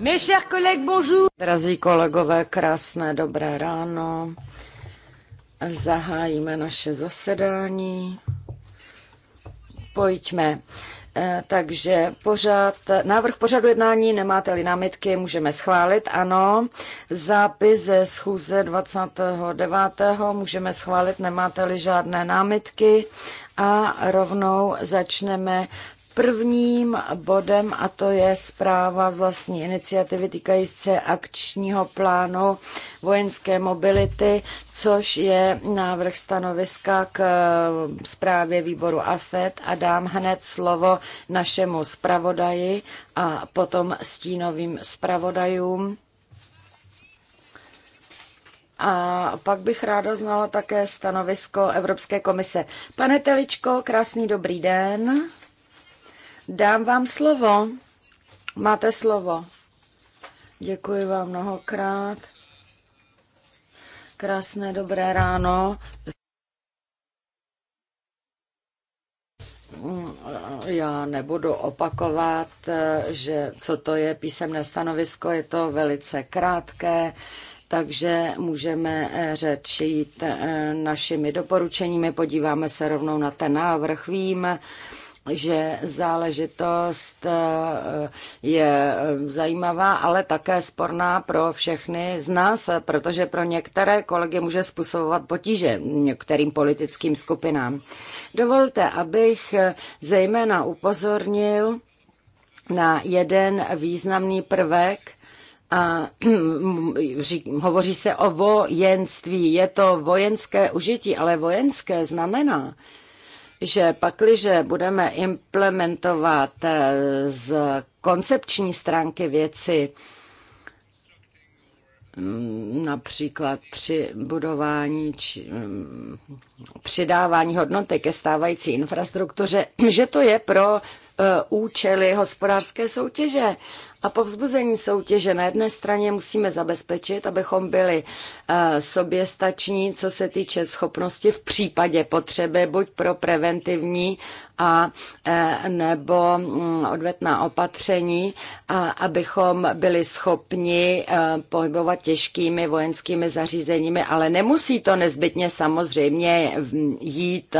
Mes chers collègues, bonjour. Drazí kolegové, krásné dobré ráno. Zahájíme naše zasedání. Pojďme. Eh, takže pořád, návrh pořadu jednání, nemáte-li námitky, můžeme schválit, ano. Zápis ze schůze 29. můžeme schválit, nemáte-li žádné námitky. A rovnou začneme prvním bodem, a to je zpráva z vlastní iniciativy týkající se akčního plánu vojenské mobility, což je návrh stanoviska k eh, zprávě výboru AFET a dám hned slovo našemu zpravodaji a potom stínovým zpravodajům. A pak bych ráda znala také stanovisko Evropské komise. Pane Teličko, krásný dobrý den. Dám vám slovo. Máte slovo. Děkuji vám mnohokrát. Krásné dobré ráno. Já nebudu opakovat, že co to je písemné stanovisko, je to velice krátké, takže můžeme řečit našimi doporučeními, podíváme se rovnou na ten návrh. Vím, že záležitost eh, je eh, zajímavá, ale také sporná pro všechny z nás, protože pro některé kolegy může způsobovat potíže některým politickým skupinám. Dovolte, abych eh, zejména upozornil na jeden významný prvek, a hovoří se o vojenství. Je to vojenské užití, ale vojenské znamená, že pakliže budeme implementovat eh, z koncepční stránky věci, mm, například při budování či mm, přidávání hodnoty ke stávající infrastruktuře, že to je pro Eh, účely hospodářské soutěže a povzbuzení soutěže. Na jedné straně musíme zabezpečit, abychom byli eh, soběstační, co se týče schopnosti v případě potřeby, buď pro preventivní a eh, nebo mm, odvetná opatření, a abychom byli schopni pohybovat těžkými vojenskými zařízeními, ale nemusí to nezbytně samozřejmě jít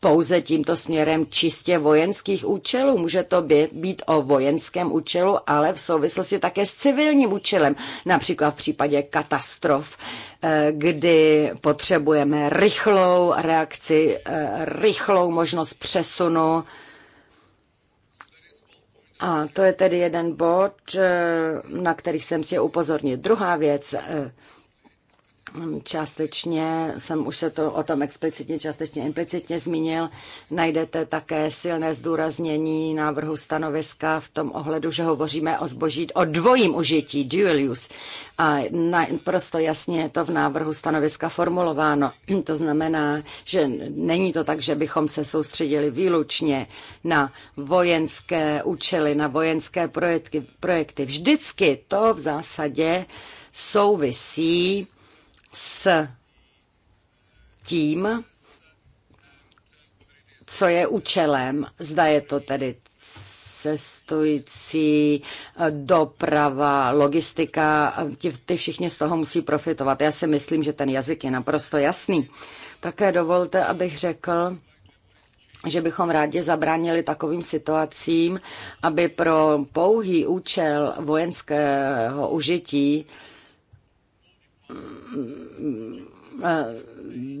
pouze tímto směrem čistě vojenských účelů může to být o vojenském účelu, ale v souvislosti také s civilním účelem, například v případě katastrof, eh, kdy potřebujeme rychlou reakci, eh, rychlou možnost přesunu. A to je tedy jeden bod, eh, na který jsem chtěl upozornit. Druhá věc, Částečně jsem už se to o tom explicitně, částečně implicitně zmínil. Najdete také silné zdůraznění návrhu stanoviska v tom ohledu, že hovoříme o zboží, o dvojím užití, dual use. A na, prosto jasně je to v návrhu stanoviska formulováno. To znamená, že není to tak, že bychom se soustředili výlučně na vojenské účely, na vojenské projekty. projekty. Vždycky to v zásadě souvisí s tím, co je účelem, zda je to tedy cestující, doprava, logistika, ty, ty všichni z toho musí profitovat. Já si myslím, že ten jazyk je naprosto jasný. Také dovolte, abych řekl, že bychom rádi zabránili takovým situacím, aby pro pouhý účel vojenského užití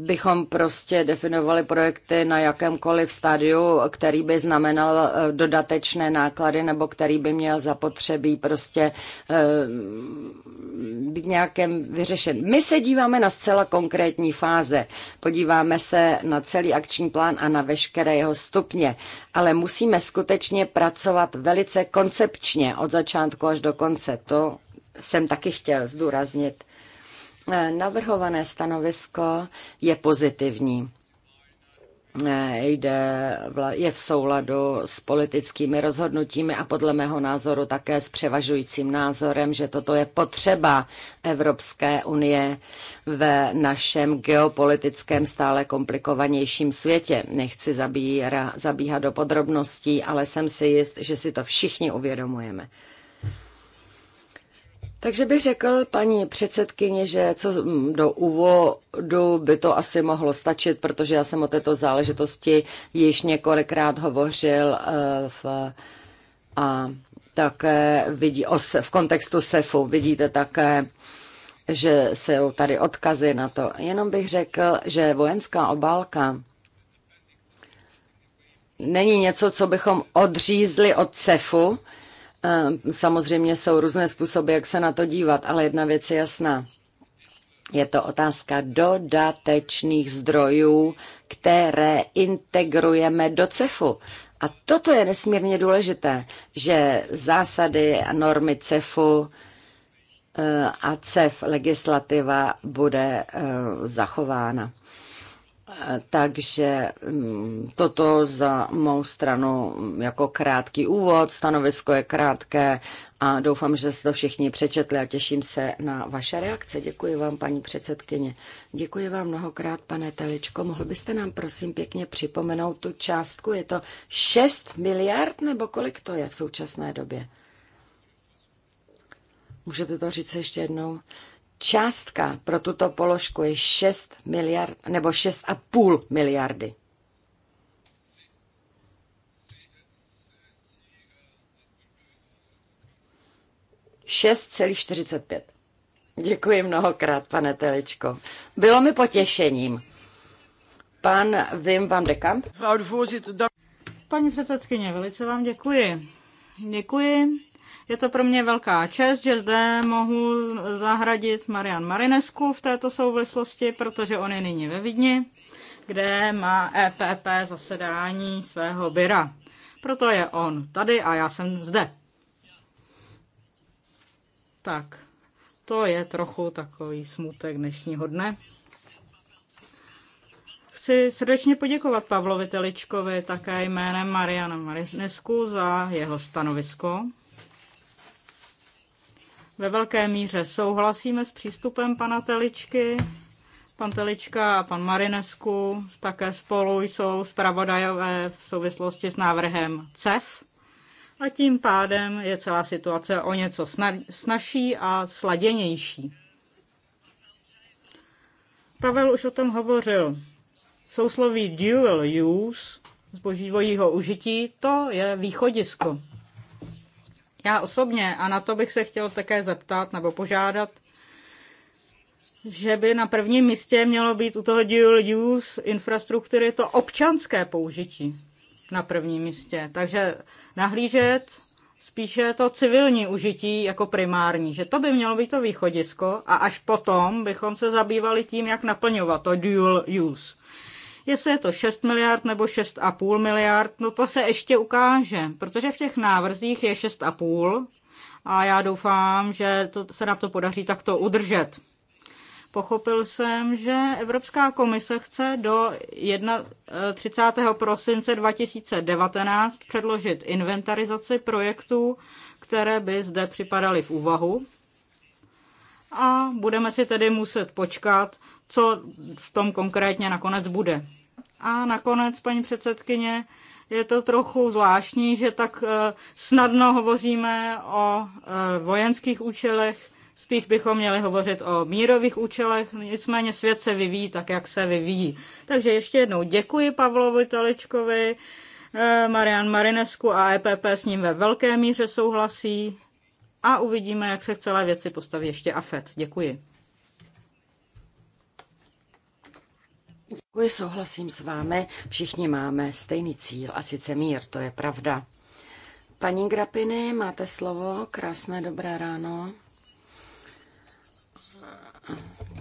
bychom prostě definovali projekty na jakémkoliv stádiu, který by znamenal eh, dodatečné náklady nebo který by měl zapotřebí prostě eh, být nějakém vyřešen. My se díváme na zcela konkrétní fáze. Podíváme se na celý akční plán a na veškeré jeho stupně, ale musíme skutečně pracovat velice koncepčně od začátku až do konce. To jsem taky chtěl zdůraznit. Eh, navrhované stanovisko je pozitivní eh, jde, je v souladu s politickými rozhodnutími a podle mého názoru také s převažujícím názorem, že toto je potřeba Evropské unie v našem geopolitickém stále komplikovanějším světě. Nechci zabíra, zabíhat do podrobností, ale jsem si jist, že si to všichni uvědomujeme. Takže bych řekl paní předsedkyně, že co do úvodu by to asi mohlo stačit, protože já jsem o této záležitosti již několikrát hovořil eh, v, a také vidí, v kontextu SEFu vidíte také, že jsou tady odkazy na to. Jenom bych řekl, že vojenská obálka není něco, co bychom odřízli od CEFu, Ehm, samozřejmě jsou různé způsoby, jak se na to dívat, ale jedna věc je jasná. Je to otázka dodatečných zdrojů, které integrujeme do CEFu. A toto je nesmírně důležité, že zásady a normy CEFu eh, a CEF legislativa bude eh, zachována. Takže mm, toto za mou stranu jako krátký úvod, stanovisko je krátké a doufám, že se to všichni přečetli a těším se na vaše reakce. Děkuji vám, paní předsedkyně. Děkuji vám mnohokrát, pane Teličko. Mohl byste nám prosím pěkně připomenout tu částku? Je to 6 miliard nebo kolik to je v současné době? Můžete to říct ještě jednou? Částka pro tuto položku je 6 miliard nebo 6,5 miliardy. Šest celých čtyřicet pět. Děkuji mnohokrát, pane Teličko. Bylo mi potěšením. Pan Wim van de Kamp. Paní předsedkyně, velice vám děkuji. Děkuji je to pro mě velká čest, že zde mohu zahradit Marian Marinesku v této souvislosti, protože on je nyní ve Vidni, kde má EPP zasedání svého byra. Proto je on tady a já jsem zde. Tak, to je trochu takový smutek dnešního dne chci srdečně poděkovat Pavlovi Teličkovi také jménem Mariana Marinesku za jeho stanovisko. Ve velké míře souhlasíme s přístupem pana Teličky. Pan Telička a pan Marinesku také spolu jsou zpravodajové v souvislosti s návrhem CEF. A tím pádem je celá situace o něco snažší a sladěnější. Pavel už o tom hovořil. Sousloví dual use, zboží dvojího užití, to je východisko. Já osobně, a na to bych se chtěl také zeptat nebo požádat, že by na prvním místě mělo být u toho dual use infrastruktury to občanské použití na prvním místě. Takže nahlížet spíše to civilní užití jako primární, že to by mělo být to východisko a až potom bychom se zabývali tím, jak naplňovat to dual use. Jestli je to 6 miliard nebo 6,5 miliard, no to se ještě ukáže, protože v těch návrzích je 6,5 a já doufám, že to, se nám to podaří takto udržet. Pochopil jsem, že Evropská komise chce do 31. Eh, prosince 2019 předložit inventarizaci projektů, které by zde připadaly v úvahu. A budeme si tedy muset počkat, co v tom konkrétně nakonec bude. A nakonec, paní předsedkyně, je to trochu zvláštní, že tak eh, snadno hovoříme o eh, vojenských účelech, spíš bychom měli hovořit o mírových účelech, nicméně svět se vyvíjí tak, jak se vyvíjí. Takže ještě jednou děkuji Pavlovi Taličkovi, eh, Marian Marinesku a EPP s ním ve velké míře souhlasí a uvidíme, jak se k celé věci postaví ještě AFET. Děkuji. Děkuji, souhlasím s vámi. Všichni máme stejný cíl, a sice mír, to je pravda. Paní Grapiny, máte slovo, krásné dobré ráno.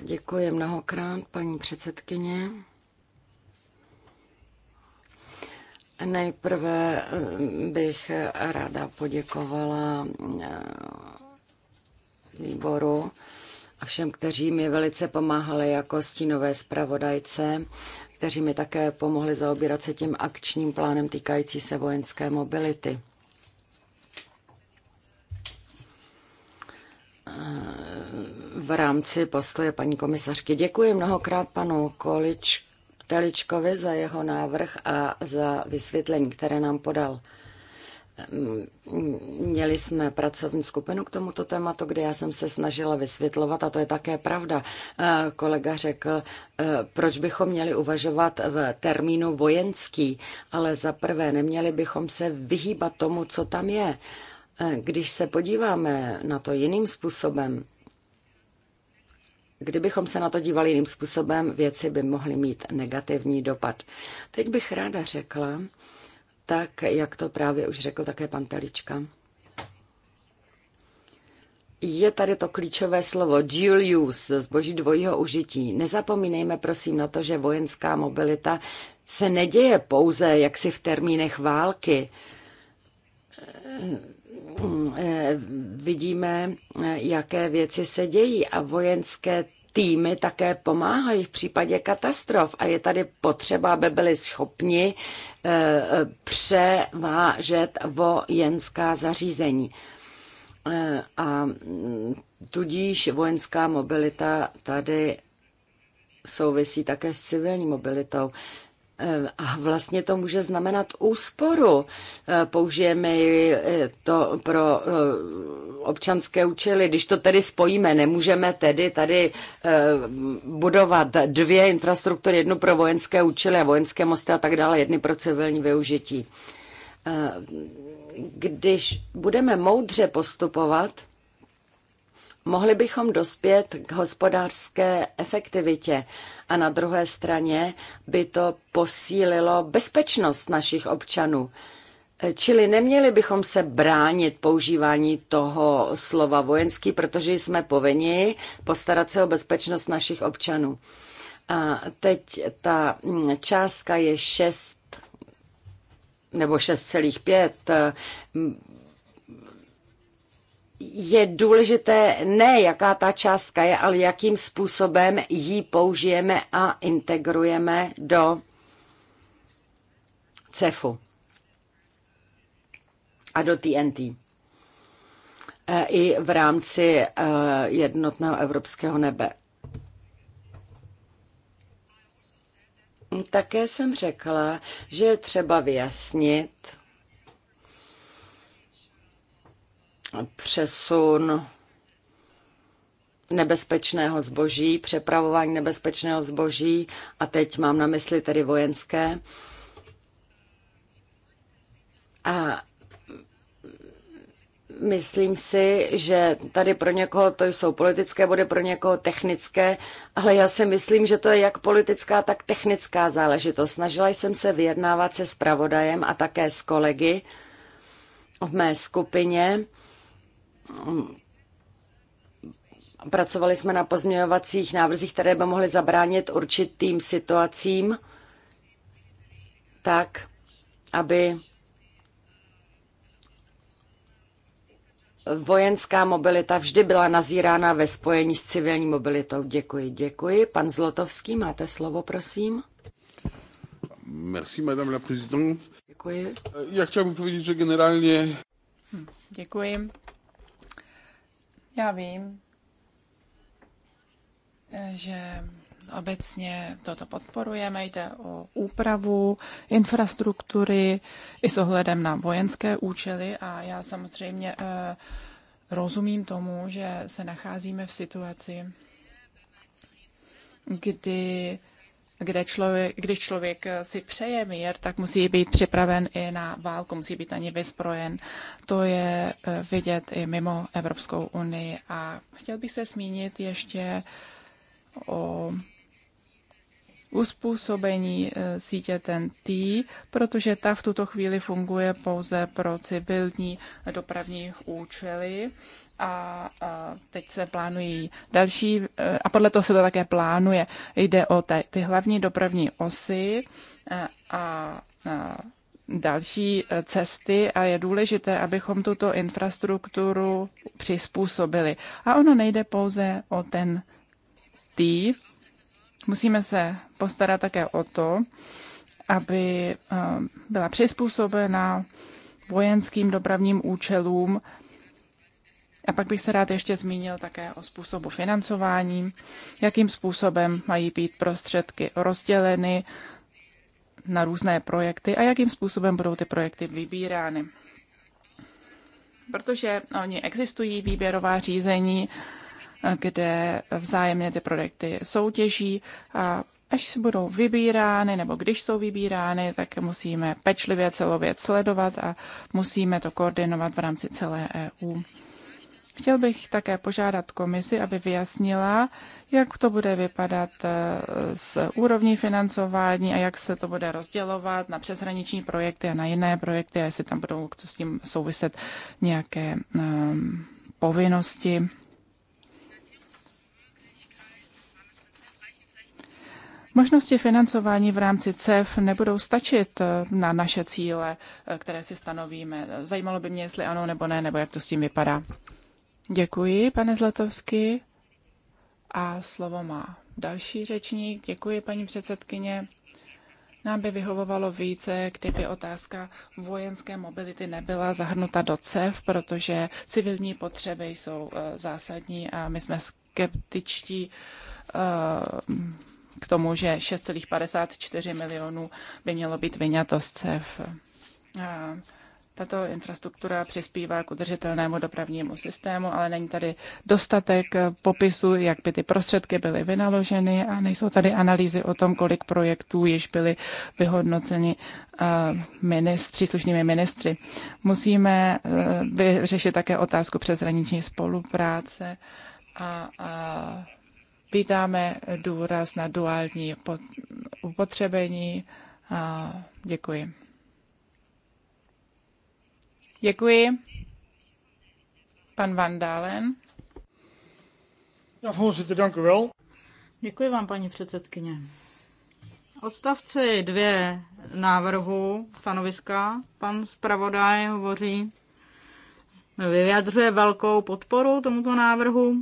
Děkuji mnohokrát, paní předsedkyně. Nejprve eh, bych ráda poděkovala eh, výboru a všem, kteří mi velice pomáhali jako stínové zpravodajce, kteří mi také pomohli zaobírat se tím akčním plánem týkající se vojenské mobility. V rámci postoje paní komisařky děkuji mnohokrát panu Količ, Teličkovi za jeho návrh a za vysvětlení, které nám podal. Měli jsme pracovní skupinu k tomuto tématu, kde já jsem se snažila vysvětlovat, a to je také pravda. Eh, kolega řekl, eh, proč bychom měli uvažovat v termínu vojenský, ale za prvé neměli bychom se vyhýbat tomu, co tam je. Eh, když se podíváme na to jiným způsobem, Kdybychom se na to dívali jiným způsobem, věci by mohly mít negativní dopad. Teď bych ráda řekla, tak jak to právě už řekl také pan Telička. Je tady to klíčové slovo dual use, zboží dvojího užití. Nezapomínejme prosím na to, že vojenská mobilita se neděje pouze jaksi v termínech války. Eh, eh, vidíme, eh, jaké věci se dějí a vojenské týmy také pomáhají v případě katastrof a je tady potřeba, aby byli schopni eh, eh, převážet vojenská zařízení. Eh, a mm, tudíž vojenská mobilita tady souvisí také s civilní mobilitou. Eh, a vlastně to může znamenat úsporu. Eh, použijeme eh, to pro občanské účely. Když to tedy spojíme, nemůžeme tedy tady budovat dvě infrastruktury, jednu pro vojenské účely a vojenské mosty a tak dále, jedny pro civilní využití. Když budeme moudře postupovat, mohli bychom dospět k hospodářské efektivitě a na druhé straně by to posílilo bezpečnost našich občanů. Čili neměli bychom se bránit používání toho slova vojenský, protože jsme povinni postarat se o bezpečnost našich občanů. A teď ta mm, částka je 6 nebo 6,5 je důležité ne jaká ta částka je, ale jakým způsobem ji použijeme a integrujeme do CEFu a do TNT. E, I v rámci e, jednotného evropského nebe. Také jsem řekla, že je třeba vyjasnit, přesun nebezpečného zboží, přepravování nebezpečného zboží, a teď mám na mysli tedy vojenské. A myslím si, že tady pro někoho to jsou politické, bude pro někoho technické, ale já si myslím, že to je jak politická, tak technická záležitost. Snažila jsem se vyjednávat se spravodajem a také s kolegy v mé skupině Pracovali jsme na pozměňovacích návrzích, které by mohly zabránit určitým situacím, tak, aby vojenská mobilita vždy byla nazírána ve spojení s civilní mobilitou. Děkuji, děkuji. Pan Zlotovský, máte slovo, prosím. Merci, madame la présidente. Děkuji. Já chtěl bych povědět, že generálně... Hm, děkuji. Já vím, že obecně toto podporujeme, jde o úpravu infrastruktury i s ohledem na vojenské účely a já samozřejmě eh, rozumím tomu, že se nacházíme v situaci, kdy kde člověk, když člověk eh, si přeje mír, tak musí být připraven i na válku, musí být ani vyzbrojen. To je eh, vidět i mimo Evropskou unii. A chtěl bych se zmínit ještě o uspůsobení eh, sítě ten TEN-T, protože ta v tuto chvíli funguje pouze pro civilní dopravní účely a, teď se plánují další, eh, a podle toho se to také plánuje. Jde o ty, ty hlavní dopravní osy eh, a, a další cesty a je důležité, abychom tuto infrastrukturu přizpůsobili. A ono nejde pouze o ten tý, Musíme se postarat také o to, aby eh, byla přizpůsobena vojenským dopravním účelům. A pak bych se rád ještě zmínil také o způsobu financování, jakým způsobem mají být prostředky rozděleny na různé projekty a jakým způsobem budou ty projekty vybírány. Protože oni existují výběrová řízení, kde vzájemně ty projekty soutěží a až budou vybírány, nebo když jsou vybírány, tak musíme pečlivě celou věc sledovat a musíme to koordinovat v rámci celé EU. Chtěl bych také požádat komisi, aby vyjasnila, jak to bude vypadat e, s úrovní financování a jak se to bude rozdělovat na přeshraniční projekty a na jiné projekty, a jestli tam budou s tím souviset nějaké um, povinnosti. Možnosti financování v rámci CEF nebudou stačit eh, na naše cíle, eh, které si stanovíme. Zajímalo by mě, jestli ano nebo ne, nebo jak to s tím vypadá. Děkuji, pane Zlatovský. A slovo má další řečník. Děkuji, paní předsedkyně. Nám by vyhovovalo více, kdyby otázka vojenské mobility nebyla zahrnuta do CEF, protože civilní potřeby jsou eh, zásadní a my jsme skeptičtí k tomu, že 6,54 milionů by mělo být vyňato z CEF. Eh, tato infrastruktura přispívá k udržitelnému dopravnímu systému, ale není tady dostatek eh, popisu, jak by ty prostředky byly vynaloženy a nejsou tady analýzy o tom, kolik projektů již byly vyhodnoceny eh, minist, příslušnými ministry. Musíme vyřešit také otázku přeshraniční spolupráce a, a vítáme důraz na duální upotřebení. A děkuji. Děkuji. Pan Van Dalen. Ja, voorzitter, dank Děkuji vám, paní předsedkyně. Odstavci dvě návrhu stanoviska. Pan zpravodaj hovoří, vyjadřuje velkou podporu tomuto návrhu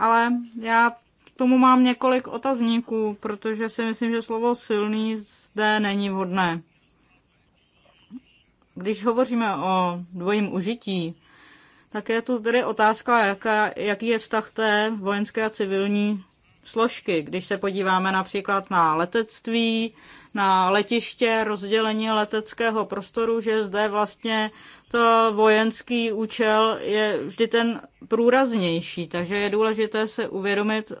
ale já k tomu mám několik otazníků, protože si myslím, že slovo silný zde není vhodné. Když hovoříme o dvojím užití, tak je tu tedy otázka, jaká, jaký je vztah té vojenské a civilní složky. Když se podíváme například na letectví, na letiště, rozdělení leteckého prostoru, že zde vlastně to eh, vojenský účel je vždy ten průraznější, takže je důležité se uvědomit,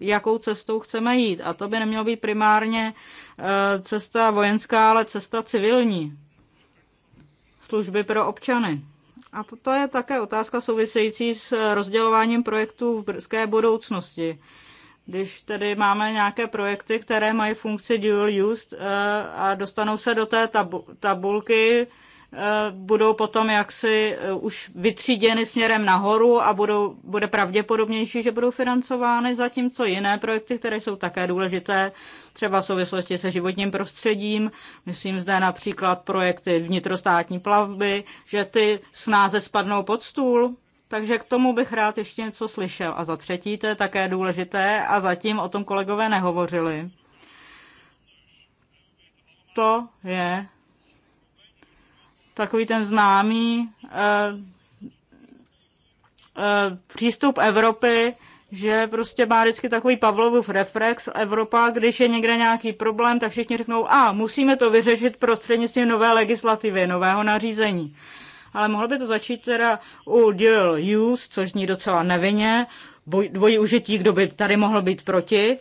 jakou cestou chceme jít. A to by nemělo být primárně eh, cesta vojenská, ale cesta civilní. Služby pro občany. A to je také otázka související s eh, rozdělováním projektů v brzké budoucnosti. Když tedy máme nějaké projekty, které mají funkci dual use a dostanou se do té tabulky Eh, budou potom jaksi eh, už vytříděny směrem nahoru a budou, bude pravděpodobnější, že budou financovány, zatímco jiné projekty, které jsou také důležité, třeba v souvislosti se životním prostředím, myslím zde například projekty vnitrostátní plavby, že ty snáze spadnou pod stůl, takže k tomu bych rád ještě něco slyšel. A za třetí, to je také důležité a zatím o tom kolegové nehovořili. To je takový ten známý eh, eh, přístup Evropy, že prostě má vždycky takový Pavlovův reflex Evropa, když je někde nějaký problém, tak všichni řeknou, a musíme to vyřešit prostřednictvím nové legislativy, nového nařízení. Ale mohlo by to začít teda u dual use, což zní docela nevinně, dvojí užití, kdo by tady mohl být proti,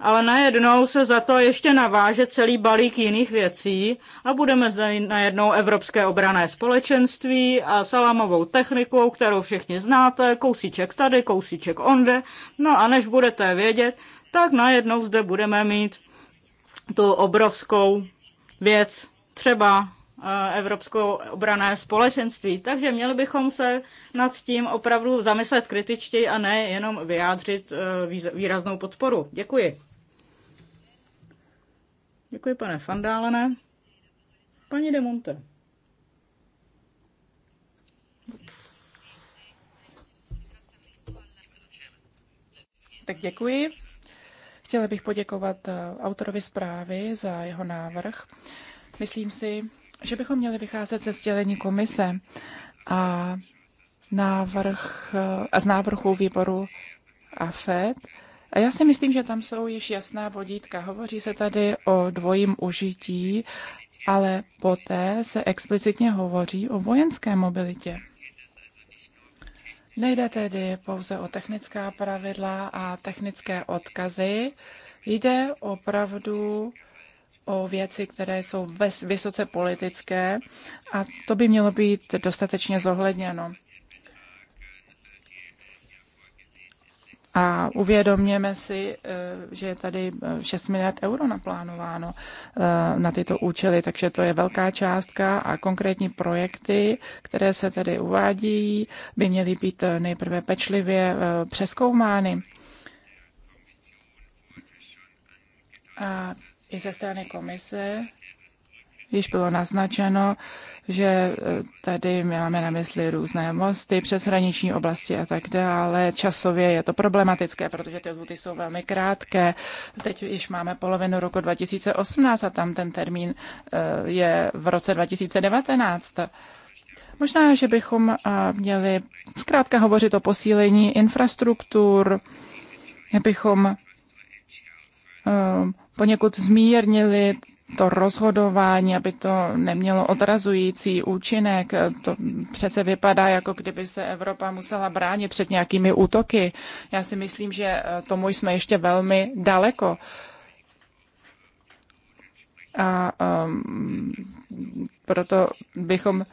ale najednou se za to ještě naváže celý balík jiných věcí a budeme zde najednou Evropské obrané společenství a salámovou technikou, kterou všichni znáte, kousíček tady, kousíček onde, no a než budete vědět, tak najednou zde budeme mít tu obrovskou věc, třeba eh, Evropskou obrané společenství. Takže měli bychom se nad tím opravdu zamyslet kritičtěji a ne jenom vyjádřit eh, výraznou podporu. Děkuji. Děkuji, pane Fandálene. Paní de Monte. Tak děkuji. Chtěla bych poděkovat eh, autorovi zprávy za jeho návrh. Myslím si, že bychom měli vycházet ze sdělení komise a, návrh, eh, a z návrhu výboru AFED a já si myslím, že tam jsou již jasná vodítka. Hovoří se tady o dvojím užití, ale poté se explicitně hovoří o vojenské mobilitě. Nejde tedy pouze o technická pravidla a technické odkazy, jde opravdu o věci, které jsou vysoce politické a to by mělo být dostatečně zohledněno. A uvědomněme si, eh, že je tady 6 eh, miliard euro naplánováno eh, na tyto účely, takže to je velká částka a konkrétní projekty, které se tedy uvádí, by měly být nejprve pečlivě přeskoumány. A i ze strany komise již bylo naznačeno, že eh, tady máme na mysli různé mosty, přeshraniční oblasti a tak dále. Časově je to problematické, protože ty lhuty jsou velmi krátké. Teď již máme polovinu roku 2018 a tam ten termín eh, je v roce 2019. Možná, že bychom eh, měli zkrátka hovořit o posílení infrastruktur, bychom poněkud zmírnili to rozhodování, aby to nemělo odrazující účinek. To přece vypadá, jako kdyby se Evropa musela bránit před nějakými útoky. Já si myslím, že tomu jsme ještě velmi daleko. A um, proto bychom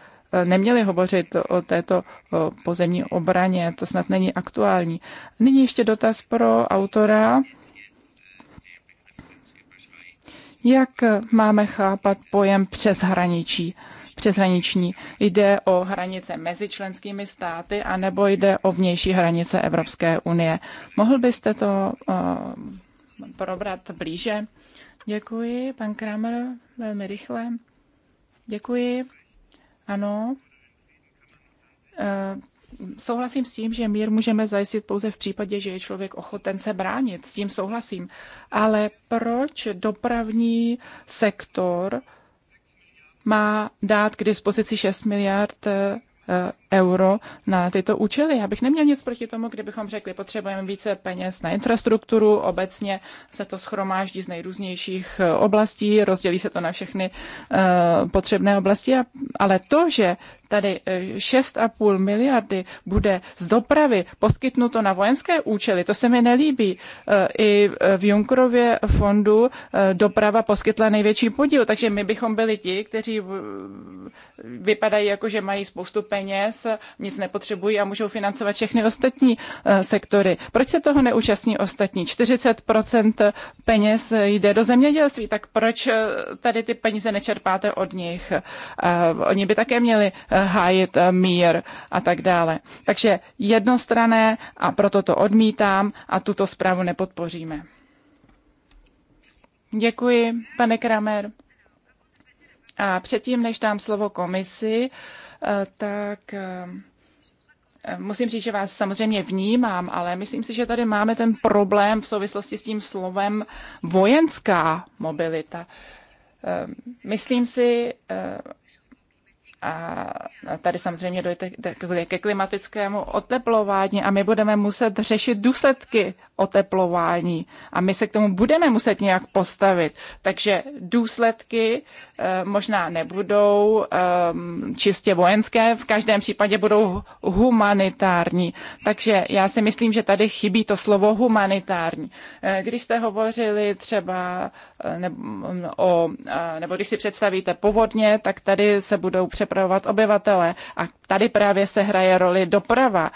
neměli hovořit o této pozemní obraně, to snad není aktuální. Nyní ještě dotaz pro autora. Jak máme chápat pojem přeshraničí? přeshraniční. Jde o hranice mezi členskými státy a nebo jde o vnější hranice Evropské unie. Mohl byste to uh, probrat blíže? Děkuji, pan Kramer, velmi rychle. Děkuji. Ano. Uh, souhlasím s tím, že mír můžeme zajistit pouze v případě, že je člověk ochoten se bránit. S tím souhlasím. Ale proč dopravní sektor má dát k dispozici 6 miliard eh, euro na tyto účely. Já bych neměl nic proti tomu, kdybychom řekli, potřebujeme více peněz na infrastrukturu, obecně se to schromáždí z nejrůznějších eh, oblastí, rozdělí se to na všechny eh, potřebné oblasti, ale to, že tady 6,5 eh, miliardy bude z dopravy poskytnuto na vojenské účely, to se mi nelíbí. I v Junkrově fondu doprava poskytla největší podíl, takže my bychom byli ti, kteří vypadají jako, že mají spoustu peněz, nic nepotřebují a můžou financovat všechny ostatní eh, sektory. Proč se toho neúčastní ostatní? 40% peněz jde do zemědělství, tak proč eh, tady ty peníze nečerpáte od nich? Eh, oni by také měli hájit mír a tak dále. Takže jednostrané a proto to odmítám a tuto zprávu nepodpoříme. Děkuji, pane Kramer. A předtím, než dám slovo komisi, Eh, tak eh, musím říct, že vás samozřejmě vnímám, ale myslím si, že tady máme ten problém v souvislosti s tím slovem vojenská mobilita. Eh, myslím si, a tady samozřejmě dojde ke klimatickému oteplování a my budeme muset řešit důsledky oteplování. A my se k tomu budeme muset nějak postavit. Takže důsledky eh, možná nebudou ehm, čistě vojenské, v každém případě budou humanitární. Takže já si myslím, že tady chybí to slovo humanitární. Eh, když jste hovořili třeba eh, mm, o, nebo když si představíte povodně, tak tady se budou přepravovat obyvatele a tady právě se hraje roli doprava.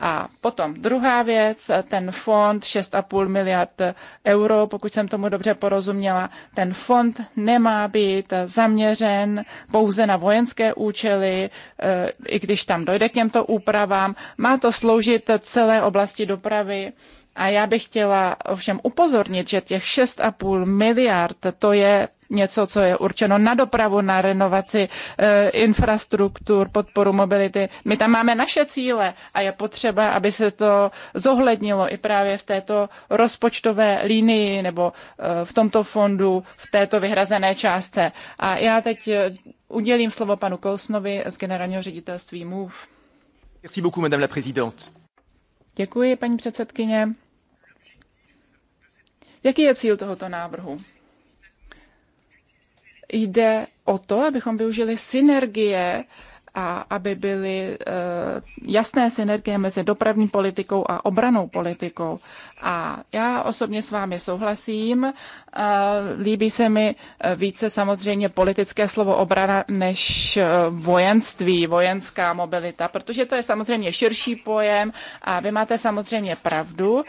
A potom druhá věc, ten fond 6,5 miliard euro, pokud jsem tomu dobře porozuměla, ten fond nemá být zaměřen pouze na vojenské účely, e, i když tam dojde k těmto úpravám. Má to sloužit celé oblasti dopravy a já bych chtěla ovšem upozornit, že těch 6,5 miliard to je něco, co je určeno na dopravu, na renovaci e, infrastruktur, podporu mobility. My tam máme naše cíle a je potřeba, aby se to zohlednilo i právě v této rozpočtové línii nebo e, v tomto fondu, v této vyhrazené částce. A já teď e, udělím slovo panu Kousnovi z generálního ředitelství MOVE. Merci beaucoup, madame la présidente. Děkuji, paní předsedkyně. Jaký je cíl tohoto návrhu? Jde o to, abychom využili synergie a aby byly eh, jasné synergie mezi dopravní politikou a obranou politikou. A já osobně s vámi souhlasím. Eh, líbí se mi eh, více samozřejmě politické slovo obrana než vojenství, vojenská mobilita, protože to je samozřejmě širší pojem a vy máte samozřejmě pravdu.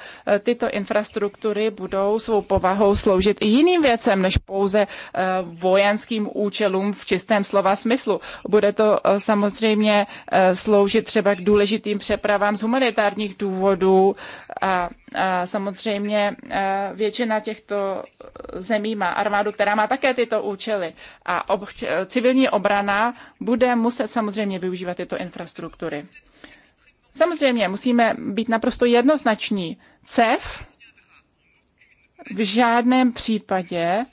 Tyto infrastruktury budou svou povahou sloužit i jiným věcem než pouze vojenským účelům v čistém slova smyslu. Bude to samozřejmě samozřejmě eh, sloužit třeba k důležitým přepravám z humanitárních důvodů a, a samozřejmě eh, většina těchto zemí má armádu, která má také tyto účely a ob, civilní obrana bude muset samozřejmě využívat tyto infrastruktury. Samozřejmě musíme být naprosto jednoznační. CEF v žádném případě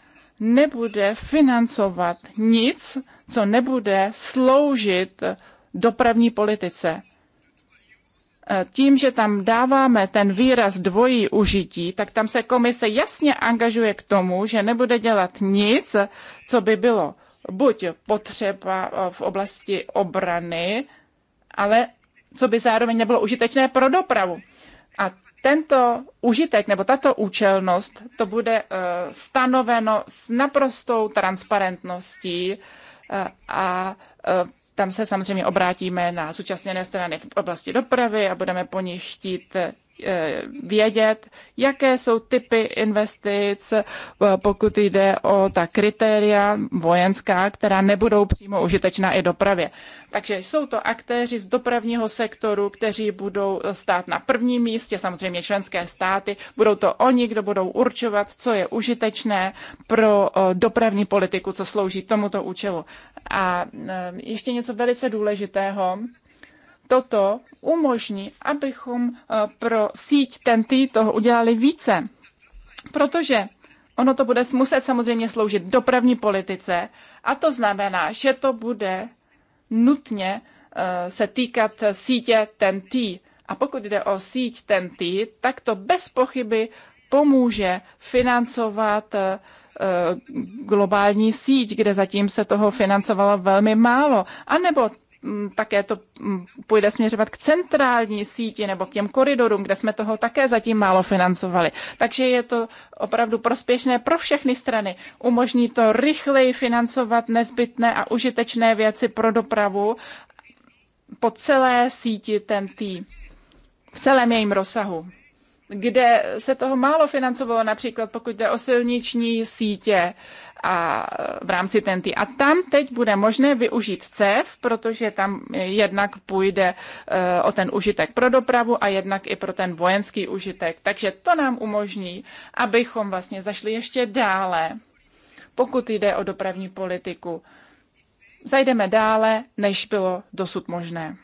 nebude financovat nic, co nebude sloužit dopravní politice. E, tím, že tam dáváme ten výraz dvojí užití, tak tam se komise jasně angažuje k tomu, že nebude dělat nic, co by bylo buď potřeba e, v oblasti obrany, ale co by zároveň nebylo užitečné pro dopravu. A tento užitek nebo tato účelnost, to bude e, stanoveno s naprostou transparentností a e, tam se samozřejmě obrátíme na současněné strany v oblasti dopravy a budeme po nich chtít Eh, vědět, jaké jsou typy investic, eh, pokud jde o ta kritéria vojenská, která nebudou přímo užitečná i dopravě. Takže jsou to aktéři z dopravního sektoru, kteří budou eh, stát na prvním místě, samozřejmě členské státy. Budou to oni, kdo budou určovat, co je užitečné pro dopravní politiku, co slouží tomuto účelu. A ještě něco velice důležitého, toto umožní, abychom eh, pro síť TNT toho udělali více. Protože ono to bude muset samozřejmě sloužit dopravní politice a to znamená, že to bude nutně eh, se týkat sítě TNT. A pokud jde o síť TNT, tak to bez pochyby pomůže financovat eh, globální síť, kde zatím se toho financovalo velmi málo, anebo Mm, také to mm, půjde směřovat k centrální síti nebo k těm koridorům, kde jsme toho také zatím málo financovali. Takže je to opravdu prospěšné pro všechny strany. Umožní to rychleji financovat nezbytné a užitečné věci pro dopravu po celé síti TNT, v celém jejím rozsahu kde se toho málo financovalo, například pokud jde o silniční sítě a v rámci TNT. A tam teď bude možné využít CEF, protože tam jednak půjde e, o ten užitek pro dopravu a jednak i pro ten vojenský užitek. Takže to nám umožní, abychom vlastně zašli ještě dále, pokud jde o dopravní politiku. Zajdeme dále, než bylo dosud možné.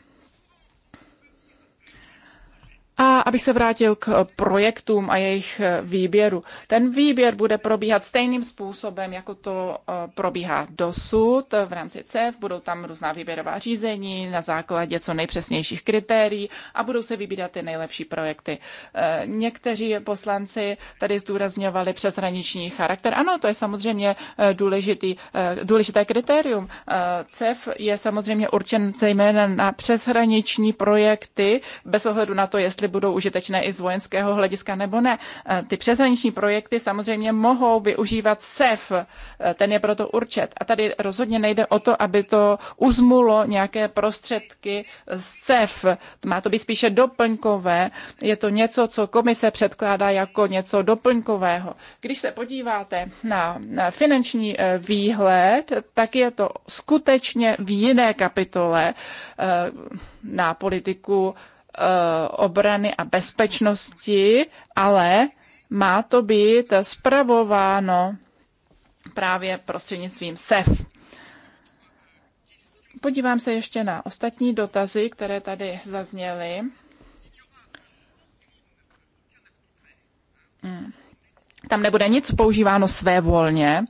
A abych se vrátil k eh, projektům a jejich eh, výběru. Ten výběr bude probíhat stejným způsobem, jako to eh, probíhá dosud v rámci CEF. Budou tam různá výběrová řízení na základě co nejpřesnějších kritérií a budou se vybírat ty nejlepší projekty. Někteří poslanci tady zdůrazňovali přeshraniční charakter. Ano, to je samozřejmě důležitý, důležité kritérium. CEF je samozřejmě určen zejména na přeshraniční projekty bez ohledu na to, jestli jestli budou užitečné i z vojenského hlediska nebo ne. Eh, ty přeshraniční projekty samozřejmě mohou využívat SEF, eh, ten je proto určet. A tady rozhodně nejde o to, aby to uzmulo nějaké prostředky z CEF. Má to být spíše doplňkové. Je to něco, co komise předkládá jako něco doplňkového. Když se podíváte na finanční eh, výhled, tak je to skutečně v jiné kapitole na politiku Eh, obrany a bezpečnosti, ale má to být zpravováno právě prostřednictvím SEF. Podívám se ještě na ostatní dotazy, které tady zazněly. Hmm. Tam nebude nic používáno své volně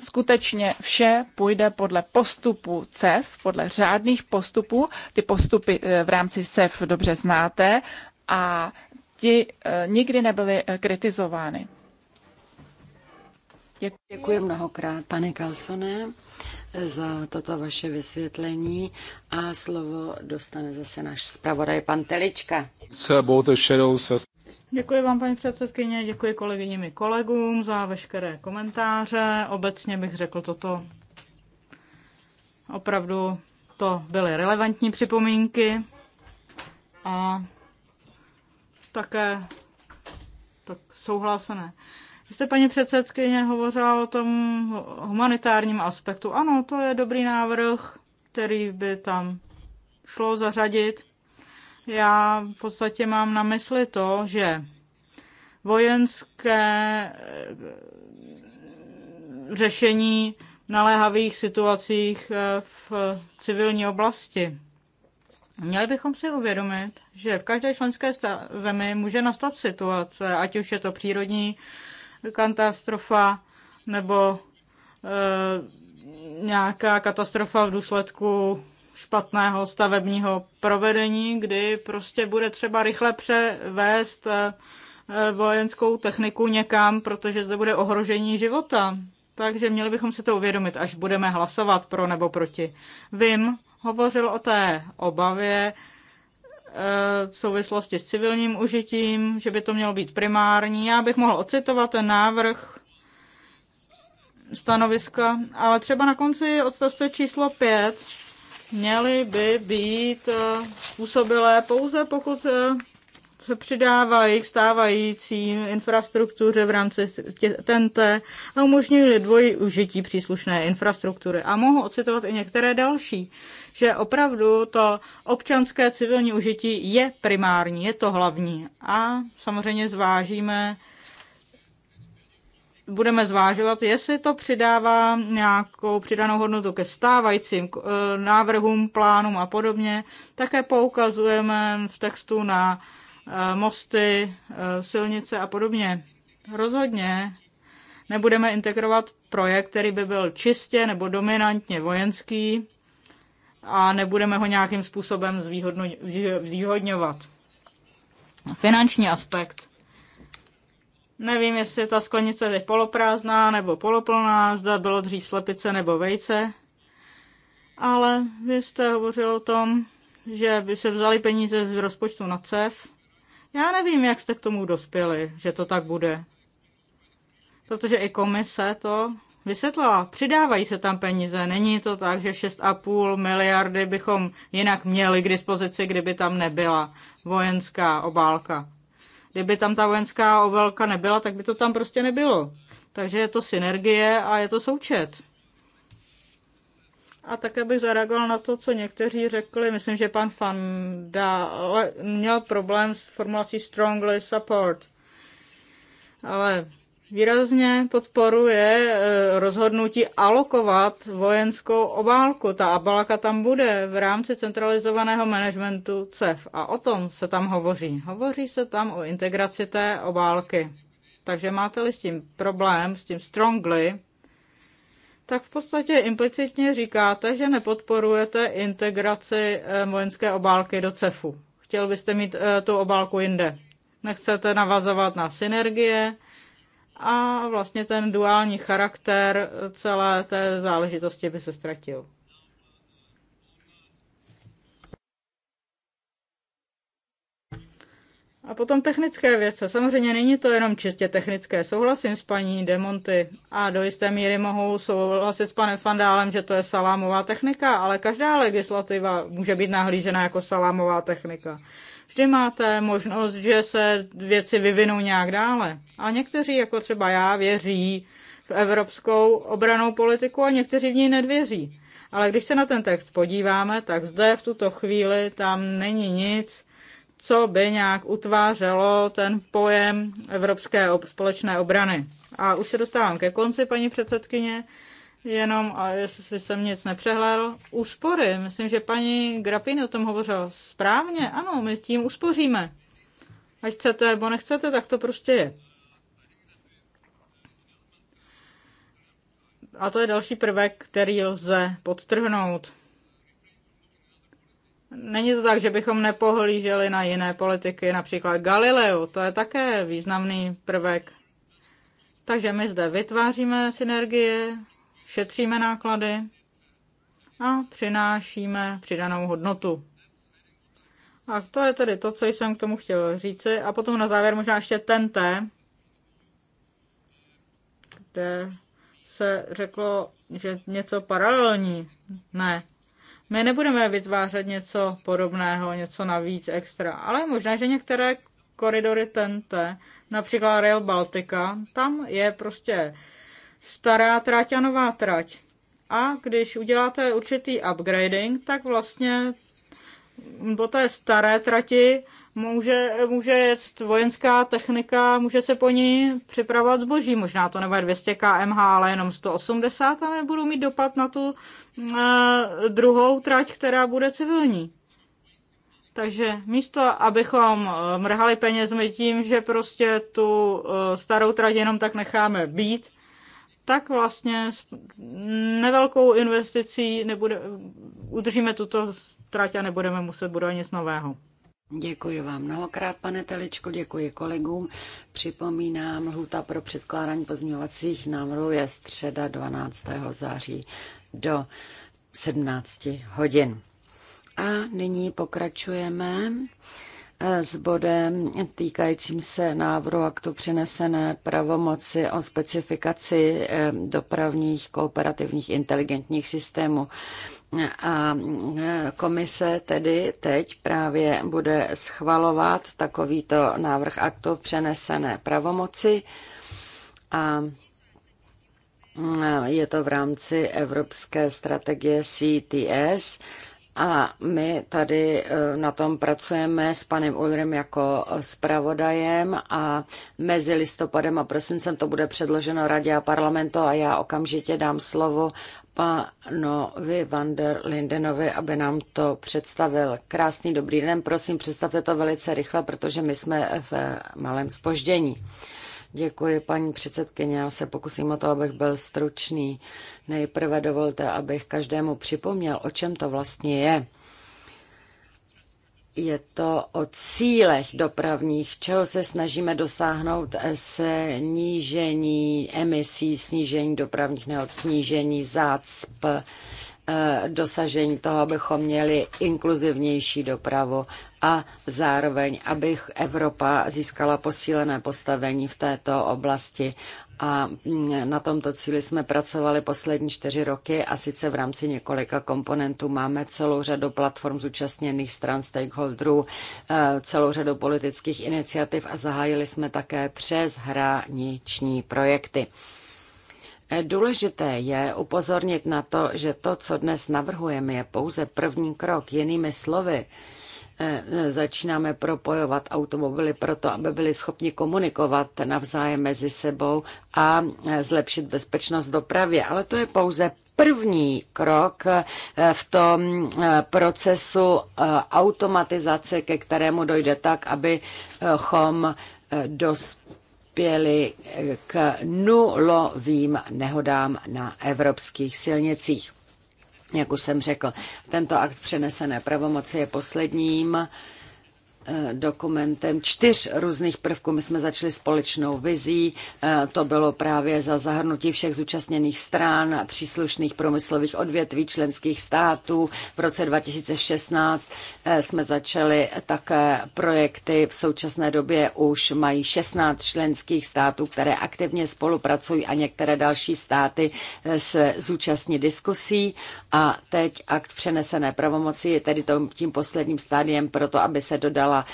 skutečně vše půjde podle postupu CEF, podle řádných postupů. Ty postupy eh, v rámci CEF dobře znáte a ti eh, nikdy nebyly eh, kritizovány. Děkuji, Děkuji mnohokrát, pane Kalsone za toto vaše vysvětlení a slovo dostane zase náš zpravodaj pan Telička. Děkuji vám, paní předsedkyně, děkuji kolegyním i kolegům za veškeré komentáře. Obecně bych řekl toto. Opravdu to byly relevantní připomínky a také tak souhlasené. Vy jste, paní předsedkyně, hovořila o tom humanitárním aspektu. Ano, to je dobrý návrh, který by tam šlo zařadit. Já v podstatě mám na mysli to, že vojenské eh, řešení naléhavých situacích eh, v civilní oblasti. Měli bychom si uvědomit, že v každé členské zemi může nastat situace, ať už je to přírodní katastrofa nebo e, nějaká katastrofa v důsledku špatného stavebního provedení, kdy prostě bude třeba rychle převést eh, eh, vojenskou techniku někam, protože zde bude ohrožení života. Takže měli bychom si to uvědomit, až budeme hlasovat pro nebo proti. Vím, hovořil o té obavě, v souvislosti s civilním užitím, že by to mělo být primární. Já bych mohl ocitovat ten návrh stanoviska, ale třeba na konci odstavce číslo 5 měly by být eh, působilé pouze pokud eh, se přidávají k stávající infrastruktuře v rámci TNT a umožňují dvojí užití příslušné infrastruktury. A mohu ocitovat i některé další, že opravdu to občanské civilní užití je primární, je to hlavní. A samozřejmě zvážíme, budeme zvážovat, jestli to přidává nějakou přidanou hodnotu ke stávajícím eh, návrhům, plánům a podobně. Také poukazujeme v textu na Eh, mosty, eh, silnice a podobně. Rozhodně nebudeme integrovat projekt, který by byl čistě nebo dominantně vojenský a nebudeme ho nějakým způsobem zvýhodňovat. Finanční aspekt. Nevím, jestli ta sklenice je poloprázdná nebo poloplná, zda bylo dřív slepice nebo vejce, ale vy jste hovořil o tom, že by se vzali peníze z rozpočtu na CEF já nevím, jak jste k tomu dospěli, že to tak bude. Protože i komise to vysvětlila. Přidávají se tam peníze. Není to tak, že 6,5 miliardy bychom jinak měli k dispozici, kdyby tam nebyla vojenská obálka. Kdyby tam ta vojenská obálka nebyla, tak by to tam prostě nebylo. Takže je to synergie a je to součet. A také bych zareagoval na to, co někteří řekli. Myslím, že pan Fanda měl problém s formulací strongly support. Ale výrazně podporuje e, rozhodnutí alokovat vojenskou obálku. Ta obálka tam bude v rámci centralizovaného managementu CEF a o tom se tam hovoří. Hovoří se tam o integraci té obálky. Takže máte-li s tím problém, s tím strongly, tak v podstatě implicitně říkáte, že nepodporujete integraci eh, vojenské obálky do CEFu. Chtěl byste mít eh, tu obálku jinde. Nechcete navazovat na synergie a vlastně ten duální charakter eh, celé té záležitosti by se ztratil. A potom technické věce. Samozřejmě není to jenom čistě technické. Souhlasím s paní Demonty a do jisté míry mohou souhlasit s panem Fandálem, že to je salámová technika, ale každá legislativa může být nahlížena jako salámová technika. Vždy máte možnost, že se věci vyvinou nějak dále. A někteří, jako třeba já, věří v evropskou obranou politiku a někteří v ní nedvěří. Ale když se na ten text podíváme, tak zde v tuto chvíli tam není nic, co by nějak utvářelo ten pojem Evropské společné obrany. A už se dostávám ke konci, paní předsedkyně, jenom, a jestli jsem nic nepřehlédl, úspory. Myslím, že paní Grapin o tom hovořila správně. Ano, my tím uspoříme. Ať chcete nebo nechcete, tak to prostě je. A to je další prvek, který lze podtrhnout. Není to tak, že bychom nepohlíželi na jiné politiky, například Galileo, to je také významný prvek. Takže my zde vytváříme synergie, šetříme náklady a přinášíme přidanou hodnotu. A to je tedy to, co jsem k tomu chtěl říci. A potom na závěr možná ještě ten T, kde se řeklo, že něco paralelní. Ne, my nebudeme vytvářet něco podobného, něco navíc extra, ale možná, že některé koridory TNT, například Rail Baltica, tam je prostě stará trať a nová trať. A když uděláte určitý upgrading, tak vlastně po té staré trati může, může jet vojenská technika, může se po ní připravovat zboží. Možná to nebude 200 kmh, ale jenom 180 a nebudou mít dopad na tu na eh, druhou trať, která bude civilní. Takže místo, abychom eh, mrhali penězmi tím, že prostě tu eh, starou trať jenom tak necháme být, tak vlastně s nevelkou investicí nebude, udržíme tuto trať a nebudeme muset budovat nic nového. Děkuji vám mnohokrát, pane Teličko, děkuji kolegům. Připomínám, lhůta pro předkládání pozměňovacích návrhů je středa 12. září do 17 hodin. A nyní pokračujeme eh, s bodem týkajícím se návrhu aktu přenesené pravomoci o specifikaci eh, dopravních kooperativních inteligentních systémů. A komise tedy teď právě bude schvalovat takovýto návrh aktu přenesené pravomoci a je to v rámci Evropské strategie CTS a my tady e, na tom pracujeme s panem Ulrem jako zpravodajem a mezi listopadem a prosincem to bude předloženo radě a parlamentu a já okamžitě dám slovo panovi van der Lindenovi, aby nám to představil. Krásný dobrý den, prosím, představte to velice rychle, protože my jsme v malém spoždění. Děkuji, paní předsedkyně. Já se pokusím o to, abych byl stručný. Nejprve dovolte, abych každému připomněl, o čem to vlastně je je to o cílech dopravních, čeho se snažíme dosáhnout snížení emisí, snížení dopravních nehod, snížení zácp, eh, dosažení toho, abychom měli inkluzivnější dopravu a zároveň, abych Evropa získala posílené postavení v této oblasti a na tomto cíli jsme pracovali poslední čtyři roky a sice v rámci několika komponentů máme celou řadu platform zúčastněných stran stakeholderů, eh, celou řadu politických iniciativ a zahájili jsme také přes hraniční projekty. Eh, důležité je upozornit na to, že to, co dnes navrhujeme, je pouze první krok. Jinými slovy, E, začínáme propojovat automobily proto, aby byli schopni komunikovat navzájem mezi sebou a e, zlepšit bezpečnost dopravě. Ale to je pouze první krok e, v tom procesu automatizace, ke kterému dojde tak, abychom dospěli k nulovým nehodám na evropských silnicích. Jak už jsem řekl, tento akt přenesené pravomoci je posledním Eh, dokumentem čtyř různých prvků. My jsme začali společnou vizí, eh, to bylo právě za zahrnutí všech zúčastněných stran, příslušných průmyslových odvětví členských států. V roce 2016 eh, jsme začali také projekty, v současné době už mají 16 členských států, které aktivně spolupracují a některé další státy se zúčastní diskusí a teď akt přenesené pravomoci je tedy tím posledním stádiem proto, aby se dodal dala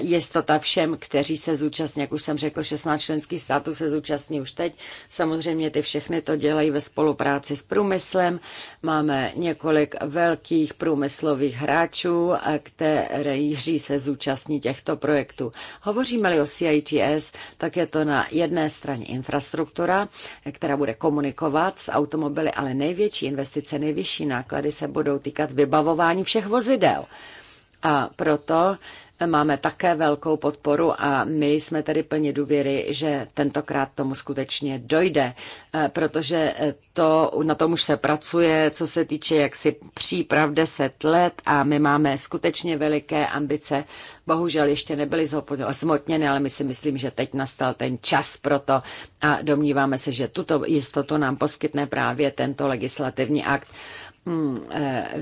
jistota všem, kteří se zúčastní. Jak už jsem řekl, 16 členských států se zúčastní už teď. Samozřejmě ty všechny to dělají ve spolupráci s průmyslem. Máme několik velkých průmyslových hráčů, kteří se zúčastní těchto projektů. Hovoříme-li o CITS, tak je to na jedné straně infrastruktura, která bude komunikovat s automobily, ale největší investice, nejvyšší náklady se budou týkat vybavování všech vozidel. A proto máme také velkou podporu a my jsme tedy plně důvěry, že tentokrát tomu skutečně dojde, eh, protože eh, to, na tom už se pracuje, co se týče jaksi příprav deset let a my máme skutečně veliké ambice. Bohužel ještě nebyly zmotněny, ale my si myslím, že teď nastal ten čas pro to a domníváme se, že tuto jistotu nám poskytne právě tento legislativní akt. Hmm, eh,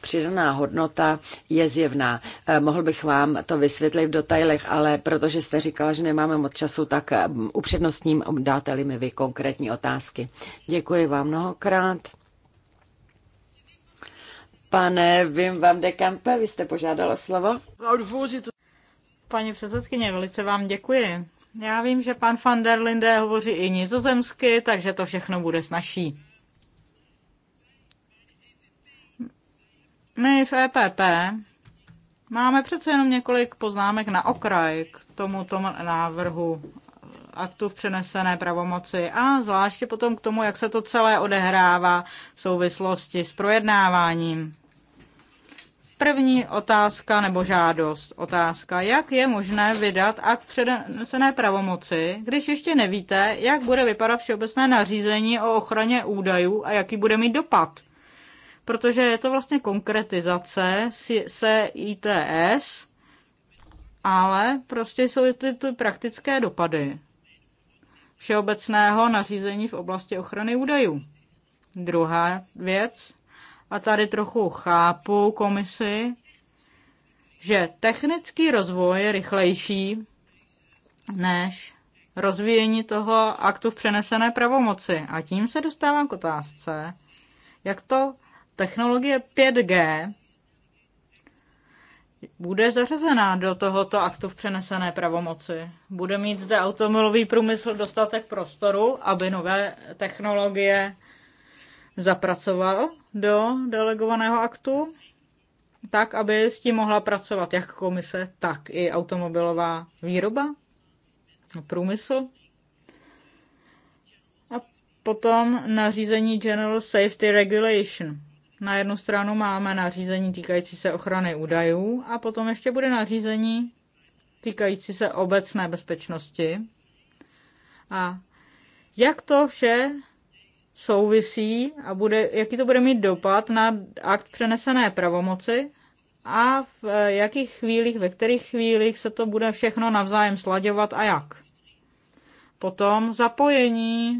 přidaná hodnota je zjevná. Eh, mohl bych vám to vysvětlit v detailech, ale protože jste říkala, že nemáme moc času, tak eh, upřednostním dáte-li mi vy konkrétní otázky. Děkuji vám mnohokrát. Pane Vim Van de Kampe, vy jste požádal o slovo? Paní předsedkyně, velice vám děkuji. Já vím, že pan van der Linde hovoří i nizozemsky, takže to všechno bude snažší. My v EPP máme přece jenom několik poznámek na okraj k tomuto návrhu aktu v přenesené pravomoci a zvláště potom k tomu, jak se to celé odehrává v souvislosti s projednáváním. První otázka nebo žádost. Otázka, jak je možné vydat akt přenesené pravomoci, když ještě nevíte, jak bude vypadat všeobecné nařízení o ochraně údajů a jaký bude mít dopad protože je to vlastně konkretizace se ITS, ale prostě jsou ty, ty praktické dopady všeobecného nařízení v oblasti ochrany údajů. Druhá věc, a tady trochu chápu komisi, že technický rozvoj je rychlejší než rozvíjení toho aktu v přenesené pravomoci. A tím se dostávám k otázce, jak to technologie 5G bude zařazená do tohoto aktu v přenesené pravomoci. Bude mít zde automobilový průmysl dostatek prostoru, aby nové technologie zapracoval do delegovaného aktu, tak, aby s tím mohla pracovat jak komise, tak i automobilová výroba, průmysl. A potom nařízení General Safety Regulation. Na jednu stranu máme nařízení týkající se ochrany údajů a potom ještě bude nařízení týkající se obecné bezpečnosti. A jak to vše souvisí a bude, jaký to bude mít dopad na akt přenesené pravomoci a v jakých chvílích, ve kterých chvílích se to bude všechno navzájem slaďovat a jak. Potom zapojení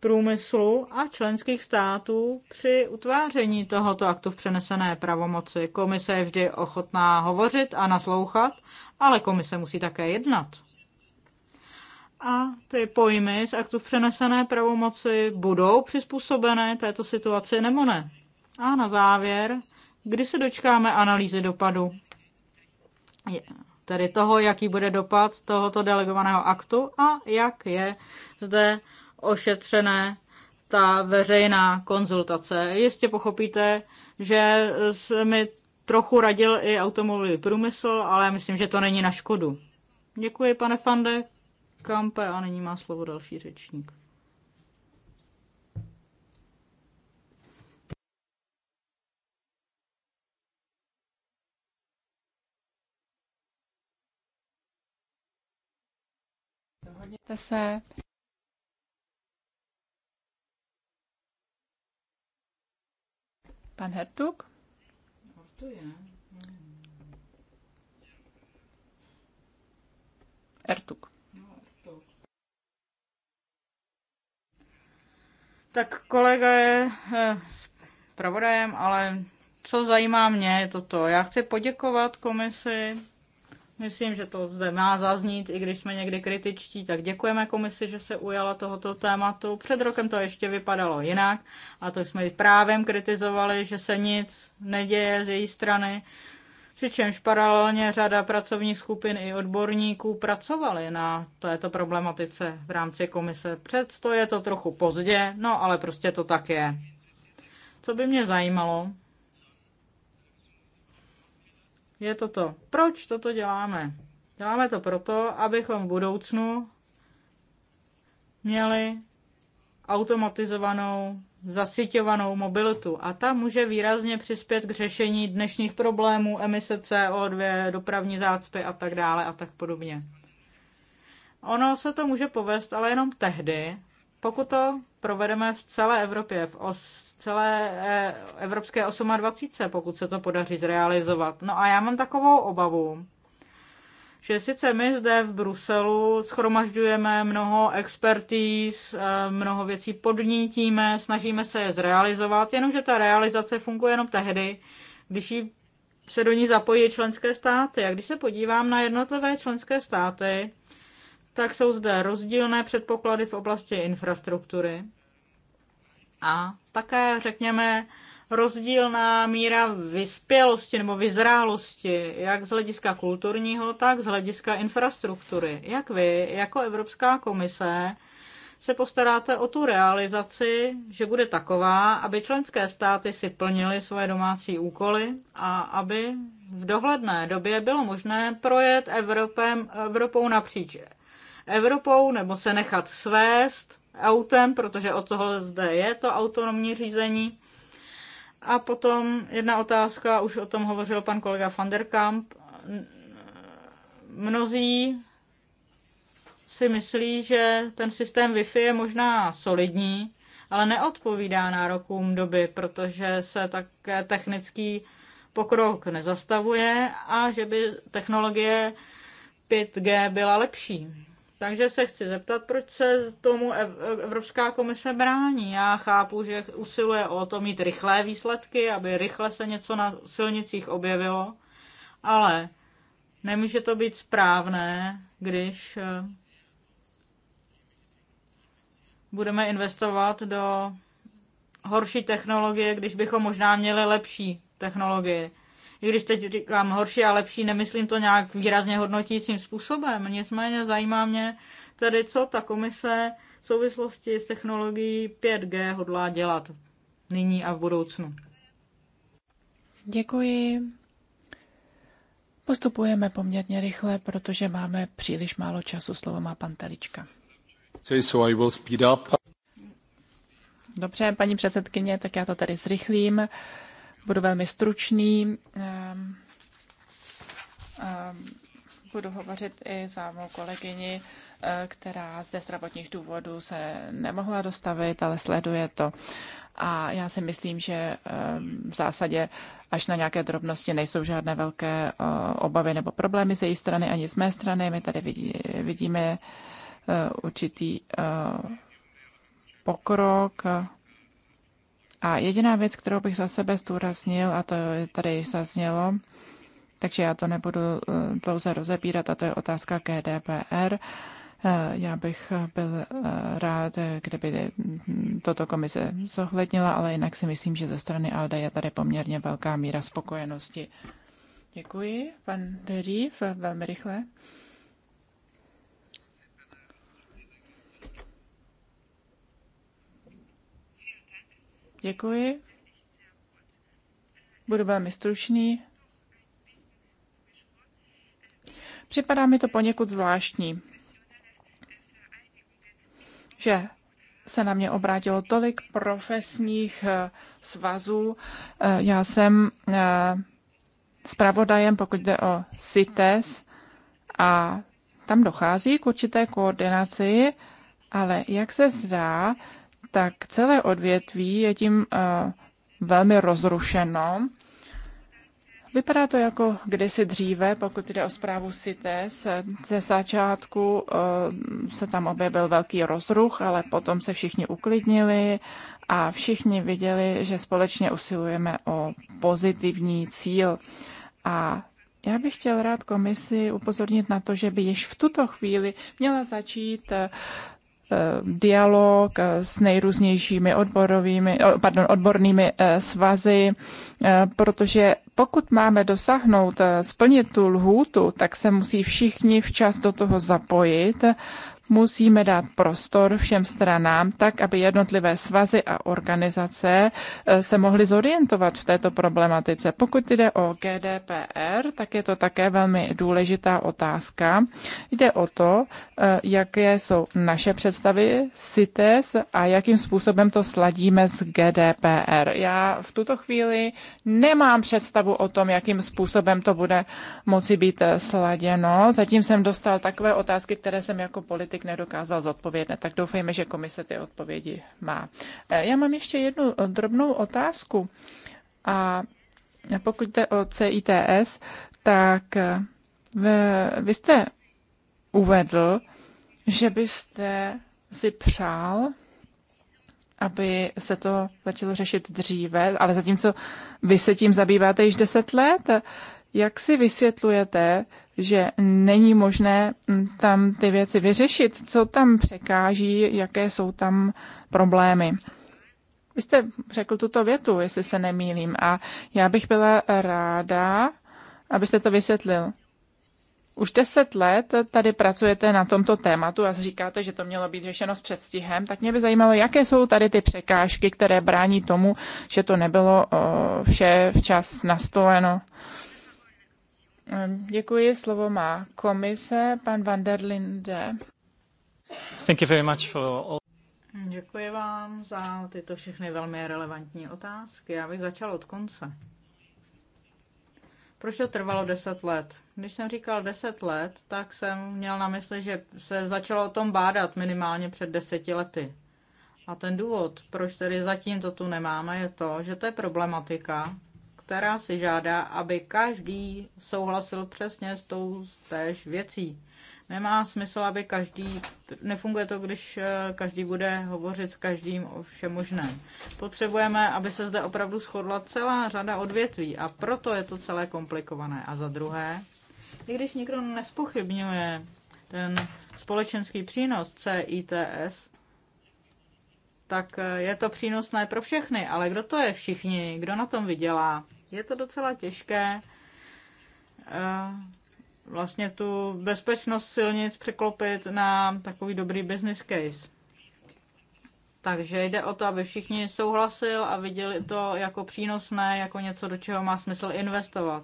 průmyslu a členských států při utváření tohoto aktu v přenesené pravomoci. Komise je vždy ochotná hovořit a naslouchat, ale komise musí také jednat. A ty pojmy z aktu v přenesené pravomoci budou přizpůsobené této situaci nebo ne. A na závěr, kdy se dočkáme analýzy dopadu? Je, tedy toho, jaký bude dopad tohoto delegovaného aktu a jak je zde ošetřené ta veřejná konzultace. Jistě pochopíte, že se mi trochu radil i automobilový průmysl, ale myslím, že to není na škodu. Děkuji, pane Fande Kampe, a nyní má slovo další řečník. se. Pan Hertuk? Hertug. Tak kolega je s eh, pravodajem, ale co zajímá mě je toto. Já chci poděkovat komisi Myslím, že to zde má zaznít, i když jsme někdy kritičtí, tak děkujeme komisi, že se ujala tohoto tématu. Před rokem to ještě vypadalo jinak a to jsme právem kritizovali, že se nic neděje z její strany. Přičemž paralelně řada pracovních skupin i odborníků pracovali na této problematice v rámci komise. Přesto je to trochu pozdě, no ale prostě to tak je. Co by mě zajímalo, je toto. Proč toto děláme? Děláme to proto, abychom v budoucnu měli automatizovanou, zasyťovanou mobilitu. A ta může výrazně přispět k řešení dnešních problémů, emise CO2, dopravní zácpy a tak dále a tak podobně. Ono se to může povést, ale jenom tehdy, pokud to provedeme v celé Evropě, v os, celé eh, evropské 28, pokud se to podaří zrealizovat. No a já mám takovou obavu, že sice my zde v Bruselu schromažďujeme mnoho expertíz, eh, mnoho věcí podnítíme, snažíme se je zrealizovat, jenomže ta realizace funguje jenom tehdy, když ji se do ní zapojí členské státy. A když se podívám na jednotlivé členské státy, tak jsou zde rozdílné předpoklady v oblasti infrastruktury a také, řekněme, rozdílná míra vyspělosti nebo vyzrálosti, jak z hlediska kulturního, tak z hlediska infrastruktury. Jak vy, jako Evropská komise, se postaráte o tu realizaci, že bude taková, aby členské státy si plnily svoje domácí úkoly a aby v dohledné době bylo možné projet Evropem, Evropou napříč Evropou nebo se nechat svést autem, protože od toho zde je to autonomní řízení. A potom jedna otázka, už o tom hovořil pan kolega van der Kamp. Mnozí si myslí, že ten systém Wi-Fi je možná solidní, ale neodpovídá nárokům doby, protože se také technický pokrok nezastavuje a že by technologie 5G byla lepší. Takže se chci zeptat, proč se tomu Evropská komise brání. Já chápu, že usiluje o to mít rychlé výsledky, aby rychle se něco na silnicích objevilo, ale nemůže to být správné, když eh, budeme investovat do horší technologie, když bychom možná měli lepší technologie. I když teď říkám horší a lepší, nemyslím to nějak výrazně hodnotícím způsobem. Nicméně zajímá mě tedy, co ta komise v souvislosti s technologií 5G hodlá dělat nyní a v budoucnu. Děkuji. Postupujeme poměrně rychle, protože máme příliš málo času. Slovo má pan Telička. So I will speed up. Dobře, paní předsedkyně, tak já to tady zrychlím. Budu velmi stručný. Ehm, ehm, budu hovořit i za mou kolegyni, eh, která ze zdravotních důvodů se nemohla dostavit, ale sleduje to. A já si myslím, že ehm, v zásadě až na nějaké drobnosti nejsou žádné velké eh, obavy nebo problémy z její strany ani z mé strany. My tady vidí, vidíme eh, určitý pokrok a jediná věc, kterou bych za sebe zdůraznil, a to tady již zaznělo, takže já to nebudu eh, dlouze rozebírat, a to je otázka GDPR. Eh, já bych byl eh, rád, kdyby hm, toto komise zohlednila, ale jinak si myslím, že ze strany ALDE je tady poměrně velká míra spokojenosti. Děkuji, pan Deriv, velmi rychle. Děkuji. Budu velmi stručný. Připadá mi to poněkud zvláštní, že se na mě obrátilo tolik profesních eh, svazů. Eh, já jsem eh, zpravodajem, pokud jde o CITES, a tam dochází k určité koordinaci, ale jak se zdá, tak celé odvětví je tím eh, velmi rozrušeno. Vypadá to jako kdysi dříve, pokud jde o zprávu CITES. Ze začátku eh, se tam objevil velký rozruch, ale potom se všichni uklidnili a všichni viděli, že společně usilujeme o pozitivní cíl. A já bych chtěl rád komisi upozornit na to, že by již v tuto chvíli měla začít eh, Eh, dialog eh, s nejrůznějšími odborovými, eh, pardon, odbornými svazy, protože pokud máme dosáhnout, splnit tu lhůtu, tak se musí všichni včas do toho zapojit, musíme dát prostor všem stranám tak, aby jednotlivé svazy a organizace eh, se mohly zorientovat v této problematice. Pokud jde o GDPR, tak je to také velmi důležitá otázka. Jde o to, eh, jaké jsou naše představy CITES a jakým způsobem to sladíme s GDPR. Já v tuto chvíli nemám představu o tom, jakým způsobem to bude moci být eh, sladěno. Zatím jsem dostal takové otázky, které jsem jako politik politik nedokázal zodpovědět, tak doufejme, že komise ty odpovědi má. E, já mám ještě jednu drobnou otázku. A pokud jde o CITS, tak e, vy jste uvedl, že byste si přál, aby se to začalo řešit dříve, ale zatímco vy se tím zabýváte již deset let, jak si vysvětlujete, že není možné mm, tam ty věci vyřešit, co tam překáží, jaké jsou tam problémy. Vy jste řekl tuto větu, jestli se nemýlím, a já bych byla ráda, abyste to vysvětlil. Už deset let tady pracujete na tomto tématu a říkáte, že to mělo být řešeno s předstihem, tak mě by zajímalo, jaké jsou tady ty překážky, které brání tomu, že to nebylo vše včas nastoleno. Ehm, děkuji, slovo má komise, pan van der Linde. Thank you very much for all... Děkuji vám za tyto všechny velmi relevantní otázky. Já bych začal od konce. Proč to trvalo deset let? Když jsem říkal deset let, tak jsem měl na mysli, že se začalo o tom bádat minimálně před deseti lety. A ten důvod, proč tedy zatím to tu nemáme, je to, že to je problematika, která si žádá, aby každý souhlasil přesně s tou též věcí. Nemá smysl, aby každý, nefunguje to, když eh, každý bude hovořit s každým o všem možném. Potřebujeme, aby se zde opravdu shodla celá řada odvětví a proto je to celé komplikované. A za druhé, i když nikdo nespochybňuje ten společenský přínos CITS, tak eh, je to přínosné pro všechny, ale kdo to je všichni, kdo na tom vydělá? Je to docela těžké eh, vlastně tu bezpečnost silnic překlopit na takový dobrý business case. Takže jde o to, aby všichni souhlasil a viděli to jako přínosné, jako něco, do čeho má smysl investovat.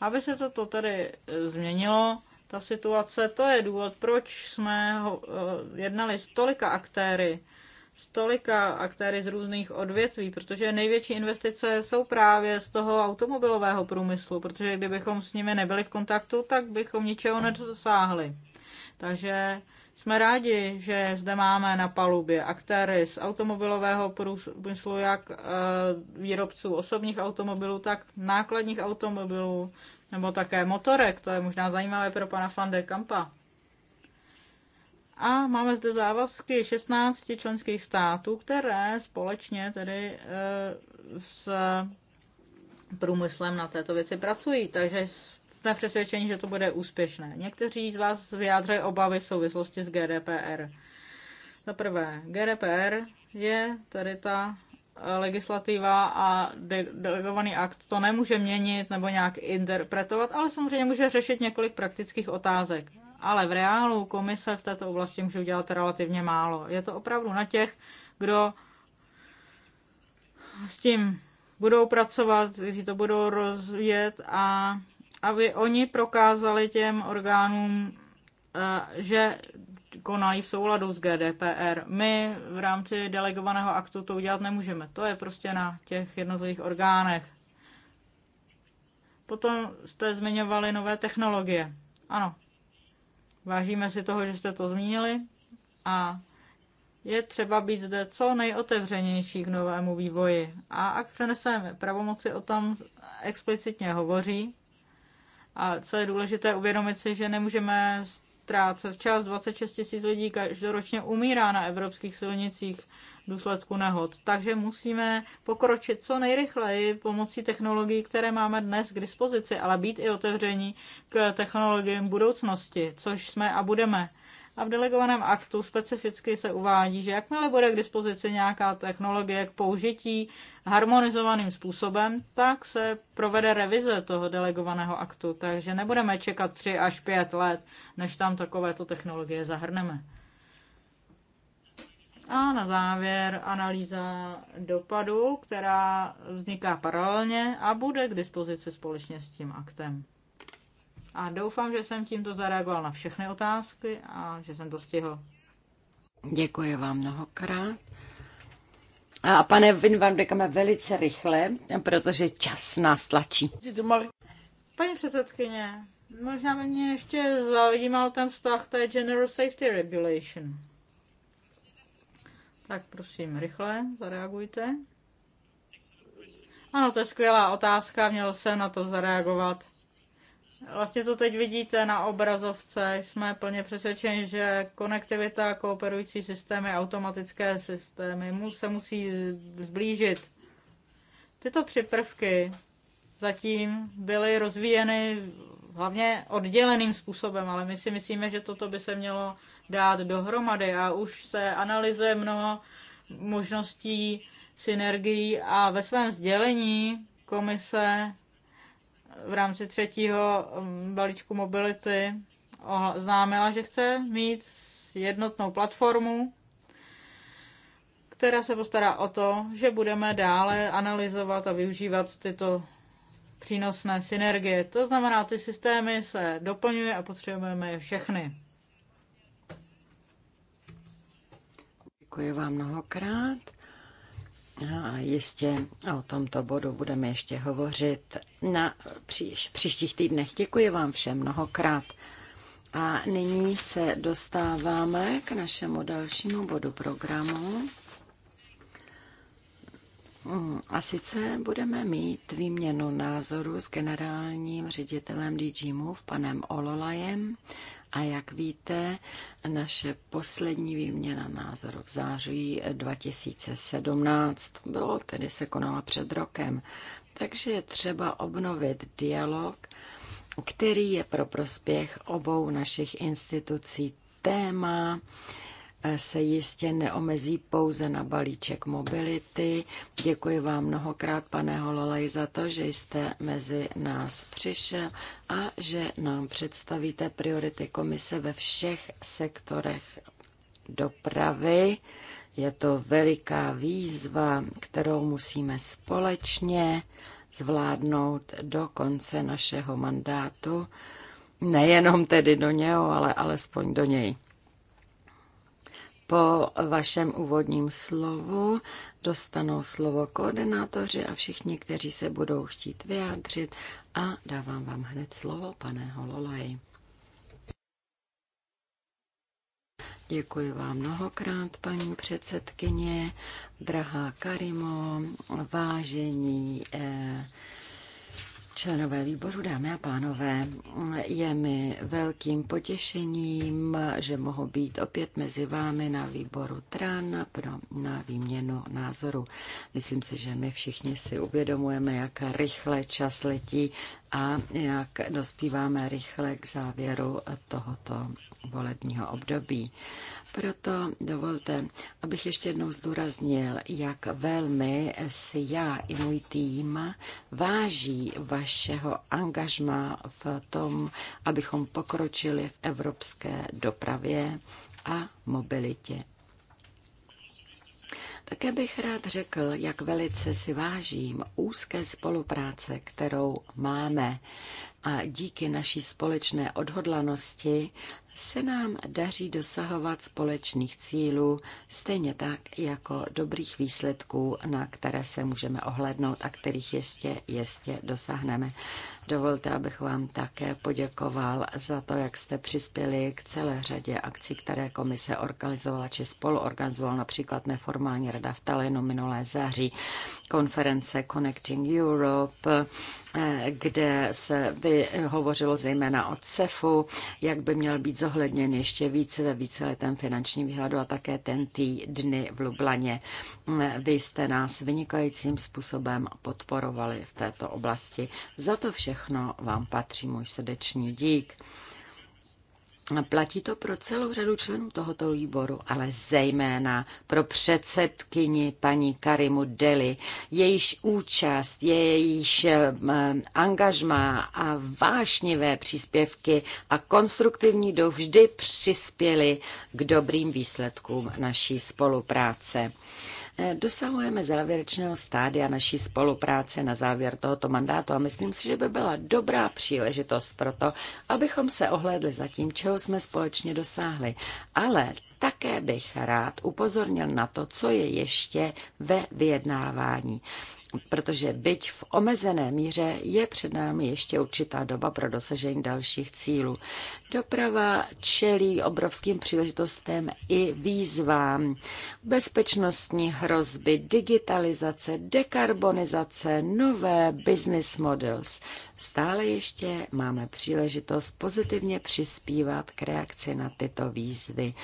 Aby se toto tedy eh, změnilo, ta situace, to je důvod, proč jsme eh, jednali s tolika aktéry, z tolika aktéry z různých odvětví, protože největší investice jsou právě z toho automobilového průmyslu, protože kdybychom s nimi nebyli v kontaktu, tak bychom ničeho nedosáhli. Takže jsme rádi, že zde máme na palubě aktéry z automobilového průmyslu, jak eh, výrobců osobních automobilů, tak nákladních automobilů, nebo také motorek, to je možná zajímavé pro pana Fande Kampa. A máme zde závazky 16 členských států, které společně tedy e, s průmyslem na této věci pracují. Takže jsme přesvědčeni, že to bude úspěšné. Někteří z vás vyjádřili obavy v souvislosti s GDPR. Za prvé, GDPR je tady ta e, legislativa a delegovaný akt to nemůže měnit nebo nějak interpretovat, ale samozřejmě může řešit několik praktických otázek ale v reálu komise v této oblasti může udělat relativně málo. Je to opravdu na těch, kdo s tím budou pracovat, kteří to budou rozvíjet a aby oni prokázali těm orgánům, eh, že konají v souladu s GDPR. My v rámci delegovaného aktu to udělat nemůžeme. To je prostě na těch jednotlivých orgánech. Potom jste zmiňovali nové technologie. Ano, Vážíme si toho, že jste to zmínili a je třeba být zde co nejotevřenější k novému vývoji. A ak přeneseme pravomoci o tom explicitně hovoří. A co je důležité uvědomit si, že nemůžeme ztrácet čas. 26 000 lidí každoročně umírá na evropských silnicích důsledku nehod. Takže musíme pokročit co nejrychleji pomocí technologií, které máme dnes k dispozici, ale být i otevření k technologiím budoucnosti, což jsme a budeme. A v delegovaném aktu specificky se uvádí, že jakmile bude k dispozici nějaká technologie k použití harmonizovaným způsobem, tak se provede revize toho delegovaného aktu. Takže nebudeme čekat 3 až 5 let, než tam takovéto technologie zahrneme. A na závěr analýza dopadu, která vzniká paralelně a bude k dispozici společně s tím aktem. A doufám, že jsem tímto zareagoval na všechny otázky a že jsem to stihl. Děkuji vám mnohokrát. A pane Vinvan, děkáme velice rychle, protože čas nás tlačí. Paní předsedkyně, možná mě ještě zajímal ten vztah té General Safety Regulation. Tak prosím, rychle zareagujte. Ano, to je skvělá otázka, měl jsem na to zareagovat. Vlastně to teď vidíte na obrazovce. Jsme plně přesvědčeni, že konektivita, kooperující systémy, automatické systémy mu se musí zblížit. Tyto tři prvky zatím byly rozvíjeny hlavně odděleným způsobem, ale my si myslíme, že toto by se mělo dát dohromady a už se analyzuje mnoho možností, synergií a ve svém sdělení komise v rámci třetího mm, balíčku mobility oznámila, že chce mít jednotnou platformu, která se postará o to, že budeme dále analyzovat a využívat tyto přínosné synergie. To znamená, ty systémy se doplňují a potřebujeme je všechny. Děkuji vám mnohokrát. No a jistě o tomto bodu budeme ještě hovořit na příš, příštích týdnech. Děkuji vám všem mnohokrát. A nyní se dostáváme k našemu dalšímu bodu programu. Mm, a sice budeme mít výměnu názoru s generálním ředitelem DG Move, panem Ololajem. A jak víte, naše poslední výměna názoru v září 2017 bylo, tedy se konala před rokem. Takže je třeba obnovit dialog, který je pro prospěch obou našich institucí téma, se jistě neomezí pouze na balíček mobility. Děkuji vám mnohokrát, pane Hololej, za to, že jste mezi nás přišel a že nám představíte priority komise ve všech sektorech dopravy. Je to veliká výzva, kterou musíme společně zvládnout do konce našeho mandátu. Nejenom tedy do něho, ale alespoň do něj. Po vašem úvodním slovu dostanou slovo koordinátoři a všichni, kteří se budou chtít vyjádřit a dávám vám hned slovo, pane Hololej. Děkuji vám mnohokrát, paní předsedkyně, drahá Karimo, vážení eh, Členové výboru, dámy a pánové, je mi velkým potěšením, že mohu být opět mezi vámi na výboru TRAN pro, na výměnu názoru. Myslím si, že my všichni si uvědomujeme, jak rychle čas letí a jak dospíváme rychle k závěru tohoto volebního období. Proto dovolte, abych ještě jednou zdůraznil, jak velmi si já i můj tým váží vašeho angažma v tom, abychom pokročili v evropské dopravě a mobilitě. Také bych rád řekl, jak velice si vážím úzké spolupráce, kterou máme a díky naší společné odhodlanosti se nám daří dosahovat společných cílů, stejně tak jako dobrých výsledků, na které se můžeme ohlednout a kterých ještě, ještě dosáhneme. Dovolte, abych vám také poděkoval za to, jak jste přispěli k celé řadě akcí, které komise organizovala či spoluorganizovala, například neformální rada v Talenu minulé září, konference Connecting Europe, eh, kde se eh, hovořilo zejména o CEFu, jak by měl být zohledněn ještě více ve víceletém finančním výhledu a také ten tý dny v Lublaně. Vy jste nás vynikajícím způsobem podporovali v této oblasti. Za to všechno vám patří můj srdeční dík. Platí to pro celou řadu členů tohoto výboru, ale zejména pro předsedkyni paní Karimu Deli. Jejíž účast, jejíž eh, angažmá a vášnivé příspěvky a konstruktivní duch vždy přispěly k dobrým výsledkům naší spolupráce. Dosahujeme závěrečného stádia naší spolupráce na závěr tohoto mandátu a myslím si, že by byla dobrá příležitost pro to, abychom se ohlédli za tím, čeho jsme společně dosáhli. Ale také bych rád upozornil na to, co je ještě ve vyjednávání protože byť v omezené míře je před námi ještě určitá doba pro dosažení dalších cílů. Doprava čelí obrovským příležitostem i výzvám. Bezpečnostní hrozby, digitalizace, dekarbonizace, nové business models. Stále ještě máme příležitost pozitivně přispívat k reakci na tyto výzvy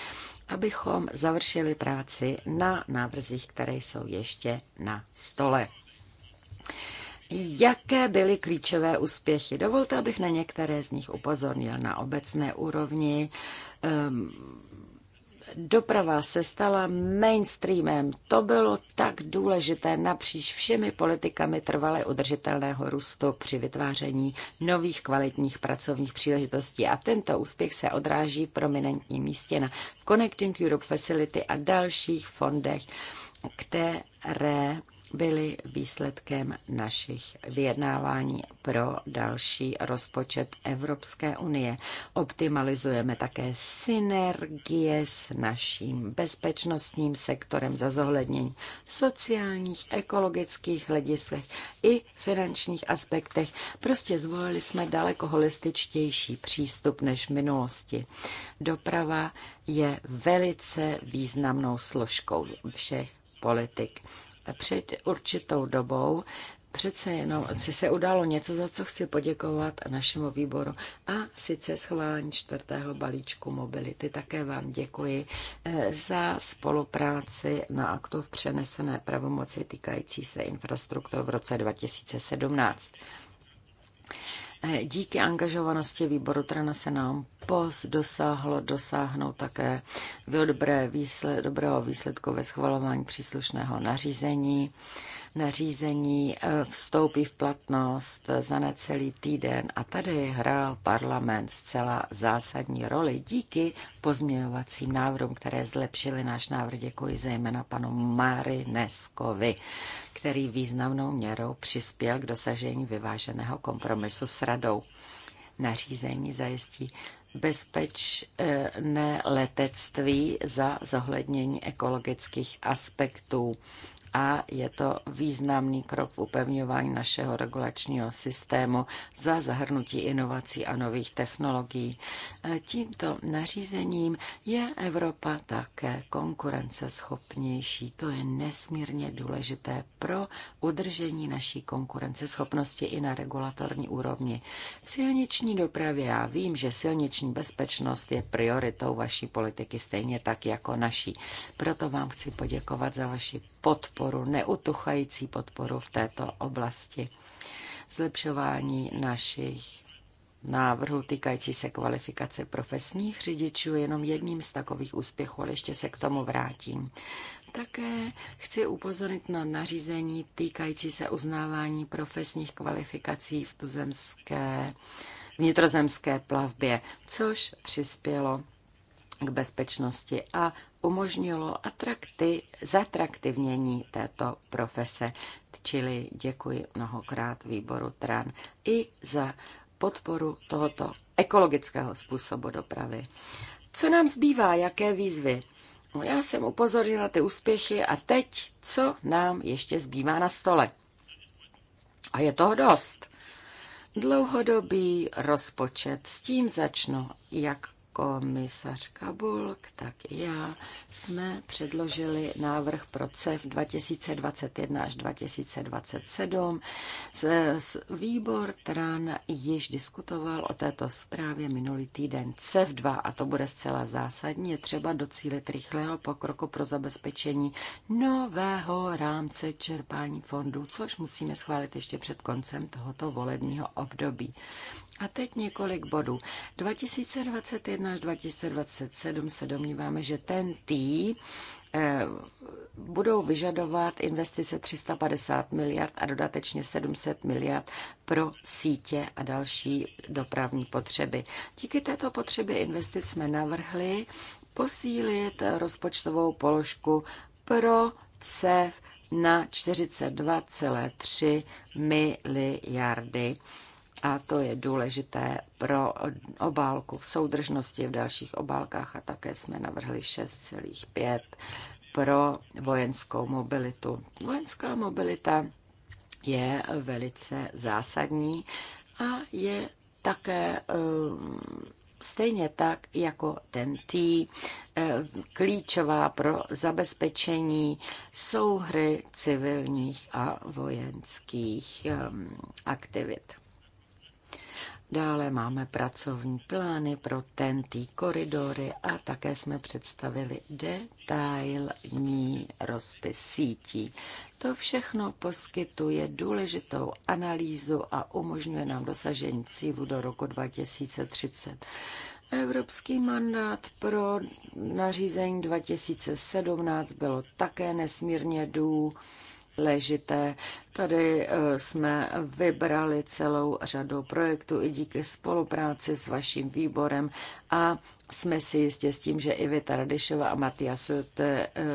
abychom završili práci na návrzích, které jsou ještě na stole. Jaké byly klíčové úspěchy? Dovolte, abych na některé z nich upozornil na obecné úrovni. Ehm, doprava se stala mainstreamem. To bylo tak důležité napříč všemi politikami trvale udržitelného růstu při vytváření nových kvalitních pracovních příležitostí. A tento úspěch se odráží v prominentním místě na Connecting Europe Facility a dalších fondech, které byly výsledkem našich vyjednávání pro další rozpočet Evropské unie. Optimalizujeme také synergie s naším bezpečnostním sektorem za zohlednění sociálních, ekologických hledisek i finančních aspektech. Prostě zvolili jsme daleko holističtější přístup než v minulosti. Doprava je velice významnou složkou všech politik před určitou dobou přece jenom si se udalo něco, za co chci poděkovat našemu výboru a sice schválení čtvrtého balíčku mobility. Také vám děkuji eh, za spolupráci na aktu v přenesené pravomoci týkající se infrastruktur v roce 2017. Eh, díky angažovanosti výboru Trana se nám POS dosáhlo dosáhnout také dobré výsled, dobrého výsledku ve schvalování příslušného nařízení. Nařízení eh, vstoupí v platnost eh, za necelý týden a tady hrál parlament zcela zásadní roli díky pozměňovacím návrhům, které zlepšily náš návrh. Děkuji zejména panu Neskovi, který významnou měrou přispěl k dosažení vyváženého kompromisu s radou nařízení zajistí bezpečné letectví za zohlednění ekologických aspektů a je to významný krok v upevňování našeho regulačního systému za zahrnutí inovací a nových technologií. E, tímto nařízením je Evropa také konkurenceschopnější. To je nesmírně důležité pro udržení naší konkurenceschopnosti i na regulatorní úrovni. V silniční dopravě já vím, že silniční bezpečnost je prioritou vaší politiky stejně tak jako naší. Proto vám chci poděkovat za vaši podporu, neutuchající podporu v této oblasti. Zlepšování našich návrhů týkající se kvalifikace profesních řidičů je jenom jedním z takových úspěchů, ale ještě se k tomu vrátím. Také chci upozornit na nařízení týkající se uznávání profesních kvalifikací v tuzemské vnitrozemské plavbě, což přispělo k bezpečnosti a umožnilo atrakty, zatraktivnění této profese. Čili děkuji mnohokrát výboru TRAN i za podporu tohoto ekologického způsobu dopravy. Co nám zbývá, jaké výzvy? No já jsem upozornila ty úspěchy a teď, co nám ještě zbývá na stole? A je toho dost. Dlouhodobý rozpočet, s tím začnu, jak komisařka Bulk, tak i já jsme předložili návrh pro CEF 2021 až 2027. Výbor TRAN již diskutoval o této zprávě minulý týden CEF 2 a to bude zcela zásadní. Je třeba docílit rychlého pokroku pro zabezpečení nového rámce čerpání fondů, což musíme schválit ještě před koncem tohoto volebního období. A teď několik bodů. 2021 až 2027 se domníváme, že ten tý eh, budou vyžadovat investice 350 miliard a dodatečně 700 miliard pro sítě a další dopravní potřeby. Díky této potřeby investic jsme navrhli posílit rozpočtovou položku pro CEF na 42,3 miliardy a to je důležité pro obálku v soudržnosti v dalších obálkách a také jsme navrhli 6,5 pro vojenskou mobilitu. Vojenská mobilita je velice zásadní a je také eh, stejně tak jako ten T, eh, klíčová pro zabezpečení souhry civilních a vojenských eh, aktivit. Dále máme pracovní plány pro tentý koridory a také jsme představili detailní rozpis sítí. To všechno poskytuje důležitou analýzu a umožňuje nám dosažení cílu do roku 2030. Evropský mandát pro nařízení 2017 bylo také nesmírně důležitý ležité. Tady eh, jsme vybrali celou řadu projektů i díky spolupráci s vaším výborem a jsme si jistě s tím, že Iveta Radišova a Matias eh,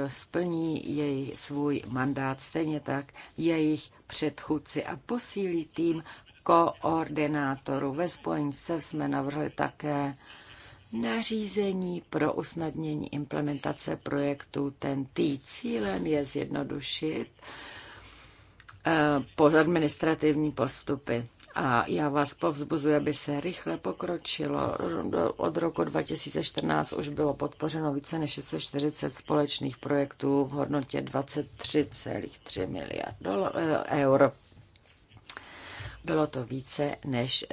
splní jej svůj mandát, stejně tak jejich předchůdci a posílí tým koordinátorů. Ve spojence jsme navrhli také nařízení pro usnadnění implementace projektu TEN-T. Cílem je zjednodušit Eh, administrativní postupy. A já vás povzbuzuji, aby se rychle pokročilo. Od roku 2014 už bylo podpořeno více než 640 společných projektů v hodnotě 23,3 miliard eh, eur bylo to více než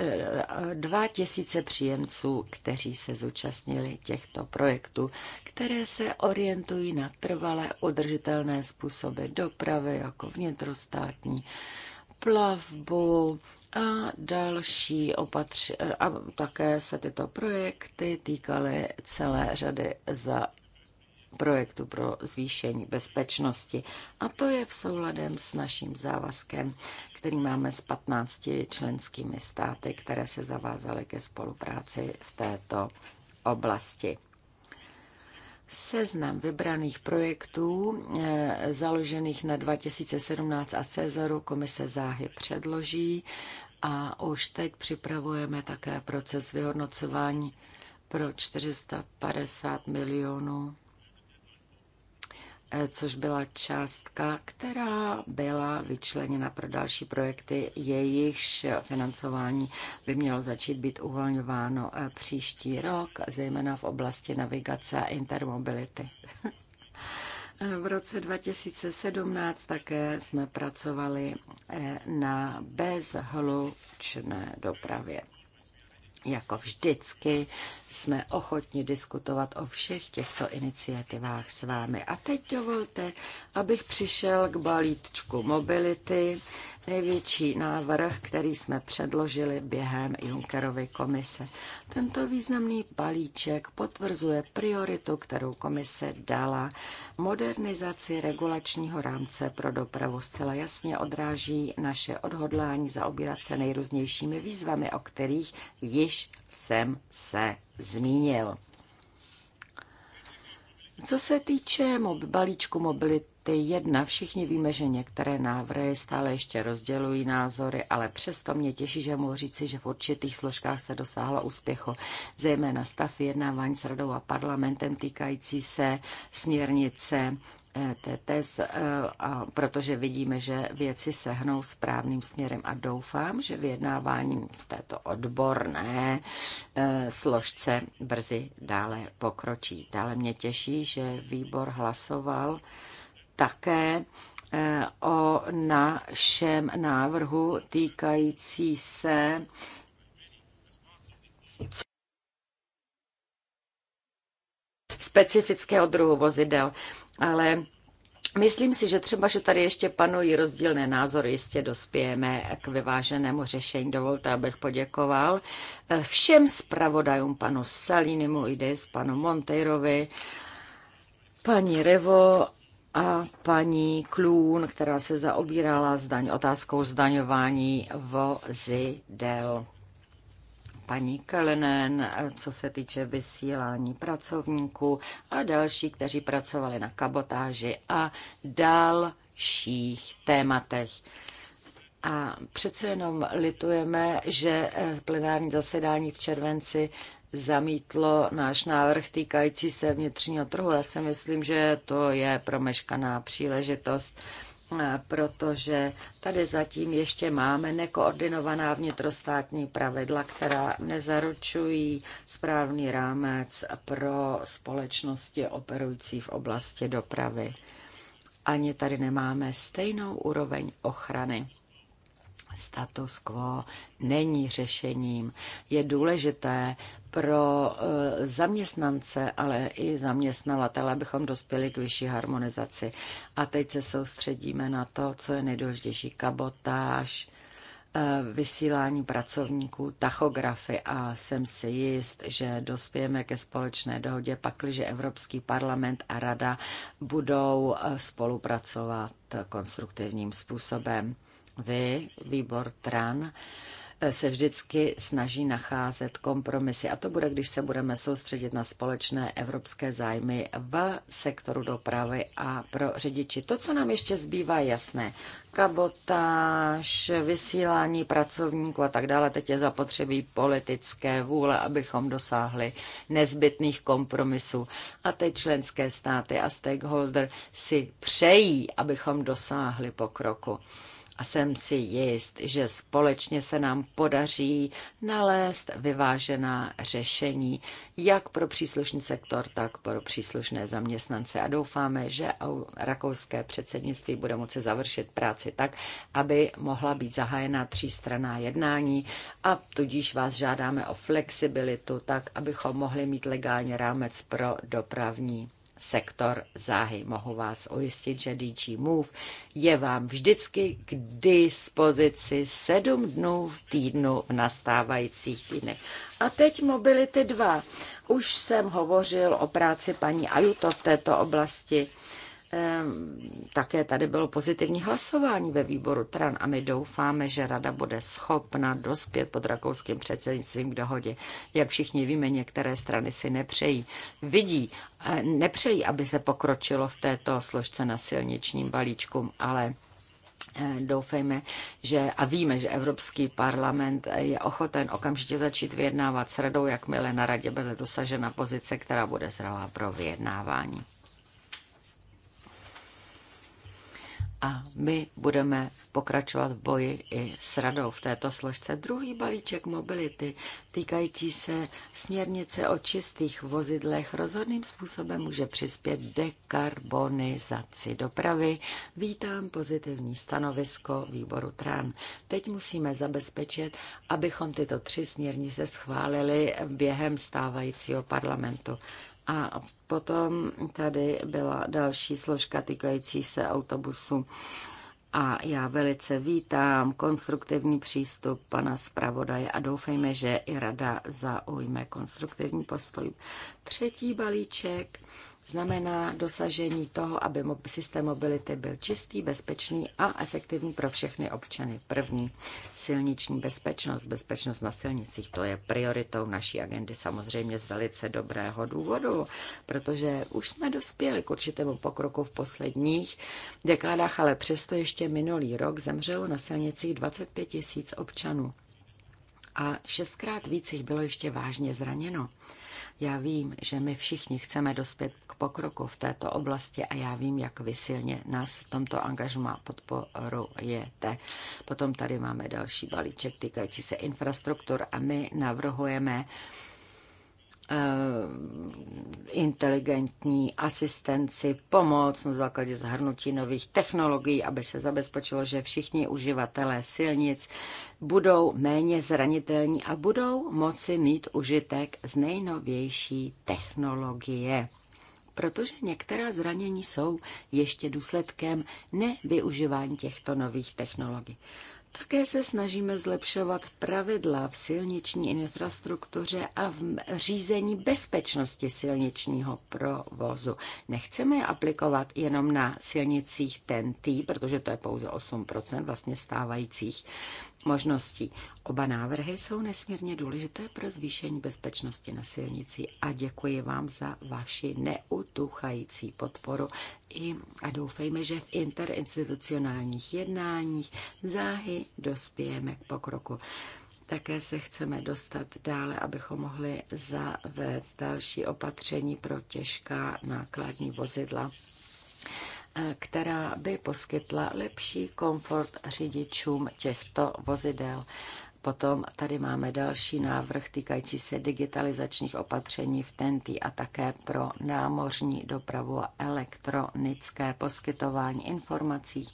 2000 eh, příjemců, kteří se zúčastnili těchto projektů, které se orientují na trvalé udržitelné způsoby dopravy, jako vnitrostátní plavbu a další opatření. Eh, a také se tyto projekty týkaly celé řady za projektu pro zvýšení bezpečnosti. A to je v souladem s naším závazkem, který máme s 15 členskými státy, které se zavázaly ke spolupráci v této oblasti. Seznam vybraných projektů eh, založených na 2017 a Cezaru komise záhy předloží a už teď připravujeme také proces vyhodnocování pro 450 milionů Eh, což byla částka, která byla vyčleněna pro další projekty, jejichž financování by mělo začít být uvolňováno eh, příští rok, zejména v oblasti navigace a intermobility. Eh, v roce 2017 také jsme pracovali na bezhlučné dopravě. Jako vždycky jsme ochotni diskutovat o všech těchto iniciativách s vámi. A teď dovolte, abych přišel k balíčku mobility, největší návrh, který jsme předložili během Junckerovy komise. Tento významný balíček potvrzuje prioritu, kterou komise dala modernizaci regulačního rámce pro dopravu. Zcela jasně odráží naše odhodlání zaobírat se nejrůznějšími výzvami, o kterých již jsem se zmínil. Co se týče mob- balíčku mobility, jedna Všichni víme, že některé návrhy stále ještě rozdělují názory, ale přesto mě těší, že mohu říci, že v určitých složkách se dosáhlo úspěchu, zejména stav vyjednávání s radou a parlamentem týkající se směrnice eh, TTS, eh, protože vidíme, že věci se hnou správným směrem a doufám, že vyjednávání v této odborné eh, složce brzy dále pokročí. Dále mě těší, že výbor hlasoval také eh, o našem návrhu týkající se specifického druhu vozidel, ale Myslím si, že třeba, že tady ještě panují rozdílné názory, jistě dospějeme k vyváženému řešení. Dovolte, abych poděkoval eh, všem zpravodajům, panu Salinimu, Idejs, panu Monteirovi, paní Revo a paní Klún, která se zaobírala zdaň, otázkou zdaňování vozidel. Paní Kalenen, co se týče vysílání pracovníků a další, kteří pracovali na kabotáži a dalších tématech. A přece jenom litujeme, že plenární zasedání v červenci zamítlo náš návrh týkající se vnitřního trhu. Já si myslím, že to je promeškaná příležitost protože tady zatím ještě máme nekoordinovaná vnitrostátní pravidla, která nezaručují správný rámec pro společnosti operující v oblasti dopravy. Ani tady nemáme stejnou úroveň ochrany Status quo není řešením. Je důležité pro eh, zaměstnance, ale i zaměstnavatele, abychom dospěli k vyšší harmonizaci. A teď se soustředíme na to, co je nejdůležitější. Kabotáž, eh, vysílání pracovníků, tachografy a jsem si jist, že dospějeme ke společné dohodě, pakliže Evropský parlament a rada budou eh, spolupracovat konstruktivním způsobem vy, výbor TRAN, se vždycky snaží nacházet kompromisy. A to bude, když se budeme soustředit na společné evropské zájmy v sektoru dopravy a pro řidiči. To, co nám ještě zbývá, jasné. Kabotáž, vysílání pracovníků a tak dále. Teď je zapotřebí politické vůle, abychom dosáhli nezbytných kompromisů. A teď členské státy a stakeholder si přejí, abychom dosáhli pokroku a jsem si jist, že společně se nám podaří nalézt vyvážená řešení jak pro příslušný sektor, tak pro příslušné zaměstnance. A doufáme, že rakouské předsednictví bude moci završit práci tak, aby mohla být zahájena třístraná jednání a tudíž vás žádáme o flexibilitu tak, abychom mohli mít legálně rámec pro dopravní sektor záhy. Mohu vás ujistit, že DG Move je vám vždycky k dispozici sedm dnů v týdnu v nastávajících týdnech. A teď Mobility 2. Už jsem hovořil o práci paní Ajuto v této oblasti. Ehm, také tady bylo pozitivní hlasování ve výboru TRAN a my doufáme, že rada bude schopna dospět pod rakouským předsednictvím k dohodě. Jak všichni víme, některé strany si nepřejí. Vidí, e, nepřejí, aby se pokročilo v této složce na silničním balíčku, ale e, doufejme, že a víme, že Evropský parlament je ochoten okamžitě začít vyjednávat s radou, jakmile na radě bude dosažena pozice, která bude zralá pro vyjednávání. A my budeme pokračovat v boji i s radou v této složce. Druhý balíček mobility týkající se směrnice o čistých vozidlech rozhodným způsobem může přispět dekarbonizaci dopravy. Vítám pozitivní stanovisko výboru TRAN. Teď musíme zabezpečit, abychom tyto tři směrnice schválili během stávajícího parlamentu. A potom tady byla další složka týkající se autobusu. A já velice vítám konstruktivní přístup pana zpravodaje a doufejme, že i rada zaujme konstruktivní postoj. Třetí balíček znamená dosažení toho, aby systém mobility byl čistý, bezpečný a efektivní pro všechny občany. První, silniční bezpečnost, bezpečnost na silnicích, to je prioritou naší agendy samozřejmě z velice dobrého důvodu, protože už jsme dospěli k určitému pokroku v posledních dekádách, ale přesto ještě minulý rok zemřelo na silnicích 25 tisíc občanů a šestkrát víc jich bylo ještě vážně zraněno. Já vím, že my všichni chceme dospět k pokroku v této oblasti a já vím, jak vy silně nás v tomto angažmá podporujete. Potom tady máme další balíček týkající se infrastruktur a my navrhujeme, Eh, inteligentní asistenci, pomoc na základě zhrnutí nových technologií, aby se zabezpečilo, že všichni uživatelé silnic budou méně zranitelní a budou moci mít užitek z nejnovější technologie. Protože některá zranění jsou ještě důsledkem nevyužívání těchto nových technologií. Také se snažíme zlepšovat pravidla v silniční infrastruktuře a v řízení bezpečnosti silničního provozu. Nechceme je aplikovat jenom na silnicích TNT, protože to je pouze 8% vlastně stávajících možností. Oba návrhy jsou nesmírně důležité pro zvýšení bezpečnosti na silnici a děkuji vám za vaši neutuchající podporu i a doufejme, že v interinstitucionálních jednáních záhy dospějeme k pokroku. Také se chceme dostat dále, abychom mohli zavést další opatření pro těžká nákladní vozidla která by poskytla lepší komfort řidičům těchto vozidel. Potom tady máme další návrh týkající se digitalizačních opatření v TENTI a také pro námořní dopravu a elektronické poskytování informací.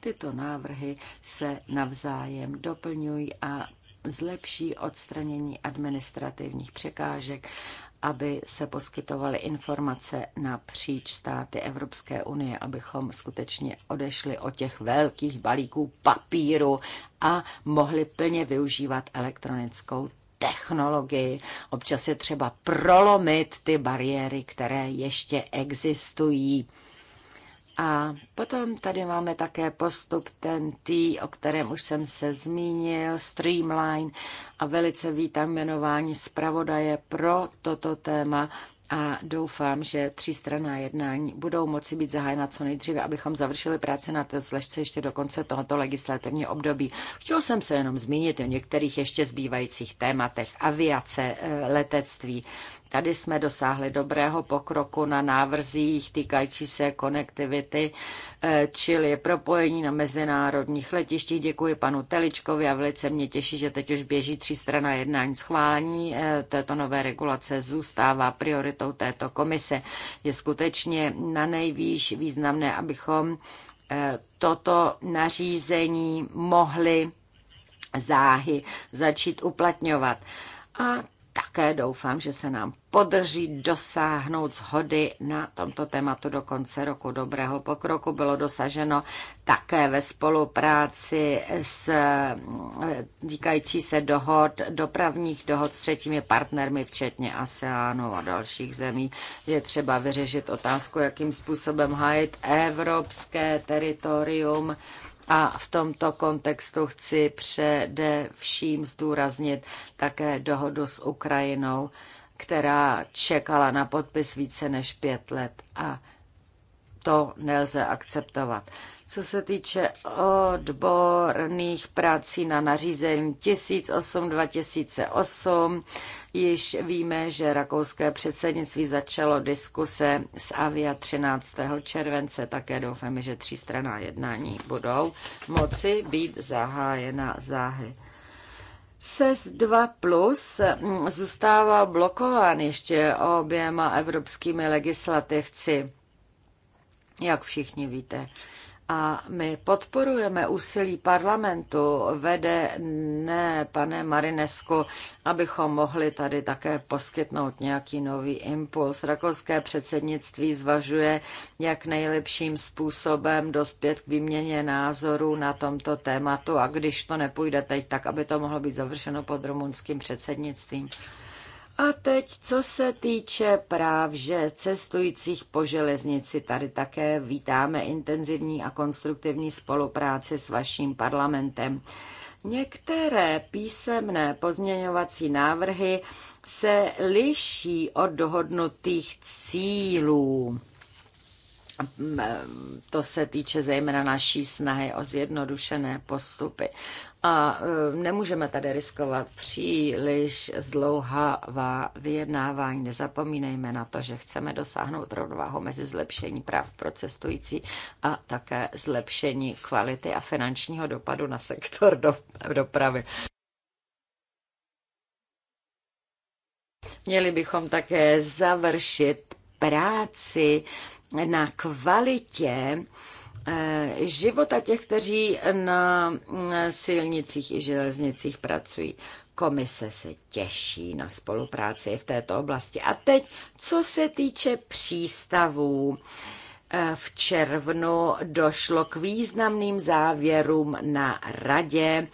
Tyto návrhy se navzájem doplňují a zlepší odstranění administrativních překážek aby se poskytovaly informace napříč státy Evropské unie, abychom skutečně odešli od těch velkých balíků papíru a mohli plně využívat elektronickou technologii. Občas je třeba prolomit ty bariéry, které ještě existují a potom tady máme také postup ten T, o kterém už jsem se zmínil, Streamline a velice vítám jmenování zpravodaje pro toto téma a doufám, že třístranná jednání budou moci být zahájena co nejdříve, abychom završili práci na té složce ještě do konce tohoto legislativního období. Chtěl jsem se jenom zmínit o některých ještě zbývajících tématech aviace, eh, letectví. Tady jsme dosáhli dobrého pokroku na návrzích týkající se konektivity, eh, čili propojení na mezinárodních letištích. Děkuji panu Teličkovi a velice mě těší, že teď už běží tři strana jednání schválení. Eh, této nové regulace zůstává prioritou této komise. Je skutečně na nejvýš významné, abychom eh, toto nařízení mohli záhy začít uplatňovat. A také doufám, že se nám podrží dosáhnout shody na tomto tématu do konce roku. Dobrého pokroku bylo dosaženo také ve spolupráci s díkající se dohod, dopravních dohod s třetími partnermi včetně ASEANu a dalších zemí. Je třeba vyřešit otázku, jakým způsobem hájit evropské teritorium a v tomto kontextu chci především zdůraznit také dohodu s Ukrajinou, která čekala na podpis více než pět let a to nelze akceptovat. Co se týče odborných prací na nařízení 1008-2008, již víme, že rakouské předsednictví začalo diskuse s Avia 13. července. Také doufáme, že třístraná jednání budou moci být zahájena záhy. SES 2 Plus zůstává blokován ještě oběma evropskými legislativci, jak všichni víte. A my podporujeme úsilí parlamentu vede ne pane Marinesku, abychom mohli tady také poskytnout nějaký nový impuls. Rakouské předsednictví zvažuje, jak nejlepším způsobem dospět k výměně názorů na tomto tématu a když to nepůjde teď, tak aby to mohlo být završeno pod rumunským předsednictvím. A teď, co se týče práv že cestujících po železnici, tady také vítáme intenzivní a konstruktivní spolupráci s vaším parlamentem. Některé písemné pozměňovací návrhy se liší od dohodnutých cílů. Mm, to se týče zejména naší snahy o zjednodušené postupy. A mm, nemůžeme tady riskovat příliš zdlouhavá vyjednávání. Nezapomínejme na to, že chceme dosáhnout rovnováhu mezi zlepšení práv pro cestující a také zlepšení kvality a finančního dopadu na sektor dopravy. Měli bychom také završit práci na kvalitě eh, života těch, kteří na mm, silnicích i železnicích pracují. Komise se těší na spolupráci v této oblasti. A teď, co se týče přístavů, eh, v červnu došlo k významným závěrům na radě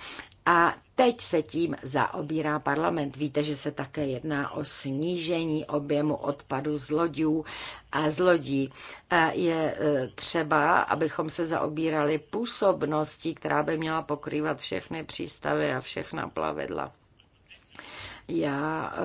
a Teď se tím zaobírá parlament. Víte, že se také jedná o snížení objemu odpadu z lodí. A z lodí je e, třeba, abychom se zaobírali působností, která by měla pokrývat všechny přístavy a všechna plavidla. Já eh,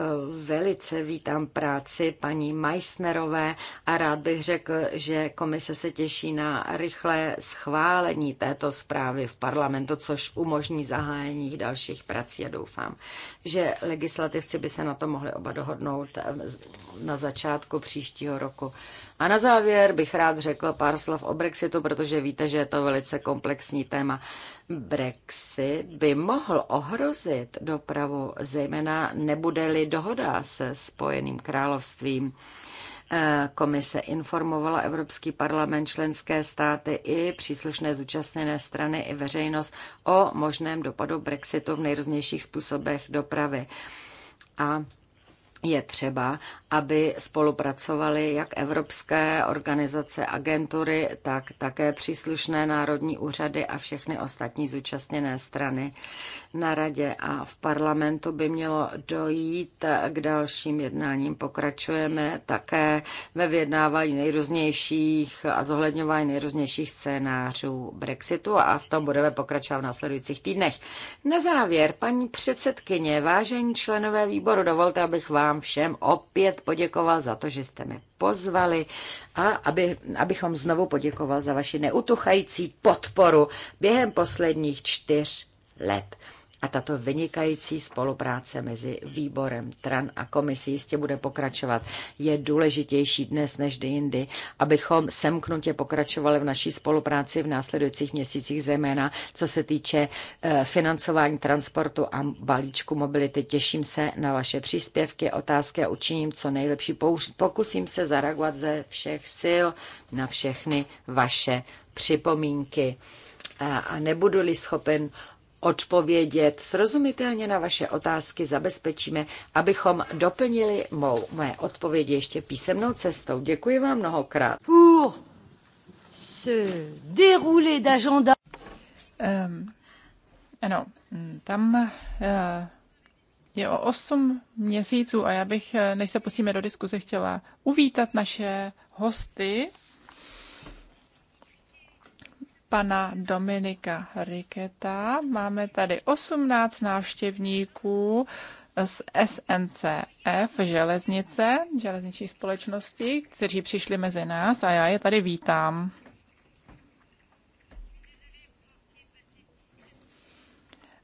velice vítám práci paní Meissnerové a rád bych řekl, že komise se těší na rychlé schválení této zprávy v parlamentu, což umožní zahájení dalších prací a doufám, že legislativci by se na to mohli oba dohodnout eh, na začátku příštího roku. A na závěr bych rád řekl pár slov o Brexitu, protože víte, že je to velice komplexní téma. Brexit by mohl ohrozit dopravu, zejména nebude-li dohoda se Spojeným královstvím. Eh, komise informovala Evropský parlament, členské státy i příslušné zúčastněné strany i veřejnost o možném dopadu Brexitu v nejrůznějších způsobech dopravy. A je třeba, aby spolupracovaly jak evropské organizace, agentury, tak také příslušné národní úřady a všechny ostatní zúčastněné strany na radě a v parlamentu by mělo dojít k dalším jednáním. Pokračujeme také ve vyjednávání nejrůznějších a zohledňování nejrůznějších scénářů Brexitu a v tom budeme pokračovat v následujících týdnech. Na závěr, paní předsedkyně, vážení členové výboru, dovolte, abych vám všem opět poděkoval za to, že jste mi pozvali a aby, abych vám znovu poděkoval za vaši neutuchající podporu během posledních čtyř let. A tato vynikající spolupráce mezi výborem TRAN a komisí jistě bude pokračovat. Je důležitější dnes než kdy jindy, abychom semknutě pokračovali v naší spolupráci v následujících měsících, zejména co se týče eh, financování transportu a balíčku mobility. Těším se na vaše příspěvky, otázky a učiním co nejlepší. Pokusím se zareagovat ze všech sil na všechny vaše připomínky a nebudu-li schopen odpovědět srozumitelně na vaše otázky, zabezpečíme, abychom doplnili mou, moje odpovědi ještě písemnou cestou. Děkuji vám mnohokrát. Pour se dérouler d'agenda. Um, ano, tam uh, je o 8 měsíců a já bych, eh, než se pustíme do diskuze, chtěla uvítat naše hosty, pana Dominika Riketa. Máme tady 18 návštěvníků z SNCF železnice, železniční společnosti, kteří přišli mezi nás a já je tady vítám.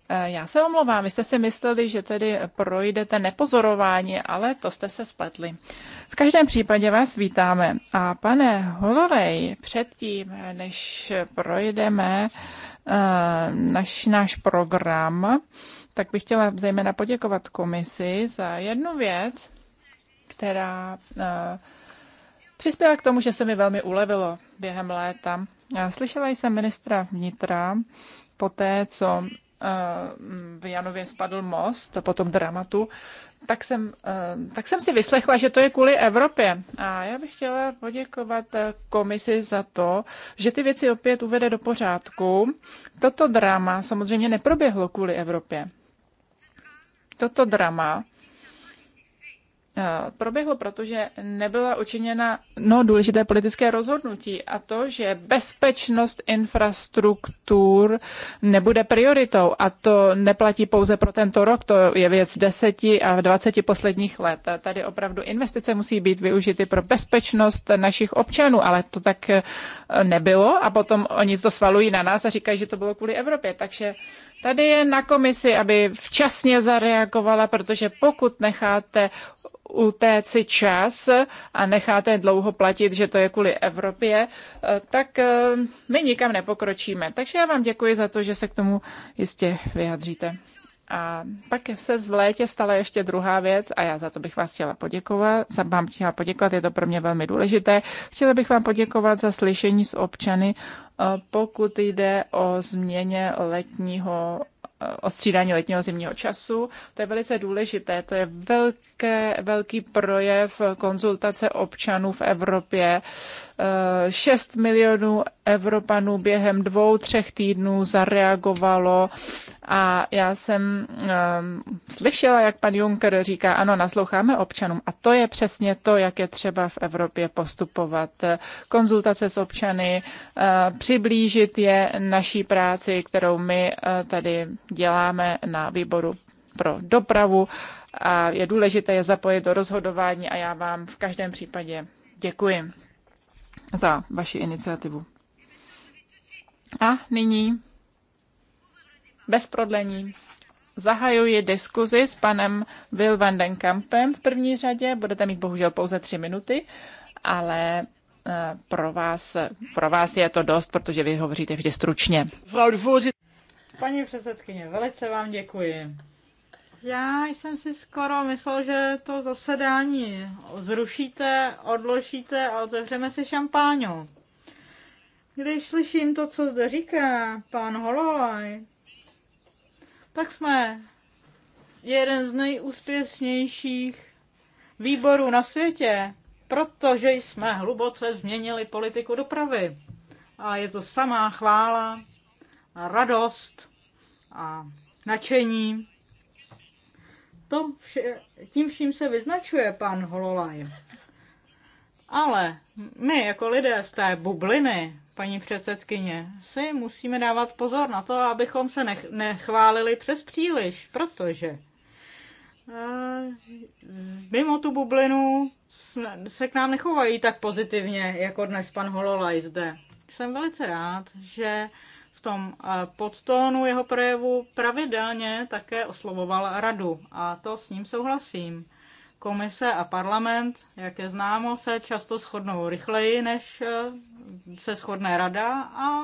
Eh, já se omlouvám, vy jste si mysleli, že tedy projdete nepozorování, ale to jste se spletli. V každém případě vás vítáme. A pane Holovej, předtím, než projdeme eh, naš, náš program, tak bych chtěla zejména poděkovat komisi za jednu věc, která eh, přispěla k tomu, že se mi velmi ulevilo během léta. Slyšela jsem ministra vnitra, poté, co v Janově spadl most po tom dramatu, tak jsem, eh, tak jsem si vyslechla, že to je kvůli Evropě. A já bych chtěla poděkovat eh, komisi za to, že ty věci opět uvede do pořádku. Toto drama samozřejmě neproběhlo kvůli Evropě. Toto drama Eh, proběhlo, protože nebyla učiněna no, důležité politické rozhodnutí a to, že bezpečnost infrastruktur nebude prioritou a to neplatí pouze pro tento rok, to je věc deseti a dvaceti posledních let. A tady opravdu investice musí být využity pro bezpečnost našich občanů, ale to tak eh, nebylo a potom oni to svalují na nás a říkají, že to bylo kvůli Evropě, takže Tady je na komisi, aby včasně zareagovala, protože pokud necháte utéci čas a necháte dlouho platit, že to je kvůli Evropě, eh, tak eh, my nikam nepokročíme. Takže já vám děkuji za to, že se k tomu jistě vyjadříte. A pak se v létě stala ještě druhá věc a já za to bych vás chtěla poděkovat. Za vám chtěla poděkovat, je to pro mě velmi důležité. Chtěla bych vám poděkovat za slyšení s občany, eh, pokud jde o změně letního o střídání letního zimního času. To je velice důležité, to je velké, velký projev konzultace občanů v Evropě. 6 eh, milionů Evropanů během dvou, třech týdnů zareagovalo a já jsem um, slyšela, jak pan Juncker říká, ano, nasloucháme občanům a to je přesně to, jak je třeba v Evropě postupovat. Konzultace s občany, uh, přiblížit je naší práci, kterou my uh, tady děláme na výboru pro dopravu a je důležité je zapojit do rozhodování a já vám v každém případě děkuji za vaši iniciativu. A nyní bez prodlení zahajuji diskuzi s panem Will van den Kampem v první řadě. Budete mít bohužel pouze tři minuty, ale eh, pro vás, pro vás je to dost, protože vy hovoříte vždy stručně. Paní předsedkyně, velice vám děkuji. Já jsem si skoro myslel, že to zasedání zrušíte, odložíte a otevřeme si šampáňu. Když slyším to, co zde říká pan Hololaj, tak jsme jeden z nejúspěšnějších výborů na světě, protože jsme hluboce změnili politiku dopravy. A je to samá chvála radost a nadšení. To vše, tím vším se vyznačuje pan Hololaj. Ale my jako lidé z té bubliny, paní předsedkyně, si musíme dávat pozor na to, abychom se nech, nechválili přes příliš, protože eh, mimo tu bublinu se k nám nechovají tak pozitivně, jako dnes pan Hololaj zde. Jsem velice rád, že tom eh, podtónu jeho projevu pravidelně také oslovoval radu a to s ním souhlasím. Komise a parlament, jak je známo, se často shodnou rychleji, než eh, se shodné rada a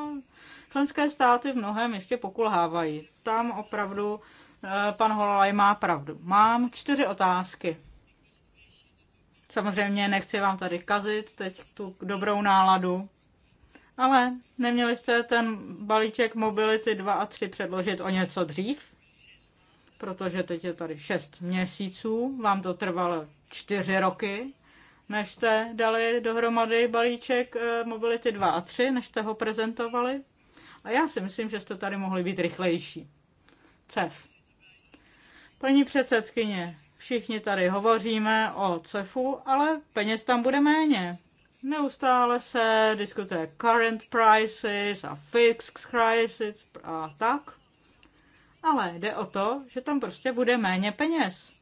členské státy v mnohem ještě pokulhávají. Tam opravdu eh, pan Holaj má pravdu. Mám čtyři otázky. Samozřejmě nechci vám tady kazit teď tu dobrou náladu, ale neměli jste ten balíček Mobility 2 a 3 předložit o něco dřív? Protože teď je tady 6 měsíců, vám to trvalo 4 roky, než jste dali dohromady balíček eh, Mobility 2 a 3, než jste ho prezentovali. A já si myslím, že jste tady mohli být rychlejší. CEF. Paní předsedkyně, všichni tady hovoříme o CEFu, ale peněz tam bude méně. Neustále se diskutuje current prices a fixed prices a tak. Ale jde o to, že tam prostě bude méně peněz.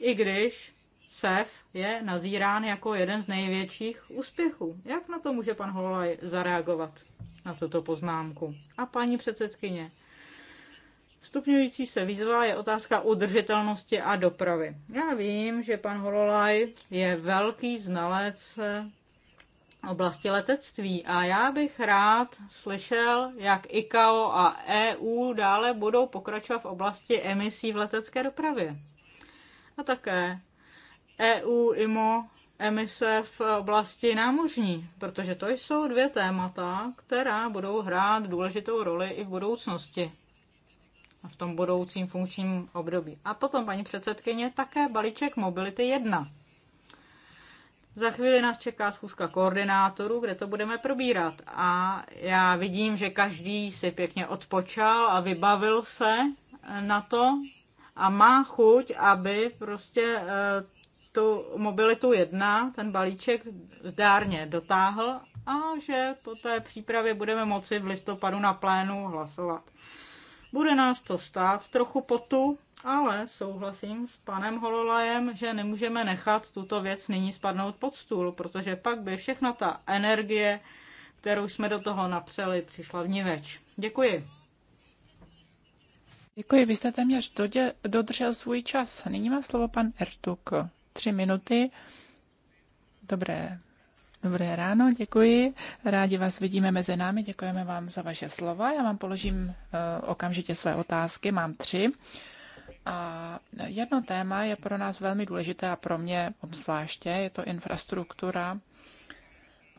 I když CEF je nazírán jako jeden z největších úspěchů. Jak na to může pan Hololaj zareagovat na tuto poznámku? A paní předsedkyně, Stupňující se výzva je otázka udržitelnosti a dopravy. Já vím, že pan Hololaj je velký znalec oblasti letectví a já bych rád slyšel, jak ICAO a EU dále budou pokračovat v oblasti emisí v letecké dopravě. A také EU, IMO, emise v oblasti námořní, protože to jsou dvě témata, která budou hrát důležitou roli i v budoucnosti v tom budoucím funkčním období. A potom, paní předsedkyně, také balíček Mobility 1. Za chvíli nás čeká schůzka koordinátorů, kde to budeme probírat. A já vidím, že každý si pěkně odpočal a vybavil se na to a má chuť, aby prostě eh, tu mobilitu 1, ten balíček zdárně dotáhl a že po té přípravě budeme moci v listopadu na plénu hlasovat. Bude nás to stát trochu potu, ale souhlasím s panem Hololajem, že nemůžeme nechat tuto věc nyní spadnout pod stůl, protože pak by všechna ta energie, kterou jsme do toho napřeli, přišla v ní več. Děkuji. Děkuji, vy jste téměř dodě, dodržel svůj čas. Nyní má slovo pan Ertuk. Tři minuty. Dobré Dobré ráno, děkuji. Rádi vás vidíme mezi námi, děkujeme vám za vaše slova. Já vám položím eh, okamžitě své otázky, mám tři. A jedno téma je pro nás velmi důležité a pro mě obzvláště, je to infrastruktura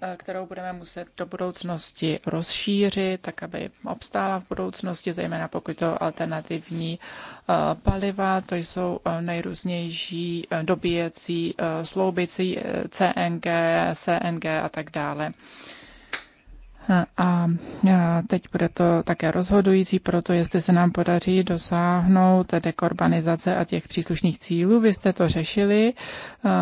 Eh, kterou budeme muset do budoucnosti rozšířit, tak aby obstála v budoucnosti, zejména pokud to alternativní eh, paliva, to jsou eh, nejrůznější dobíjecí sloubici CNG, CNG a tak dále. A teď bude to také rozhodující, proto jestli se nám podaří dosáhnout dekorbanizace a těch příslušných cílů. Vy jste to řešili,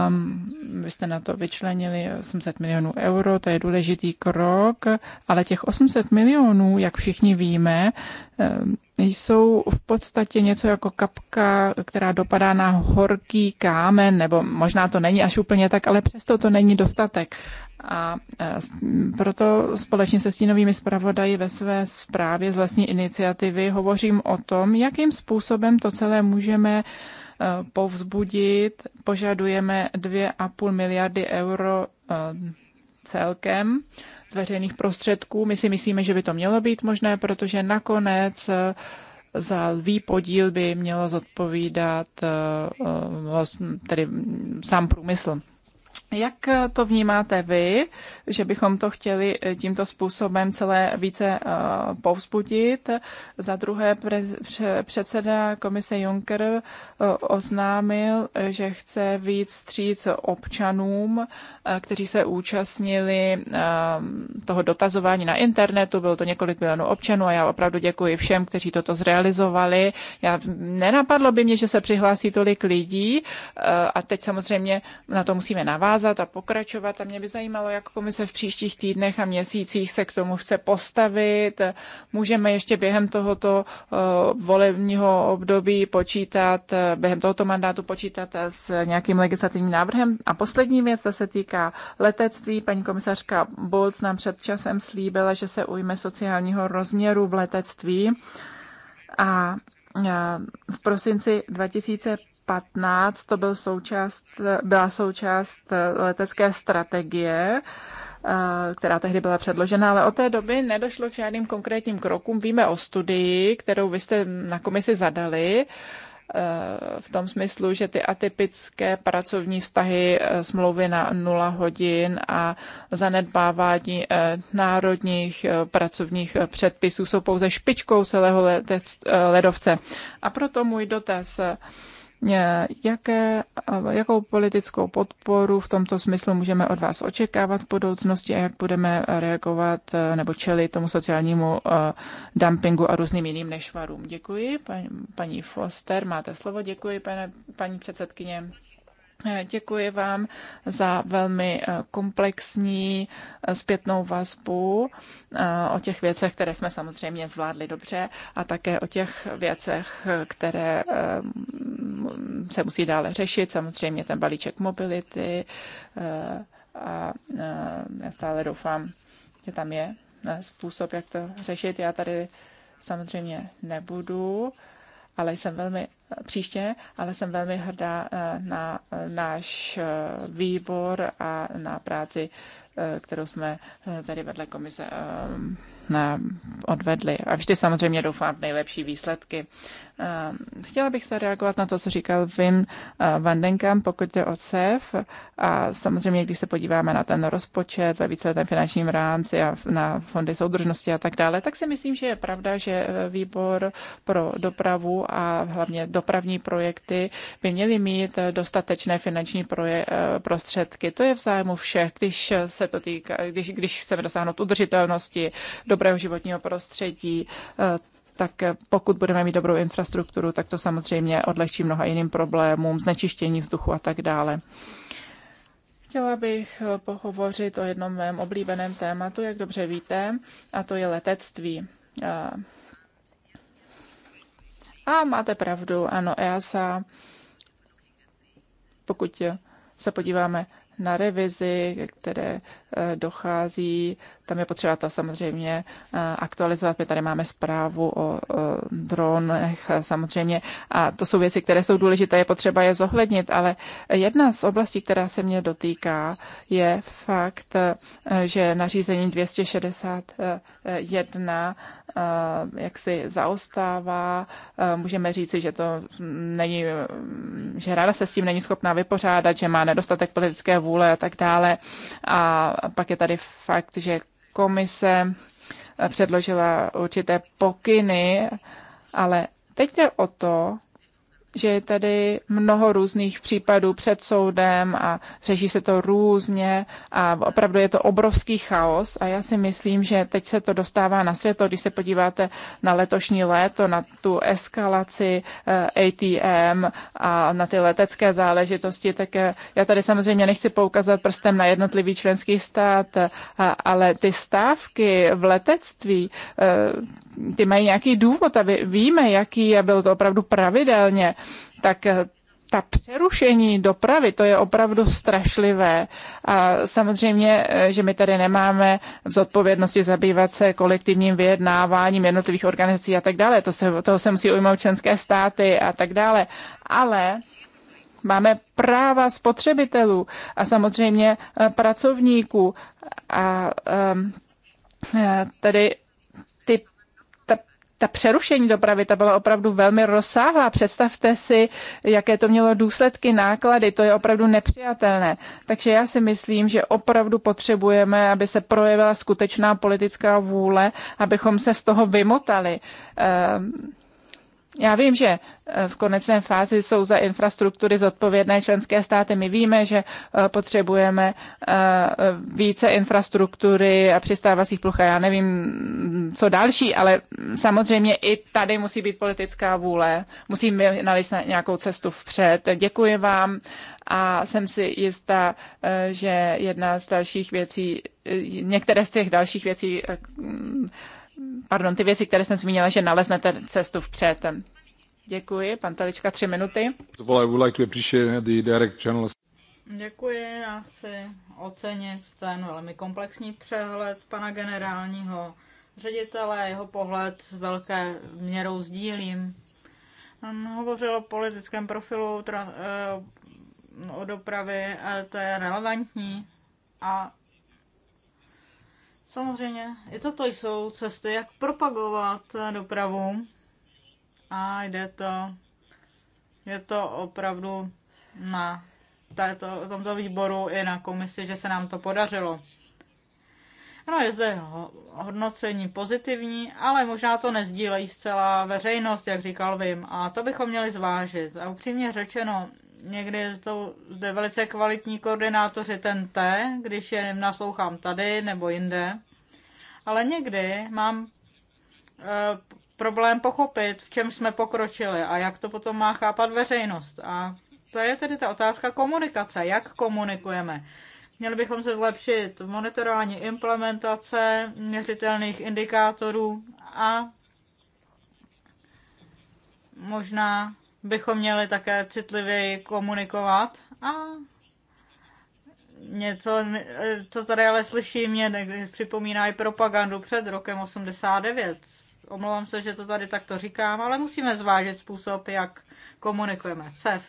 um, vy jste na to vyčlenili 800 milionů euro, to je důležitý krok, ale těch 800 milionů, jak všichni víme, um, jsou v podstatě něco jako kapka, která dopadá na horký kámen, nebo možná to není až úplně tak, ale přesto to není dostatek. A e, proto společně se stínovými zpravodaji ve své zprávě z vlastní iniciativy hovořím o tom, jakým způsobem to celé můžeme e, povzbudit. Požadujeme 2,5 miliardy euro e, celkem z veřejných prostředků. My si myslíme, že by to mělo být možné, protože nakonec za lví podíl by mělo zodpovídat vlastně tedy sám průmysl. Jak to vnímáte vy, že bychom to chtěli eh, tímto způsobem celé více eh, povzbudit? Za druhé, předseda komise Juncker eh, oznámil, že chce víc stříc občanům, kteří se účastnili toho dotazování na internetu. Bylo to několik milionů občanů a já opravdu děkuji všem, kteří toto zrealizovali. Já, nenapadlo by mě, že se přihlásí tolik lidí a teď samozřejmě na to musíme navázat navázat a pokračovat. A mě by zajímalo, jak komise v příštích týdnech a měsících se k tomu chce postavit. Můžeme ještě během tohoto eh, volebního období počítat, eh, během tohoto mandátu počítat s nějakým legislativním návrhem. A poslední věc, ta se týká letectví. Paní komisařka Bolc nám před časem slíbila, že se ujme sociálního rozměru v letectví. A eh, v prosinci 2015 2015 to byl součást, byla součást eh, letecké strategie, eh, která tehdy byla předložena, ale od té doby nedošlo k žádným konkrétním krokům. Víme o studii, kterou vy jste na komisi zadali, eh, v tom smyslu, že ty atypické pracovní vztahy, smlouvy na nula hodin a zanedbávání národních pracovních předpisů jsou pouze špičkou celého ledovce. A proto můj dotaz. E, jaké, jakou politickou podporu v tomto smyslu můžeme od vás očekávat v budoucnosti a jak budeme reagovat e, nebo čelit tomu sociálnímu e, dumpingu a různým jiným nešvarům. Děkuji, paní Foster, máte slovo. Děkuji, pane, paní předsedkyně. Eh, děkuji vám za velmi eh, komplexní eh, zpětnou vazbu o těch věcech, které jsme samozřejmě zvládli dobře a také o těch věcech, které se musí dále řešit. Samozřejmě ten balíček mobility a já stále doufám, že tam je způsob, jak to řešit. Já tady samozřejmě nebudu ale jsem velmi eh, příště, ale jsem velmi hrdá eh, na eh, náš výbor a na práci, kterou jsme tady vedle komise odvedli. A vždy samozřejmě doufám v nejlepší výsledky. Eh, chtěla bych se reagovat na to, co říkal Vim eh, Vandenkam, pokud jde o CEF. A samozřejmě, když se podíváme na ten rozpočet ve víceletém finančním rámci a na fondy soudržnosti a tak dále, tak si myslím, že je pravda, že eh, výbor pro dopravu a hlavně dopravní projekty by měly mít dostatečné finanční prostředky. To je v zájmu všech, když se to týká, když, když chceme dosáhnout udržitelnosti, do dobrého životního prostředí, eh, tak pokud budeme mít dobrou infrastrukturu, tak to samozřejmě odlehčí mnoha jiným problémům, znečištění vzduchu a tak dále. Chtěla bych eh, pohovořit o jednom mém oblíbeném tématu, jak dobře víte, a to je letectví. Eh, a máte pravdu, ano, EASA, pokud se podíváme na revizi, které eh, dochází. Tam je potřeba to samozřejmě eh, aktualizovat. My tady máme zprávu o dronech eh, samozřejmě a to jsou věci, které jsou důležité, je potřeba je zohlednit, ale jedna z oblastí, která se mě dotýká, je fakt, že nařízení 261 Eh, jak si zaostává. Eh, můžeme říci, že to není, že ráda se s tím není schopná vypořádat, že má nedostatek politické vůle a tak dále. A pak je tady fakt, že komise eh, předložila určité pokyny, ale teď je o to, že je tady mnoho různých případů před soudem a řeší se to různě a opravdu je to obrovský chaos a já si myslím, že teď se to dostává na světlo, když se podíváte na letošní léto, na tu eskalaci eh, ATM a na ty letecké záležitosti, tak eh, já tady samozřejmě nechci poukazat prstem na jednotlivý členský stát, eh, ale ty stávky v letectví, ty mají nějaký důvod a víme, jaký a bylo to opravdu pravidelně tak eh, ta přerušení dopravy, to je opravdu strašlivé. A samozřejmě, eh, že my tady nemáme v zodpovědnosti zabývat se kolektivním vyjednáváním jednotlivých organizací a tak dále. To se, toho se musí ujmout členské státy a tak dále. Ale máme práva spotřebitelů a samozřejmě eh, pracovníků. A, a ehm, tedy ta přerušení dopravy, ta byla opravdu velmi rozsáhlá. Představte si, jaké to mělo důsledky, náklady, to je opravdu nepřijatelné. Takže já si myslím, že opravdu potřebujeme, aby se projevila skutečná politická vůle, abychom se z toho vymotali. Ehm já vím, že eh, v konečné fázi jsou za infrastruktury zodpovědné členské státy. My víme, že eh, potřebujeme eh, více infrastruktury a přistávacích ploch já nevím, co další, ale samozřejmě i tady musí být politická vůle. Musíme nalézt nějakou cestu vpřed. Děkuji vám a jsem si jistá, že jedna z dalších věcí, některé z těch dalších věcí, pardon, ty věci, které jsem zmínila, že naleznete cestu vpřed. Děkuji, pan Talička, tři minuty. Děkuji, já chci ocenit ten velmi komplexní přehled pana generálního ředitele, jeho pohled s velké měrou sdílím. On hovořil o politickém profilu, eh, o dopravy, eh, to je relevantní a Samozřejmě, i toto jsou cesty, jak propagovat dopravu. A jde to, je to opravdu na této, tomto výboru i na komisi, že se nám to podařilo. No je zde hodnocení pozitivní, ale možná to nezdílejí zcela veřejnost, jak říkal Vim, a to bychom měli zvážit. A upřímně řečeno, Někdy jsou zde velice kvalitní koordinátoři ten t, když je naslouchám tady nebo jinde. Ale někdy mám e, problém pochopit, v čem jsme pokročili a jak to potom má chápat veřejnost. A to je tedy ta otázka komunikace, jak komunikujeme. Měli bychom se zlepšit v monitorování implementace měřitelných indikátorů a možná bychom měli také citlivě komunikovat a něco, co tady ale slyším, mě připomíná i propagandu před rokem 89. Omlouvám se, že to tady takto říkám, ale musíme zvážit způsob, jak komunikujeme. CEF.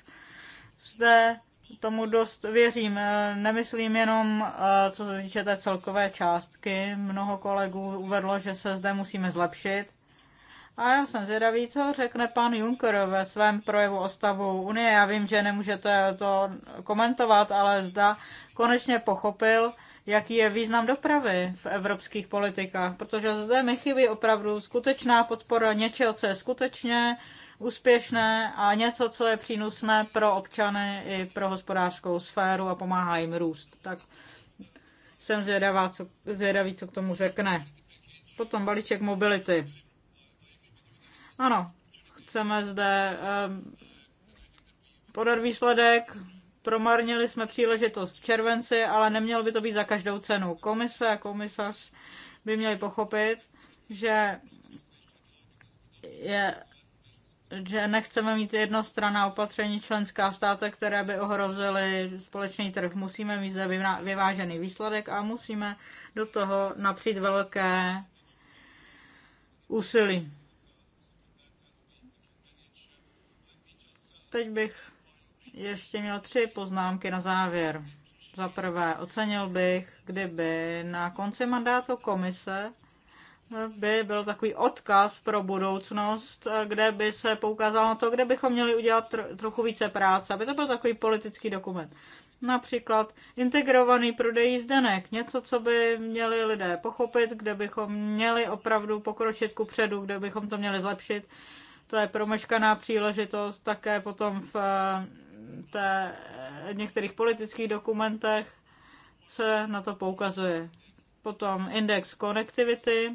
Zde tomu dost věřím. Nemyslím jenom, eh, co se týče té celkové částky. Mnoho kolegů uvedlo, že se zde musíme zlepšit. A já jsem zvědavý, co řekne pan Juncker ve svém projevu o stavu Unie. Já vím, že nemůžete to komentovat, ale zda konečně pochopil, jaký je význam dopravy v evropských politikách, protože zde mi chybí opravdu skutečná podpora něčeho, co je skutečně úspěšné a něco, co je přínosné pro občany i pro hospodářskou sféru a pomáhá jim růst. Tak jsem zvědavá, co, zvědavý, co k tomu řekne. Potom balíček mobility. Ano, chceme zde ehm, podat výsledek. Promarnili jsme příležitost v červenci, ale nemělo by to být za každou cenu. Komise a komisař by měli pochopit, že je že nechceme mít jednostranná opatření členská státe, které by ohrozily společný trh. Musíme mít zde vyvážený výsledek a musíme do toho napřít velké úsilí. Teď bych ještě měl tři poznámky na závěr. Za prvé, ocenil bych, kdyby na konci mandátu komise by byl takový odkaz pro budoucnost, kde by se poukázalo na to, kde bychom měli udělat trochu více práce, aby to byl takový politický dokument. Například integrovaný prodej jízdenek, něco, co by měli lidé pochopit, kde bychom měli opravdu pokročit ku předu, kde bychom to měli zlepšit to je promeškaná příležitost také potom v eh, té, eh, některých politických dokumentech se na to poukazuje. Potom index konektivity.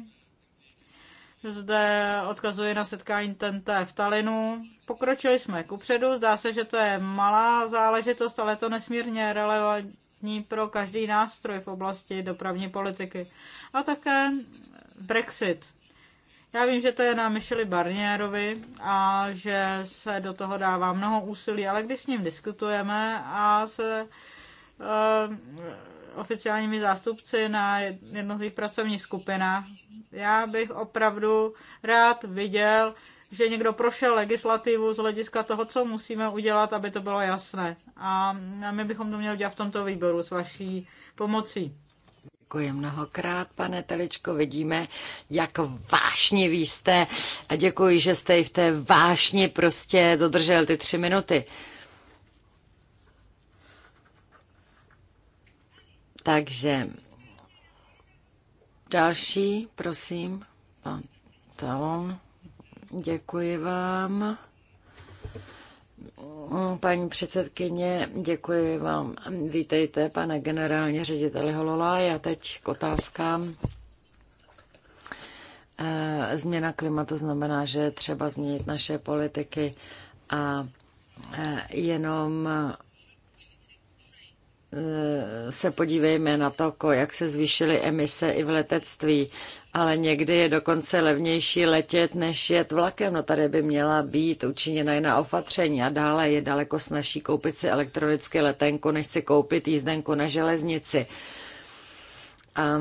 Zde odkazuje na setkání TNT v Talinu. Pokročili jsme kupředu. Zdá se, že to je malá záležitost, ale je to nesmírně relevantní pro každý nástroj v oblasti dopravní politiky. A také Brexit já vím, že to je na Micheli Barnierovi a že se do toho dává mnoho úsilí, ale když s ním diskutujeme a se uh, oficiálními zástupci na jednotlivých pracovních skupinách, já bych opravdu rád viděl, že někdo prošel legislativu z hlediska toho, co musíme udělat, aby to bylo jasné. A my bychom to měli dělat v tomto výboru s vaší pomocí. Děkuji mnohokrát, pane Teličko. Vidíme, jak vášnivý jste a děkuji, že jste i v té vášni prostě dodržel ty tři minuty. Takže další, prosím, pan Talon. Děkuji vám. Paní předsedkyně, děkuji vám. Vítejte, pane generální řediteli Holola. Já teď k otázkám. E, změna klimatu znamená, že třeba změnit naše politiky a e, jenom Eh, se podívejme na to, jak se zvýšily emise i v letectví, ale někdy je dokonce levnější letět, než jet vlakem. No tady by měla být učiněna jiná opatření a dále je daleko snažší koupit si elektronické letenku, než si koupit jízdenku na železnici. A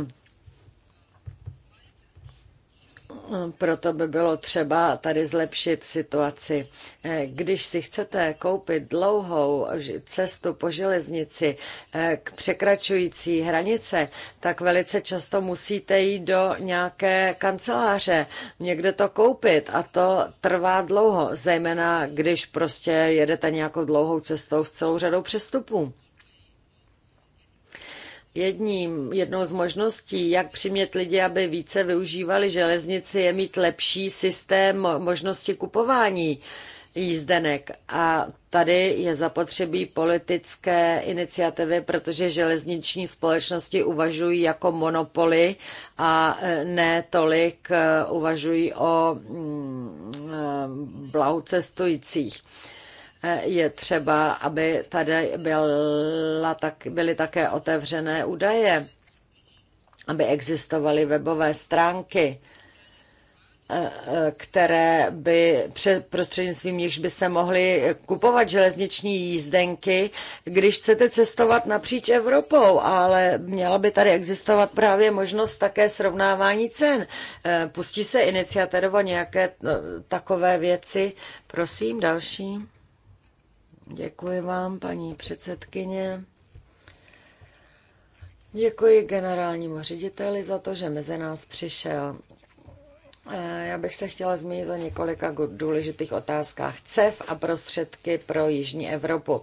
Proto by bylo třeba tady zlepšit situaci. Eh, když si chcete koupit dlouhou cestu po železnici eh, k překračující hranice, tak velice často musíte jít do nějaké kanceláře, někde to koupit a to trvá dlouho, zejména když prostě jedete nějakou dlouhou cestou s celou řadou přestupů. Jedním, jednou z možností, jak přimět lidi, aby více využívali železnici, je mít lepší systém možnosti kupování jízdenek. A tady je zapotřebí politické iniciativy, protože železniční společnosti uvažují jako monopoly a e, ne tolik e, uvažují o mm, e, blahu cestujících je třeba, aby tady byla tak, byly také otevřené údaje, aby existovaly webové stránky, eh, eh, které by prostřednictvím nichž by se mohly kupovat železniční jízdenky, když chcete cestovat napříč Evropou, ale měla by tady existovat právě možnost také srovnávání cen. Eh, pustí se iniciativa nějaké takové věci? Prosím, další. Děkuji vám, paní předsedkyně. Děkuji generálnímu řediteli za to, že mezi nás přišel. Eh, já bych se chtěla zmínit o několika důležitých otázkách. CEF a prostředky pro Jižní Evropu.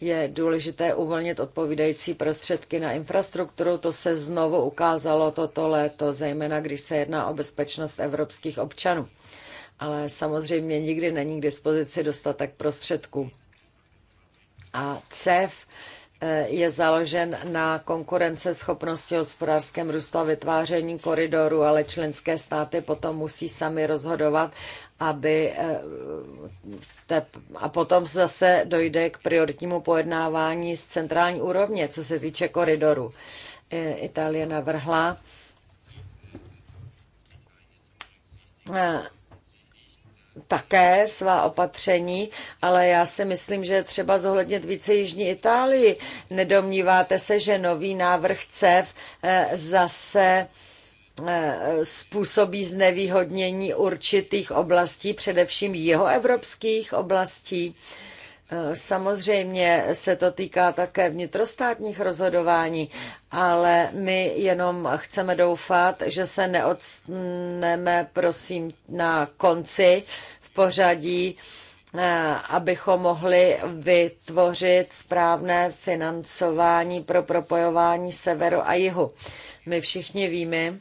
Je důležité uvolnit odpovídající prostředky na infrastrukturu. To se znovu ukázalo toto léto, zejména když se jedná o bezpečnost evropských občanů. Ale samozřejmě nikdy není k dispozici dostatek prostředků a CEF eh, je založen na konkurenceschopnosti hospodářském růstu a vytváření koridoru, ale členské státy potom musí sami rozhodovat, aby eh, te, a potom zase dojde k prioritnímu pojednávání z centrální úrovně, co se týče koridoru. Eh, Itálie navrhla také svá opatření, ale já si myslím, že třeba zohlednit více Jižní Itálii. Nedomníváte se, že nový návrh CEF zase e, způsobí znevýhodnění určitých oblastí, především jeho evropských oblastí? Samozřejmě se to týká také vnitrostátních rozhodování, ale my jenom chceme doufat, že se neodstneme, prosím, na konci v pořadí, eh, abychom mohli vytvořit správné financování pro propojování severu a jihu. My všichni víme,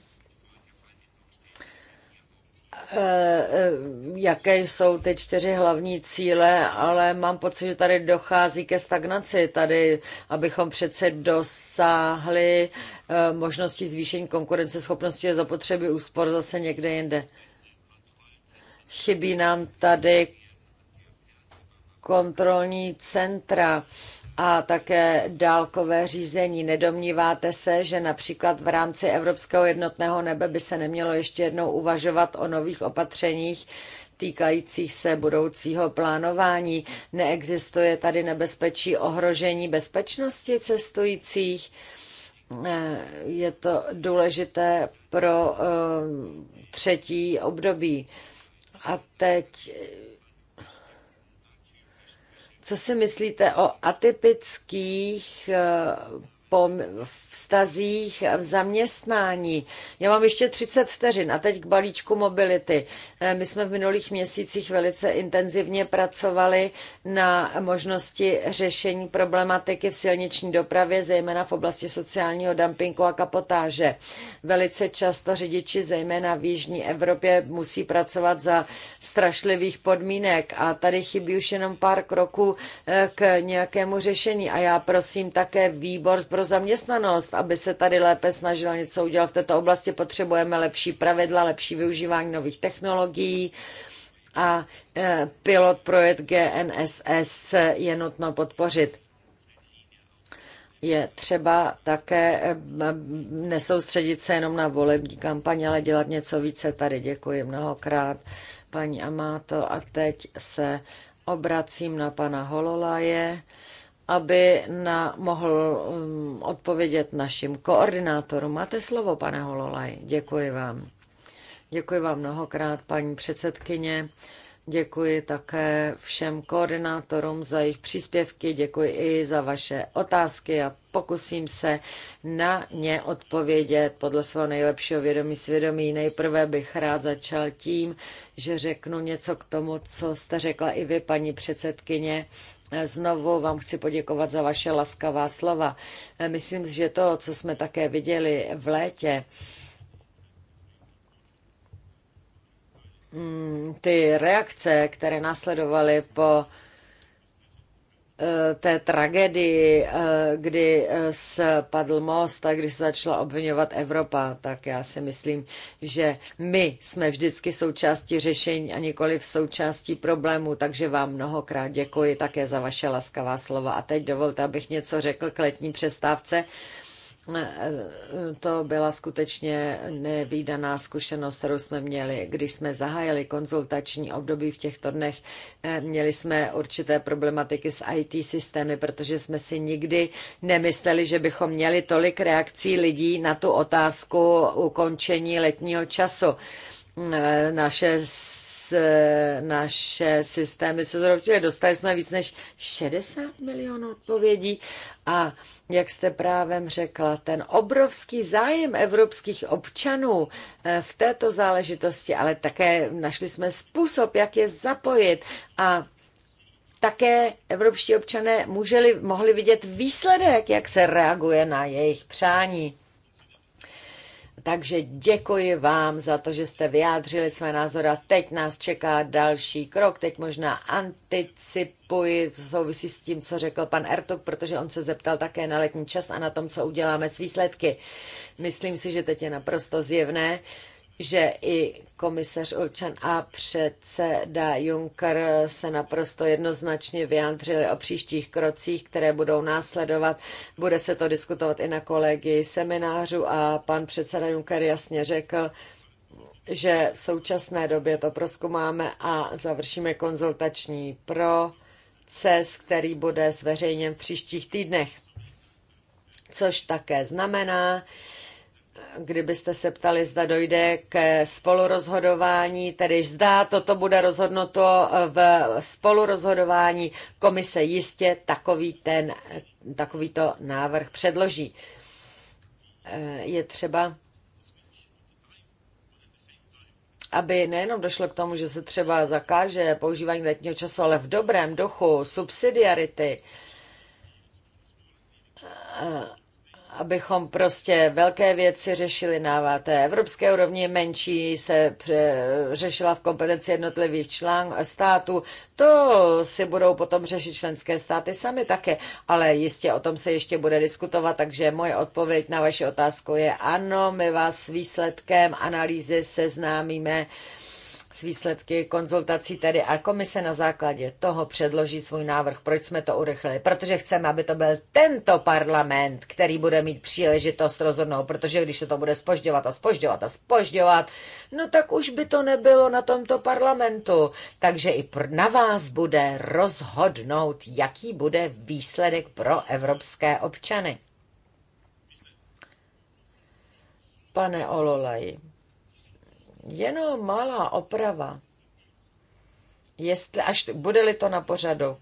Eh, eh, jaké jsou ty čtyři hlavní cíle, ale mám pocit, že tady dochází ke stagnaci. Tady, abychom přece dosáhli eh, možnosti zvýšení konkurenceschopnosti a zapotřeby úspor zase někde jinde. Chybí nám tady kontrolní centra a také dálkové řízení. Nedomníváte se, že například v rámci Evropského jednotného nebe by se nemělo ještě jednou uvažovat o nových opatřeních týkajících se budoucího plánování? Neexistuje tady nebezpečí ohrožení bezpečnosti cestujících? Eh, je to důležité pro eh, třetí období. A teď co si myslíte o atypických eh, vztazích v zaměstnání. Já mám ještě 30 vteřin a teď k balíčku mobility. Eh, my jsme v minulých měsících velice intenzivně pracovali na možnosti řešení problematiky v silniční dopravě, zejména v oblasti sociálního dumpingu a kapotáže. Velice často řidiči, zejména v Jižní Evropě, musí pracovat za strašlivých podmínek a tady chybí už jenom pár kroků eh, k nějakému řešení. A já prosím také výbor z zaměstnanost, aby se tady lépe snažila něco udělat v této oblasti, potřebujeme lepší pravidla, lepší využívání nových technologií a e, pilot projekt GNSS je nutno podpořit je třeba také e, nesoustředit se jenom na volební kampaně, ale dělat něco více tady. Děkuji mnohokrát, paní Amáto. A teď se obracím na pana Hololaje aby na, mohl um, odpovědět našim koordinátorům. Máte slovo, pane Hololaj. Děkuji vám. Děkuji vám mnohokrát, paní předsedkyně. Děkuji také všem koordinátorům za jejich příspěvky, děkuji i za vaše otázky a pokusím se na ně odpovědět podle svého nejlepšího vědomí svědomí. Nejprve bych rád začal tím, že řeknu něco k tomu, co jste řekla i vy, paní předsedkyně, Znovu vám chci poděkovat za vaše laskavá slova. Myslím, že to, co jsme také viděli v létě, mm, ty reakce, které následovaly po Eh, té tragédii, eh, kdy eh, spadl most a kdy se začala obvinovat Evropa, tak já si myslím, že my jsme vždycky součástí řešení a nikoli v součástí problému, takže vám mnohokrát děkuji také za vaše laskavá slova. A teď dovolte, abych něco řekl k letní přestávce Eh, eh, to byla skutečně nevýdaná zkušenost, kterou jsme měli. Když jsme zahájili konzultační období v těchto dnech, eh, měli jsme určité problematiky s IT systémy, protože jsme si nikdy nemysleli, že bychom měli tolik reakcí lidí na tu otázku ukončení letního času naše E, naše systémy se zrovnily. Dostali jsme víc než 60 milionů odpovědí a jak jste právem řekla, ten obrovský zájem evropských občanů e, v této záležitosti, ale také našli jsme způsob, jak je zapojit a také evropští občané můželi, mohli vidět výsledek, jak se reaguje na jejich přání. Takže děkuji vám za to, že jste vyjádřili své názory. A teď nás čeká další krok. Teď možná anticipuji, to souvisí s tím, co řekl pan Ertok, protože on se zeptal také na letní čas a na tom, co uděláme s výsledky. Myslím si, že teď je naprosto zjevné, že i komisař Olčan a předseda Juncker se naprosto jednoznačně vyjádřili o příštích krocích, které budou následovat. Bude se to diskutovat i na kolegii seminářů a pan předseda Juncker jasně řekl, že v současné době to proskumáme a završíme konzultační proces, který bude zveřejněn v příštích týdnech. Což také znamená, kdybyste se ptali, zda dojde k spolurozhodování, tedy zda toto bude rozhodnuto v spolurozhodování, komise jistě takový ten, takovýto návrh předloží. Eh, je třeba aby nejenom došlo k tomu, že se třeba zakáže používání letního času, ale v dobrém duchu subsidiarity eh, abychom prostě velké věci řešili na té evropské úrovni, menší se řešila v kompetenci jednotlivých člán států. To si budou potom řešit členské státy sami také, ale jistě o tom se ještě bude diskutovat, takže moje odpověď na vaši otázku je ano, my vás s výsledkem analýzy seznámíme s výsledky konzultací tedy a komise na základě toho předloží svůj návrh. Proč jsme to urychlili? Protože chceme, aby to byl tento parlament, který bude mít příležitost rozhodnout, protože když se to bude spožďovat a spožďovat a spožďovat, no tak už by to nebylo na tomto parlamentu. Takže i na vás bude rozhodnout, jaký bude výsledek pro evropské občany. Pane Ololaji, jenom malá oprava, jestli, až bude-li to na pořadu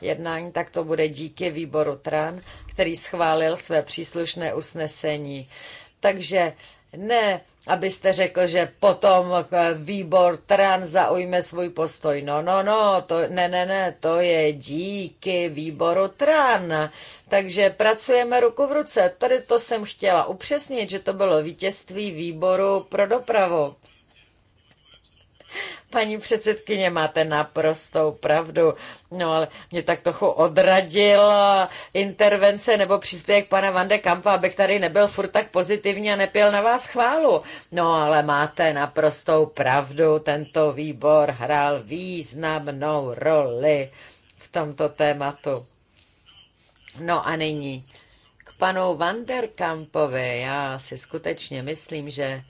jednání, tak to bude díky výboru TRAN, který schválil své příslušné usnesení. Takže ne abyste řekl, že potom eh, výbor TRAN zaujme svůj postoj. No, no, no, to, ne, ne, ne, to je díky výboru TRAN. Takže pracujeme ruku v ruce. Tady to jsem chtěla upřesnit, že to bylo vítězství výboru pro dopravu. Paní předsedkyně, máte naprostou pravdu. No ale mě tak trochu odradil intervence nebo příspěvek pana Vande Kampa, abych tady nebyl furt tak pozitivní a nepěl na vás chválu. No ale máte naprostou pravdu, tento výbor hrál významnou roli v tomto tématu. No a nyní k panu Vanderkampovi. Já si skutečně myslím, že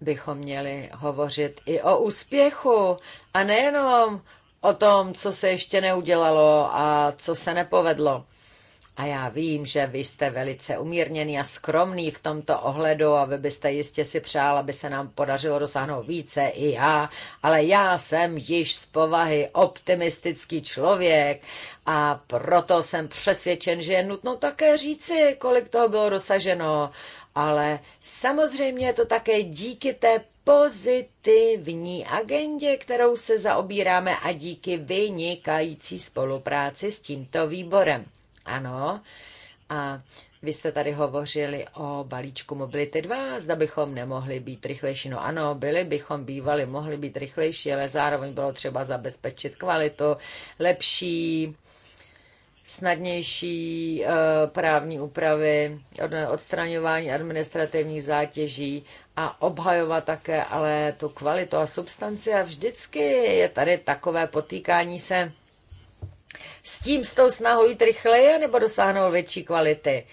bychom měli hovořit i o úspěchu a nejenom o tom, co se ještě neudělalo a co se nepovedlo. A já vím, že vy jste velice umírněný a skromný v tomto ohledu a vy byste jistě si přál, aby se nám podařilo dosáhnout více i já, ale já jsem již z povahy optimistický člověk a proto jsem přesvědčen, že je nutno také říci, kolik toho bylo dosaženo ale samozřejmě je to také díky té pozitivní agendě, kterou se zaobíráme a díky vynikající spolupráci s tímto výborem. Ano, a vy jste tady hovořili o balíčku Mobility 2, zda bychom nemohli být rychlejší. No ano, byli bychom bývali, mohli být rychlejší, ale zároveň bylo třeba zabezpečit kvalitu, lepší snadnější eh, právní úpravy, odstraňování administrativních zátěží a obhajovat také ale tu kvalitu a substanci. A vždycky je tady takové potýkání se s tím, s tou snahou jít rychleji nebo dosáhnout větší kvality.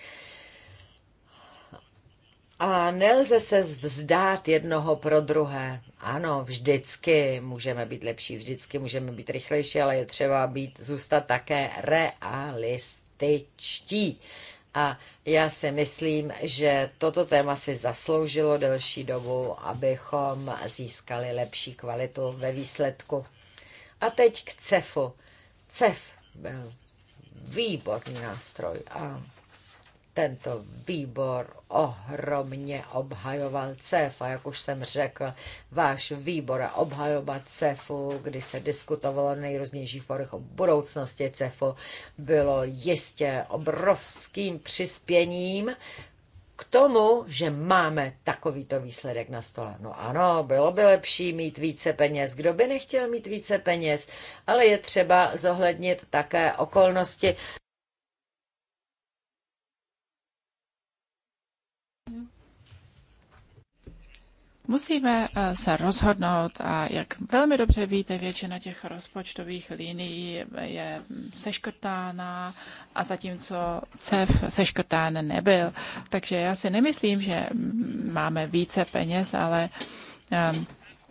A nelze se vzdát jednoho pro druhé. Ano, vždycky můžeme být lepší, vždycky můžeme být rychlejší, ale je třeba být, zůstat také realističtí. A já si myslím, že toto téma si zasloužilo delší dobu, abychom získali lepší kvalitu ve výsledku. A teď k CEFu. CEF byl výborný nástroj a tento výbor ohromně obhajoval CEF a jak už jsem řekl, váš výbor a obhajoba CEFu, kdy se diskutovalo o nejrůznějších forech o budoucnosti CEFu, bylo jistě obrovským přispěním k tomu, že máme takovýto výsledek na stole. No ano, bylo by lepší mít více peněz. Kdo by nechtěl mít více peněz? Ale je třeba zohlednit také okolnosti, Musíme eh, se rozhodnout a jak velmi dobře víte, většina těch rozpočtových linií je seškrtána a zatímco CEF seškrtán nebyl. Takže já si nemyslím, že máme více peněz, ale ehm,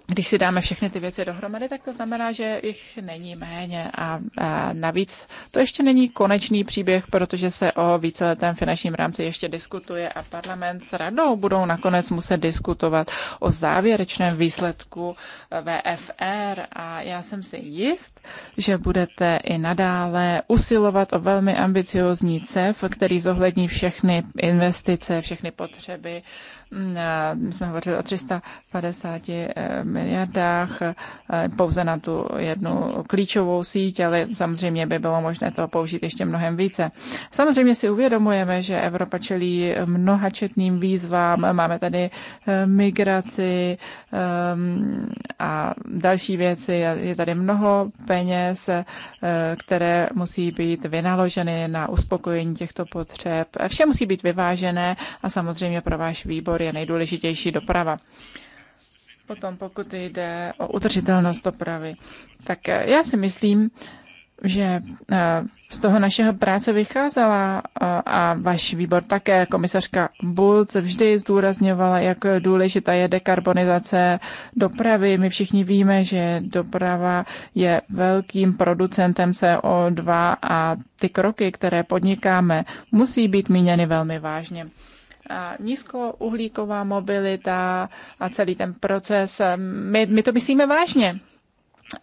když si dáme všechny ty věci dohromady, tak to znamená, že jich není méně. A, a navíc to ještě není konečný příběh, protože se o víceletém finančním rámci ještě diskutuje a parlament s radou budou nakonec muset diskutovat o závěrečném výsledku eh, VFR. A já jsem si jist, že budete i nadále usilovat o velmi ambiciozní CEF, který zohlední všechny investice, všechny potřeby Mm, my jsme hovořili o 350 eh, miliardách eh, pouze na tu jednu klíčovou síť, ale samozřejmě by bylo možné to použít ještě mnohem více. Samozřejmě si uvědomujeme, že Evropa čelí mnoha četným výzvám. Máme tady eh, migraci ehm, a další věci. Je tady mnoho peněz, které musí být vynaloženy na uspokojení těchto potřeb. Vše musí být vyvážené a samozřejmě pro váš výbor je nejdůležitější doprava. Potom pokud jde o udržitelnost dopravy, tak eh, já si myslím, že eh, z toho našeho práce vycházela eh, a váš výbor také, komisařka Bulc vždy zdůrazňovala, jak důležitá je dekarbonizace dopravy. My všichni víme, že doprava je velkým producentem CO2 a ty kroky, které podnikáme, musí být míněny velmi vážně nízkouhlíková mobilita a celý ten proces. My, my to myslíme vážně.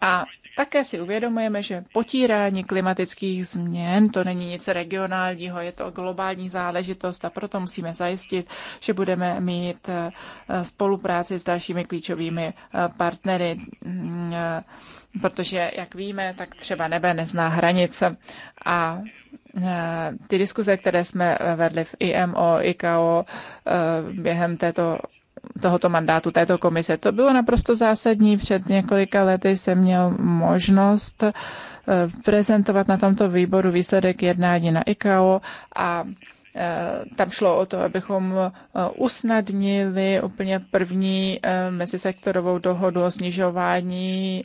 A také si uvědomujeme, že potírání klimatických změn to není nic regionálního, je to globální záležitost a proto musíme zajistit, že budeme mít eh, spolupráci s dalšími klíčovými eh, partnery, mm, eh, protože, jak víme, tak třeba nebe nezná hranice. A Eh, ty diskuze, které jsme eh, vedli v IMO, IKO eh, během této tohoto mandátu této komise. To bylo naprosto zásadní. Před několika lety jsem měl možnost prezentovat na tomto výboru výsledek jednání na ICAO a tam šlo o to, abychom usnadnili úplně první mezisektorovou dohodu o snižování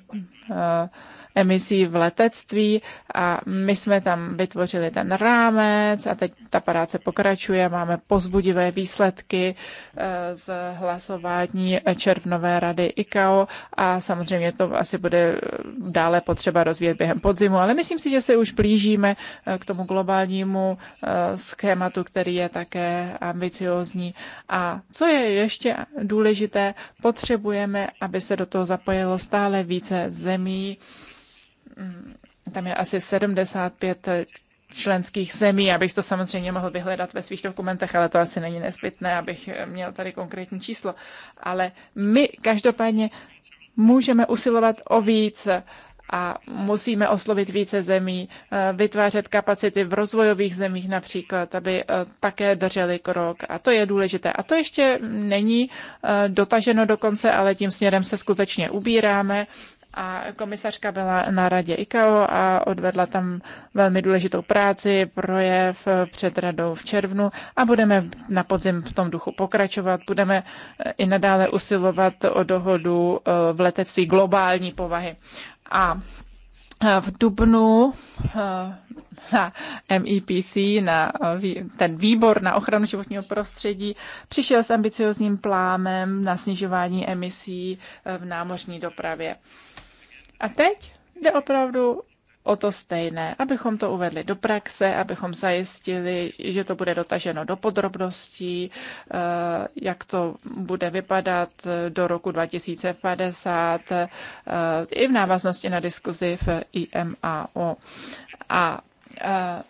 emisí v letectví a my jsme tam vytvořili ten rámec a teď ta práce pokračuje, máme pozbudivé výsledky eh, z hlasování červnové rady ICAO a samozřejmě to asi bude eh, dále potřeba rozvíjet během podzimu, ale myslím si, že se už blížíme eh, k tomu globálnímu schématu, který je také ambiciozní. A co je ještě důležité, potřebujeme, aby se do toho zapojilo stále více zemí, Mm, tam je asi 75 členských zemí. abych to samozřejmě mohl vyhledat ve svých dokumentech, ale to asi není nezbytné, abych měl tady konkrétní číslo. Ale my každopádně můžeme usilovat o víc a musíme oslovit více zemí, eh, vytvářet kapacity v rozvojových zemích například, aby eh, také drželi krok. A to je důležité. A to ještě není eh, dotaženo dokonce, ale tím směrem se skutečně ubíráme a komisařka byla na radě ICAO a odvedla tam velmi důležitou práci, projev před radou v červnu a budeme na podzim v tom duchu pokračovat. Budeme eh, i nadále usilovat o dohodu eh, v letectví globální povahy. A eh, v Dubnu na MEPC, na ten výbor na ochranu životního prostředí, přišel s ambiciozním plánem na snižování emisí v námořní dopravě. A teď jde opravdu o to stejné, abychom to uvedli do praxe, abychom zajistili, že to bude dotaženo do podrobností, eh, jak to bude vypadat do roku 2050, eh, i v návaznosti na diskuzi v IMAO. A eh,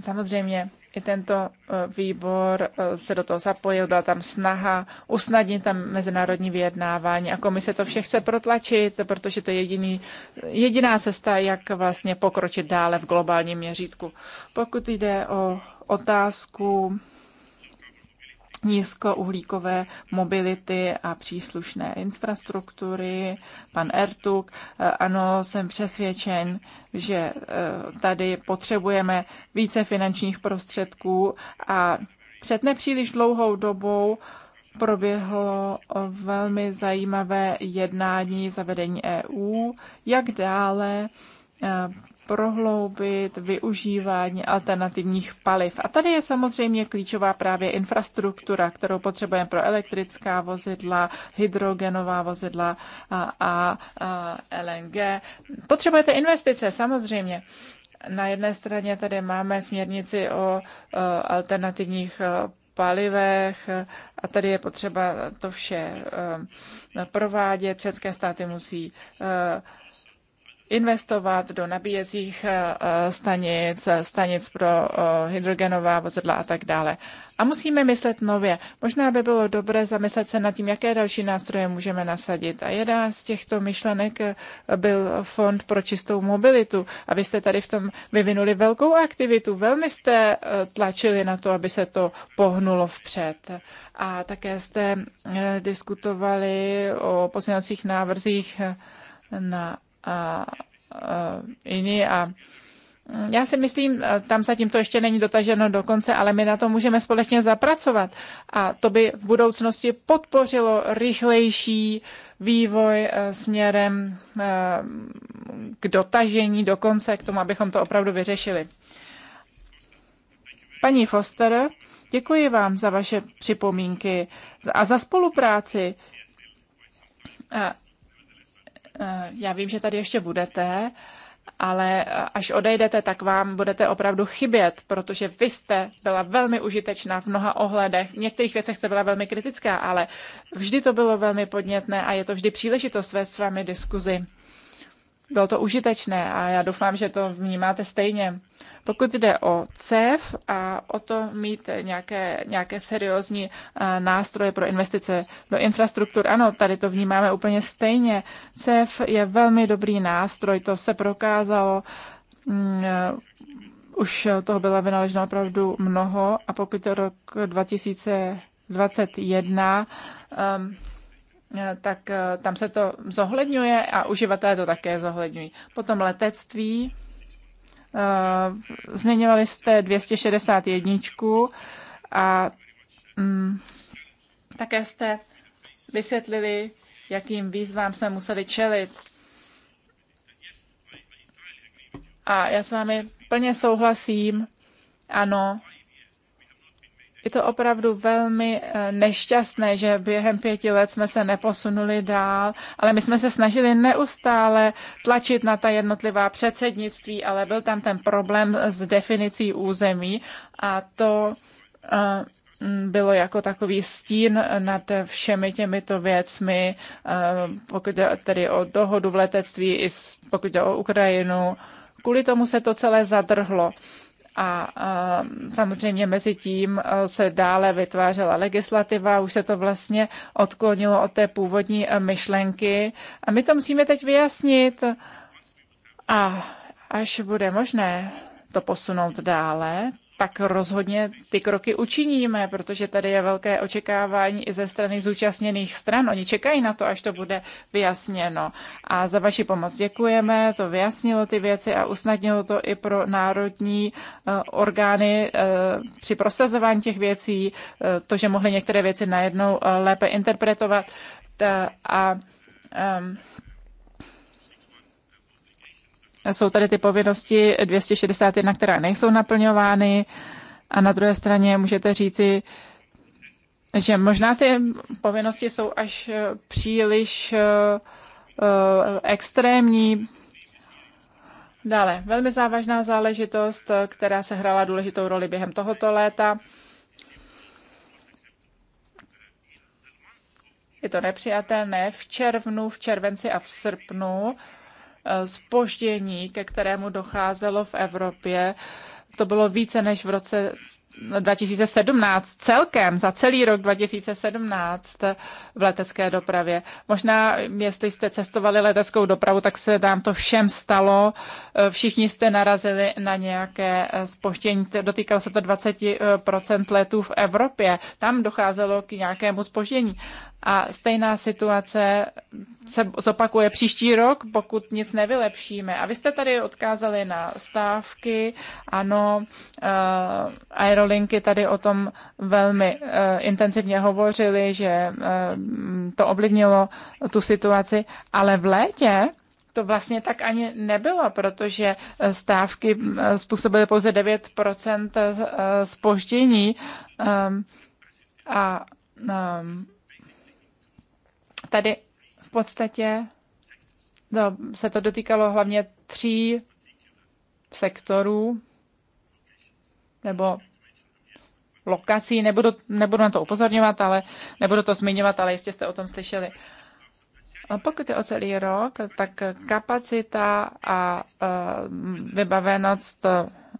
samozřejmě i tento eh, výbor eh, se do toho zapojil, byla tam snaha usnadnit tam mezinárodní vyjednávání a komise to vše chce protlačit, protože to je jediný, jediná cesta, jak vlastně pokročit dále v globálním měřítku. Pokud jde o otázku nízkouhlíkové mobility a příslušné infrastruktury. Pan Ertuk, eh, ano, jsem přesvědčen, že eh, tady potřebujeme více finančních prostředků a před nepříliš dlouhou dobou proběhlo velmi zajímavé jednání zavedení EU, jak dále eh, prohloubit využívání alternativních paliv. A tady je samozřejmě klíčová právě infrastruktura, kterou potřebujeme pro elektrická vozidla, hydrogenová vozidla a, a, a LNG. Potřebujete investice, samozřejmě. Na jedné straně tady máme směrnici o alternativních palivech a tady je potřeba to vše provádět. České státy musí investovat do nabíjecích eh, eh, stanic, eh, stanic pro hydrogenová vozidla a tak dále. A musíme myslet nově. Možná by bylo dobré zamyslet se nad tím, jaké další nástroje můžeme nasadit. A jedna z těchto myšlenek byl Fond pro čistou mobilitu. A vy jste tady v tom vyvinuli velkou aktivitu. Velmi jste tlačili na to, aby se to pohnulo vpřed. A také jste diskutovali o pozměňovacích návrzích na a, a jiný. a mm, já si myslím, tam zatím to ještě není dotaženo do konce, ale my na to můžeme společně zapracovat. A to by v budoucnosti podpořilo rychlejší vývoj e, směrem e, k dotažení do konce, k tomu, abychom to opravdu vyřešili. Paní Foster, děkuji vám za vaše připomínky a za spolupráci. E, Eh, já vím, že tady ještě budete, ale eh, až odejdete, tak vám budete opravdu chybět, protože vy jste byla velmi užitečná v mnoha ohledech. V některých věcech jste byla velmi kritická, ale vždy to bylo velmi podnětné a je to vždy příležitost své s vámi diskuzi bylo to užitečné a já doufám, že to vnímáte stejně. Pokud jde o CEF a o to mít nějaké, nějaké seriózní eh, nástroje pro investice do infrastruktur, ano, tady to vnímáme úplně stejně. CEF je velmi dobrý nástroj, to se prokázalo. Mm, eh, už toho byla vynaloženo opravdu mnoho a pokud je rok 2021, Eh, tak eh, tam se to zohledňuje a uživatelé to také zohledňují. Potom letectví. Eh, Změňovali jste 261 a mm, také jste vysvětlili, jakým výzvám jsme museli čelit. A já s vámi plně souhlasím. Ano, je to opravdu velmi eh, nešťastné, že během pěti let jsme se neposunuli dál, ale my jsme se snažili neustále tlačit na ta jednotlivá předsednictví, ale byl tam ten problém s definicí území a to eh, bylo jako takový stín nad všemi těmito věcmi, eh, pokud jde tedy o dohodu v letectví, i pokud jde o Ukrajinu. Kvůli tomu se to celé zadrhlo a, samozřejmě mezi tím se dále vytvářela legislativa, už se to vlastně odklonilo od té původní myšlenky a my to musíme teď vyjasnit a až bude možné to posunout dále, tak rozhodně ty kroky učiníme, protože tady je velké očekávání i ze strany zúčastněných stran. Oni čekají na to, až to bude vyjasněno. A za vaši pomoc děkujeme, to vyjasnilo ty věci a usnadnilo to i pro národní e, orgány e, při prosazování těch věcí, e, to, že mohli některé věci najednou lépe interpretovat. A, a jsou tady ty povinnosti 261, které nejsou naplňovány a na druhé straně můžete říci, že možná ty povinnosti jsou až eh, příliš eh, eh, extrémní. Dále, velmi závažná záležitost, která se hrála důležitou roli během tohoto léta. Je to nepřijatelné v červnu, v červenci a v srpnu spoždění, eh, ke kterému docházelo v Evropě, to bylo více než v roce 2017 celkem, za celý rok 2017 v letecké dopravě. Možná, jestli jste cestovali leteckou dopravu, tak se nám to všem stalo. Eh, všichni jste narazili na nějaké spoždění. Eh, dotýkalo se to 20% letů v Evropě. Tam docházelo k nějakému spoždění. A stejná situace se zopakuje příští rok, pokud nic nevylepšíme. A vy jste tady odkázali na stávky, ano, uh, aerolinky tady o tom velmi uh, intenzivně hovořili, že uh, to ovlivnilo tu situaci, ale v létě to vlastně tak ani nebylo, protože stávky způsobily pouze 9% spoždění um, a um, Tady v podstatě no, se to dotýkalo hlavně tří sektorů nebo lokací. Nebudu, nebudu na to upozorňovat, ale nebudu to zmiňovat, ale jistě jste o tom slyšeli. A pokud je o celý rok, tak kapacita a e, vybavenost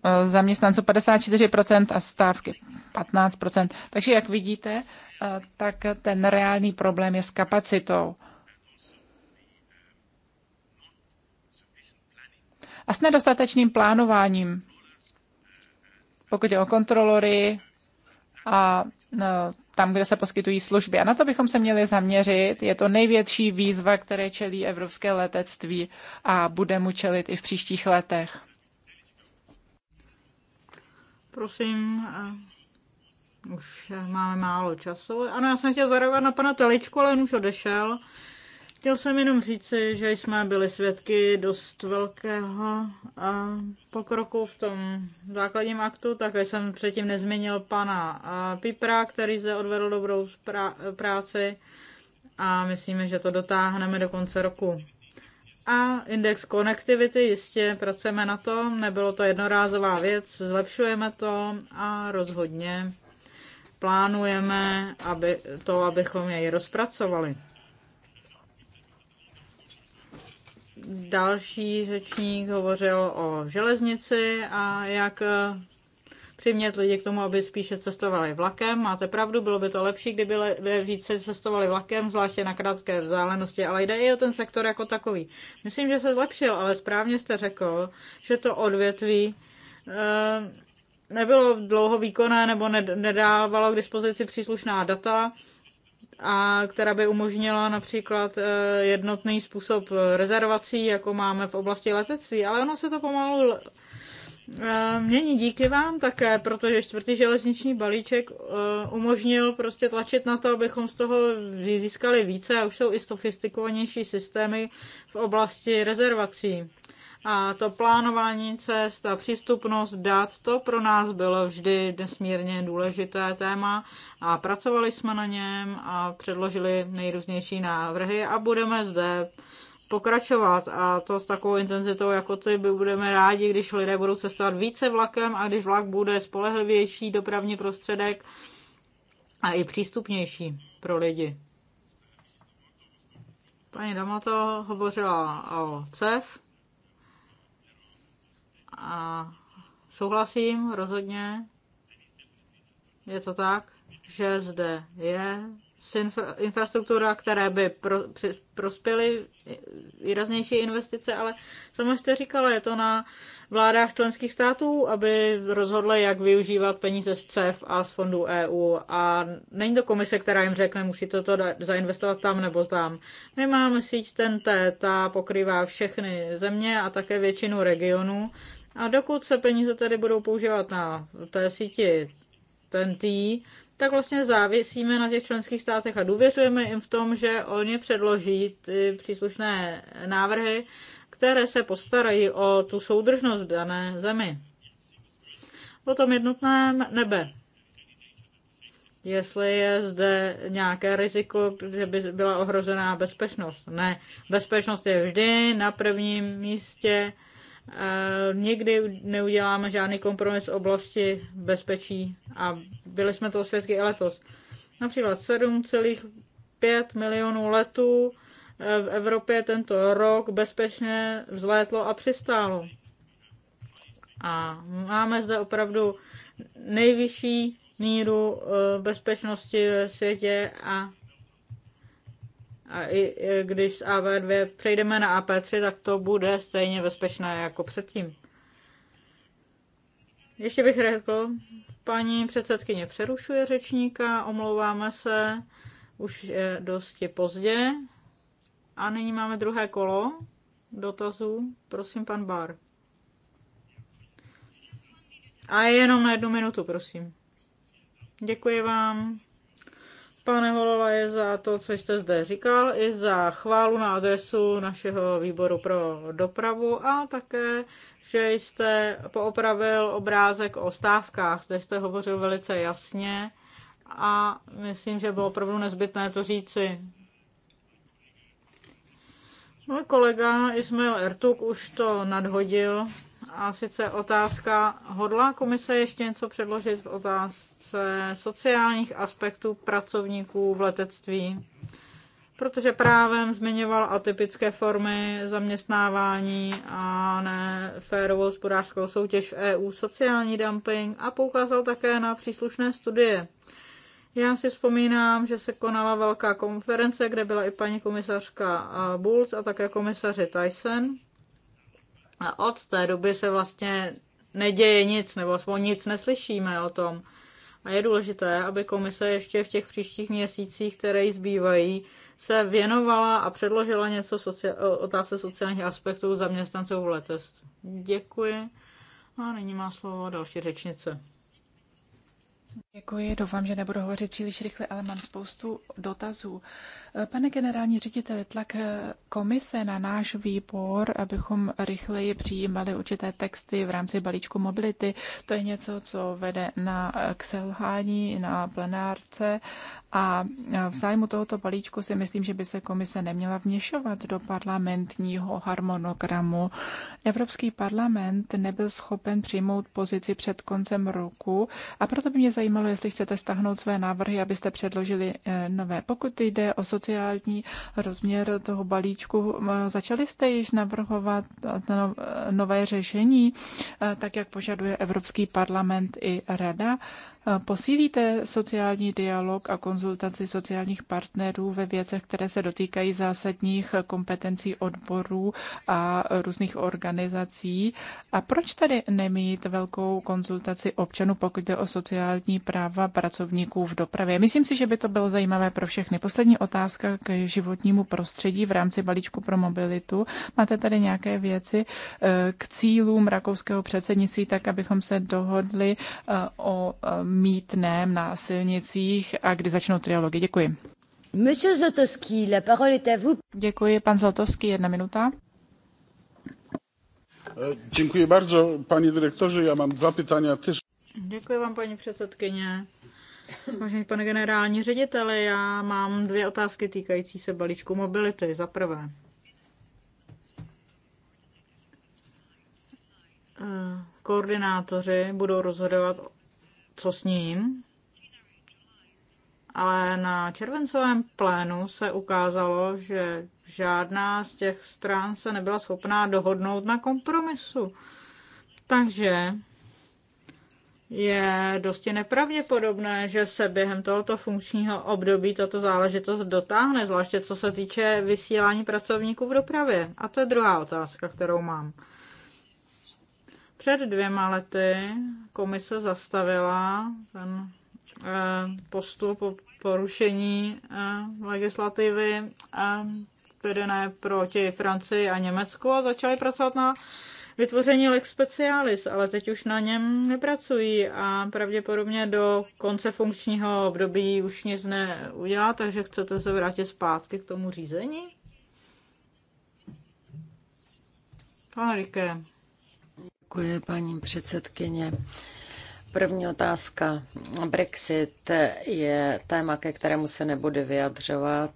Eh, zaměstnanců 54% a stávky 15%. Takže jak vidíte, eh, tak ten reálný problém je s kapacitou. A s nedostatečným plánováním, pokud je o kontrolory a eh, tam, kde se poskytují služby. A na to bychom se měli zaměřit. Je to největší výzva, které čelí evropské letectví a bude mu čelit i v příštích letech. Prosím, už máme málo času. Ano, já jsem chtěla zareagovat na pana Teličku, ale on už odešel. Chtěl jsem jenom říci, že jsme byli svědky dost velkého pokroku v tom základním aktu. Také jsem předtím nezmínil pana Pipra, který zde odvedl dobrou práci a myslíme, že to dotáhneme do konce roku. A index konektivity, jistě pracujeme na tom, nebylo to jednorázová věc, zlepšujeme to a rozhodně plánujeme aby, to, abychom jej rozpracovali. Další řečník hovořil o železnici a jak přimět lidi k tomu, aby spíše cestovali vlakem. Máte pravdu, bylo by to lepší, kdyby le- více cestovali vlakem, zvláště na krátké vzdálenosti, ale jde i o ten sektor jako takový. Myslím, že se zlepšil, ale správně jste řekl, že to odvětví eh, nebylo dlouho výkonné nebo nedávalo k dispozici příslušná data, a která by umožnila například eh, jednotný způsob rezervací, jako máme v oblasti letectví, ale ono se to pomalu mění díky vám také, protože čtvrtý železniční balíček e, umožnil prostě tlačit na to, abychom z toho získali více a už jsou i sofistikovanější systémy v oblasti rezervací. A to plánování cest a přístupnost dat, to pro nás bylo vždy nesmírně důležité téma a pracovali jsme na něm a předložili nejrůznější návrhy a budeme zde pokračovat a to s takovou intenzitou, jako ty budeme rádi, když lidé budou cestovat více vlakem a když vlak bude spolehlivější dopravní prostředek a i přístupnější pro lidi. Paní Damato hovořila o CEF a souhlasím rozhodně, je to tak, že zde je infrastruktura, které by pro, prospěly eh, výraznější investice, ale sama jste říkala, je to na vládách členských států, aby rozhodly, jak využívat peníze z CEF a z fondů EU. A není to komise, která jim řekne, musí to zainvestovat tam nebo tam. My máme síť TNT, ta pokrývá všechny země a také většinu regionů. A dokud se peníze tedy budou používat na té síti TNT, tak vlastně závisíme na těch členských státech a důvěřujeme jim v tom, že oni předloží ty příslušné návrhy, které se postarají o tu soudržnost v dané zemi. O tom jednotném nebe. Jestli je zde nějaké riziko, že by byla ohrozená bezpečnost. Ne, bezpečnost je vždy na prvním místě Eh, nikdy neuděláme žádný kompromis v oblasti bezpečí a byli jsme toho svědky i letos. Například 7,5 milionů letů eh, v Evropě tento rok bezpečně vzlétlo a přistálo. A máme zde opravdu nejvyšší míru eh, bezpečnosti ve světě a a i když z AV2 přejdeme na AP3, tak to bude stejně bezpečné jako předtím. Ještě bych řekl, paní předsedkyně přerušuje řečníka, omlouváme se, už je dosti pozdě. A nyní máme druhé kolo dotazů. Prosím, pan Bar. A jenom na jednu minutu, prosím. Děkuji vám pane je za to, co jste zde říkal, i za chválu na adresu našeho výboru pro dopravu a také, že jste poopravil obrázek o stávkách. Zde jste hovořil velice jasně a myslím, že bylo opravdu nezbytné to říci. Můj kolega Ismail Ertuk už to nadhodil a sice otázka, hodlá komise ještě něco předložit v otázce sociálních aspektů pracovníků v letectví? Protože právem zmiňoval atypické formy zaměstnávání a ne férovou hospodářskou soutěž v EU, sociální dumping a poukázal také na příslušné studie. Já si vzpomínám, že se konala velká konference, kde byla i paní komisařka Bulc a také komisaři Tyson a od té doby se vlastně neděje nic, nebo aspoň nic neslyšíme o tom. A je důležité, aby komise ještě v těch příštích měsících, které jí zbývají, se věnovala a předložila něco socia- otázce sociálních aspektů zaměstnanců v letectví. Děkuji. A nyní má slovo další řečnice. Děkuji, doufám, že nebudu hovořit příliš rychle, ale mám spoustu dotazů. Pane generální řediteli, tlak eh, komise na náš výbor, abychom rychleji přijímali určité texty v rámci balíčku mobility, to je něco, co vede na eh, k selhání, na plenárce a eh, v zájmu tohoto balíčku si myslím, že by se komise neměla vměšovat do parlamentního harmonogramu. Evropský parlament nebyl schopen přijmout pozici před koncem roku a proto by mě zajímalo, toho, jestli chcete stáhnout své návrhy, abyste předložili eh, nové. Pokud jde o sociální rozměr toho balíčku, eh, začali jste již navrhovat eh, nové řešení, tak jak požaduje Evropský parlament i Rada? Posílíte sociální dialog a konzultaci sociálních partnerů ve věcech, které se dotýkají zásadních kompetencí odborů a různých organizací. A proč tady nemít velkou konzultaci občanů, pokud jde o sociální práva pracovníků v dopravě? Myslím si, že by to bylo zajímavé pro všechny. Poslední otázka k životnímu prostředí v rámci balíčku pro mobilitu. Máte tady nějaké věci eh, k cílům rakouského předsednictví, tak abychom se dohodli eh, o eh, mítném na silnicích a kdy začnou trialogy. Děkuji. Monsieur Zlotowski, la parole est à vous. Děkuji, pan Zlotowski, jedna minuta. E, Děkuji bardzo, paní direktorze, Já mám dva pytania tyž. Děkuji vám, paní předsedkyně. Vážený pane generální řediteli, já mám dvě otázky týkající se balíčku mobility. Za prvé. E, koordinátoři budou rozhodovat co s ním, ale na červencovém plénu se ukázalo, že žádná z těch stran se nebyla schopná dohodnout na kompromisu. Takže je dosti nepravděpodobné, že se během tohoto funkčního období tato záležitost dotáhne, zvláště co se týče vysílání pracovníků v dopravě. A to je druhá otázka, kterou mám. Před dvěma lety komise zastavila ten eh, postup o porušení eh, legislativy eh, vedené proti Francii a Německu a začali pracovat na vytvoření lex specialis, ale teď už na něm nepracují a pravděpodobně do konce funkčního období už nic neudělá, takže chcete se vrátit zpátky k tomu řízení? Pane Rike, Děkuji, paní předsedkyně. První otázka. Brexit je téma, ke kterému se nebude vyjadřovat.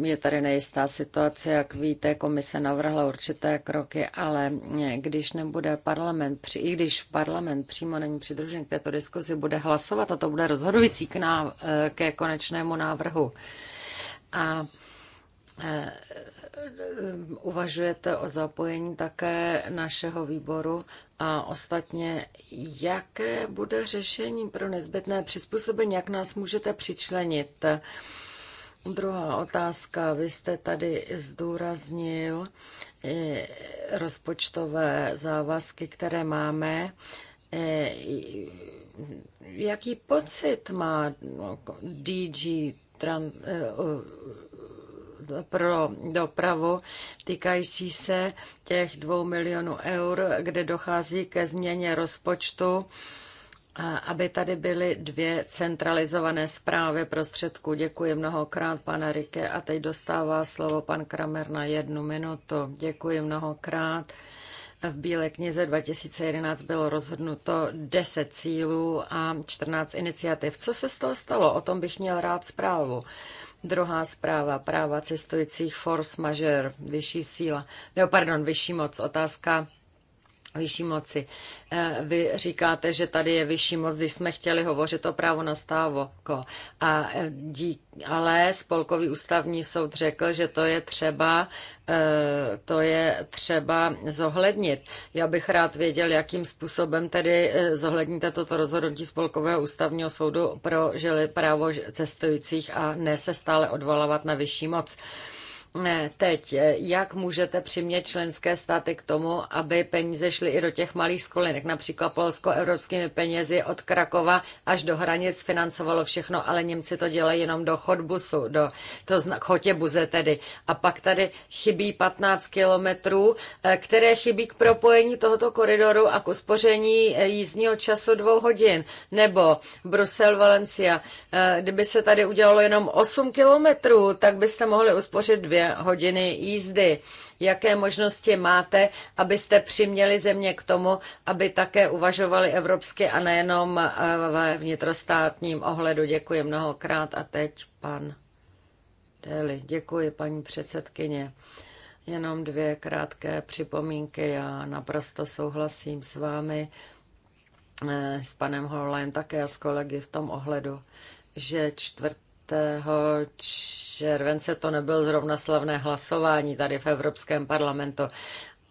Je tady nejistá situace, jak víte, komise navrhla určité kroky, ale když nebude parlament, i když parlament přímo není přidružen k této diskuzi, bude hlasovat a to bude rozhodující k ná, ke konečnému návrhu. A uvažujete o zapojení také našeho výboru a ostatně, jaké bude řešení pro nezbytné přizpůsobení, jak nás můžete přičlenit? Druhá otázka. Vy jste tady zdůraznil eh, rozpočtové závazky, které máme. Eh, jaký pocit má no, DG pro dopravu týkající se těch dvou milionů eur, kde dochází ke změně rozpočtu aby tady byly dvě centralizované zprávy prostředků. Děkuji mnohokrát, pane Rike. A teď dostává slovo pan Kramer na jednu minutu. Děkuji mnohokrát. V Bílé knize 2011 bylo rozhodnuto 10 cílů a 14 iniciativ. Co se z toho stalo? O tom bych měl rád zprávu. Druhá zpráva, práva cestujících force majeure, vyšší síla, nebo pardon, vyšší moc, otázka vyšší moci. Eh, vy říkáte, že tady je vyšší moc, když jsme chtěli hovořit o právo na stávoko. A eh, dík, ale Spolkový ústavní soud řekl, že to je třeba eh, to je třeba zohlednit. Já bych rád věděl, jakým způsobem tedy zohledníte toto rozhodnutí Spolkového ústavního soudu pro právo cestujících a ne se stále odvolávat na vyšší moc. Eh, teď, eh, jak můžete přimět členské státy k tomu, aby peníze šly i do těch malých skolinek, například Polsko evropskými penězi od Krakova až do hranic financovalo všechno, ale Němci to dělají jenom do chodbusu, do to zna, tedy. A pak tady chybí 15 kilometrů, eh, které chybí k propojení tohoto koridoru a k uspoření jízdního času dvou hodin. Nebo Brusel, Valencia. Kdyby se tady udělalo jenom 8 kilometrů, tak byste mohli uspořit dvě hodiny jízdy. Jaké možnosti máte, abyste přiměli země k tomu, aby také uvažovali evropsky a nejenom eh, ve vnitrostátním ohledu? Děkuji mnohokrát a teď pan Deli. Děkuji, paní předsedkyně. Jenom dvě krátké připomínky. Já naprosto souhlasím s vámi, eh, s panem Hollem také a s kolegy v tom ohledu, že čtvrt července to nebylo zrovna slavné hlasování tady v Evropském parlamentu.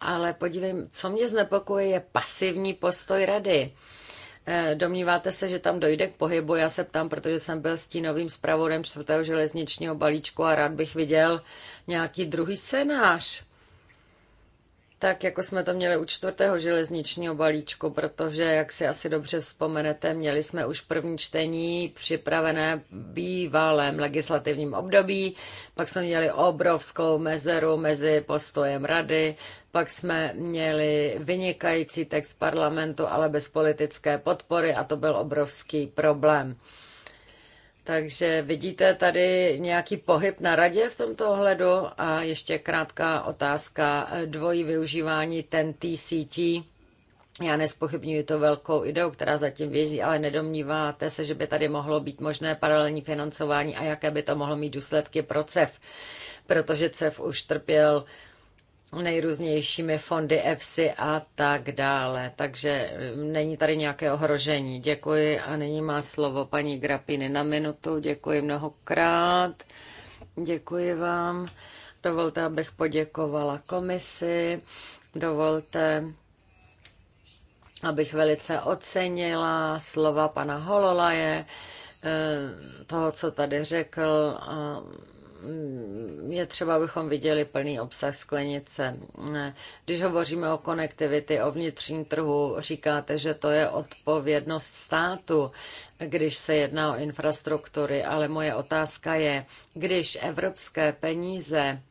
Ale podívejme, co mě znepokojuje, je pasivní postoj rady. Eh, domníváte se, že tam dojde k pohybu? Já se ptám, protože jsem byl stínovým zpravodem čtvrtého železničního balíčku a rád bych viděl nějaký druhý scénář tak jako jsme to měli u čtvrtého železničního balíčku, protože, jak si asi dobře vzpomenete, měli jsme už první čtení připravené bývalém legislativním období, pak jsme měli obrovskou mezeru mezi postojem rady, pak jsme měli vynikající text parlamentu, ale bez politické podpory a to byl obrovský problém. Takže vidíte tady nějaký pohyb na radě v tomto ohledu? A ještě krátká otázka dvojí využívání ten sítí. Já nespochybnuju to velkou ideu, která zatím vězí, ale nedomníváte se, že by tady mohlo být možné paralelní financování a jaké by to mohlo mít důsledky pro CEF, protože CEF už trpěl uh, nejrůznějšími fondy EFSI a tak dále. Takže mm, není tady nějaké ohrožení. Děkuji a nyní má slovo paní Grapiny na minutu. Děkuji mnohokrát. Děkuji vám. Dovolte, abych poděkovala komisi. Dovolte, abych velice ocenila slova pana Hololaje, eh, toho, co tady řekl je třeba, abychom viděli plný obsah sklenice. Když hovoříme o konektivity, o vnitřním trhu, říkáte, že to je odpovědnost státu, když se jedná o infrastruktury, ale moje otázka je, když evropské peníze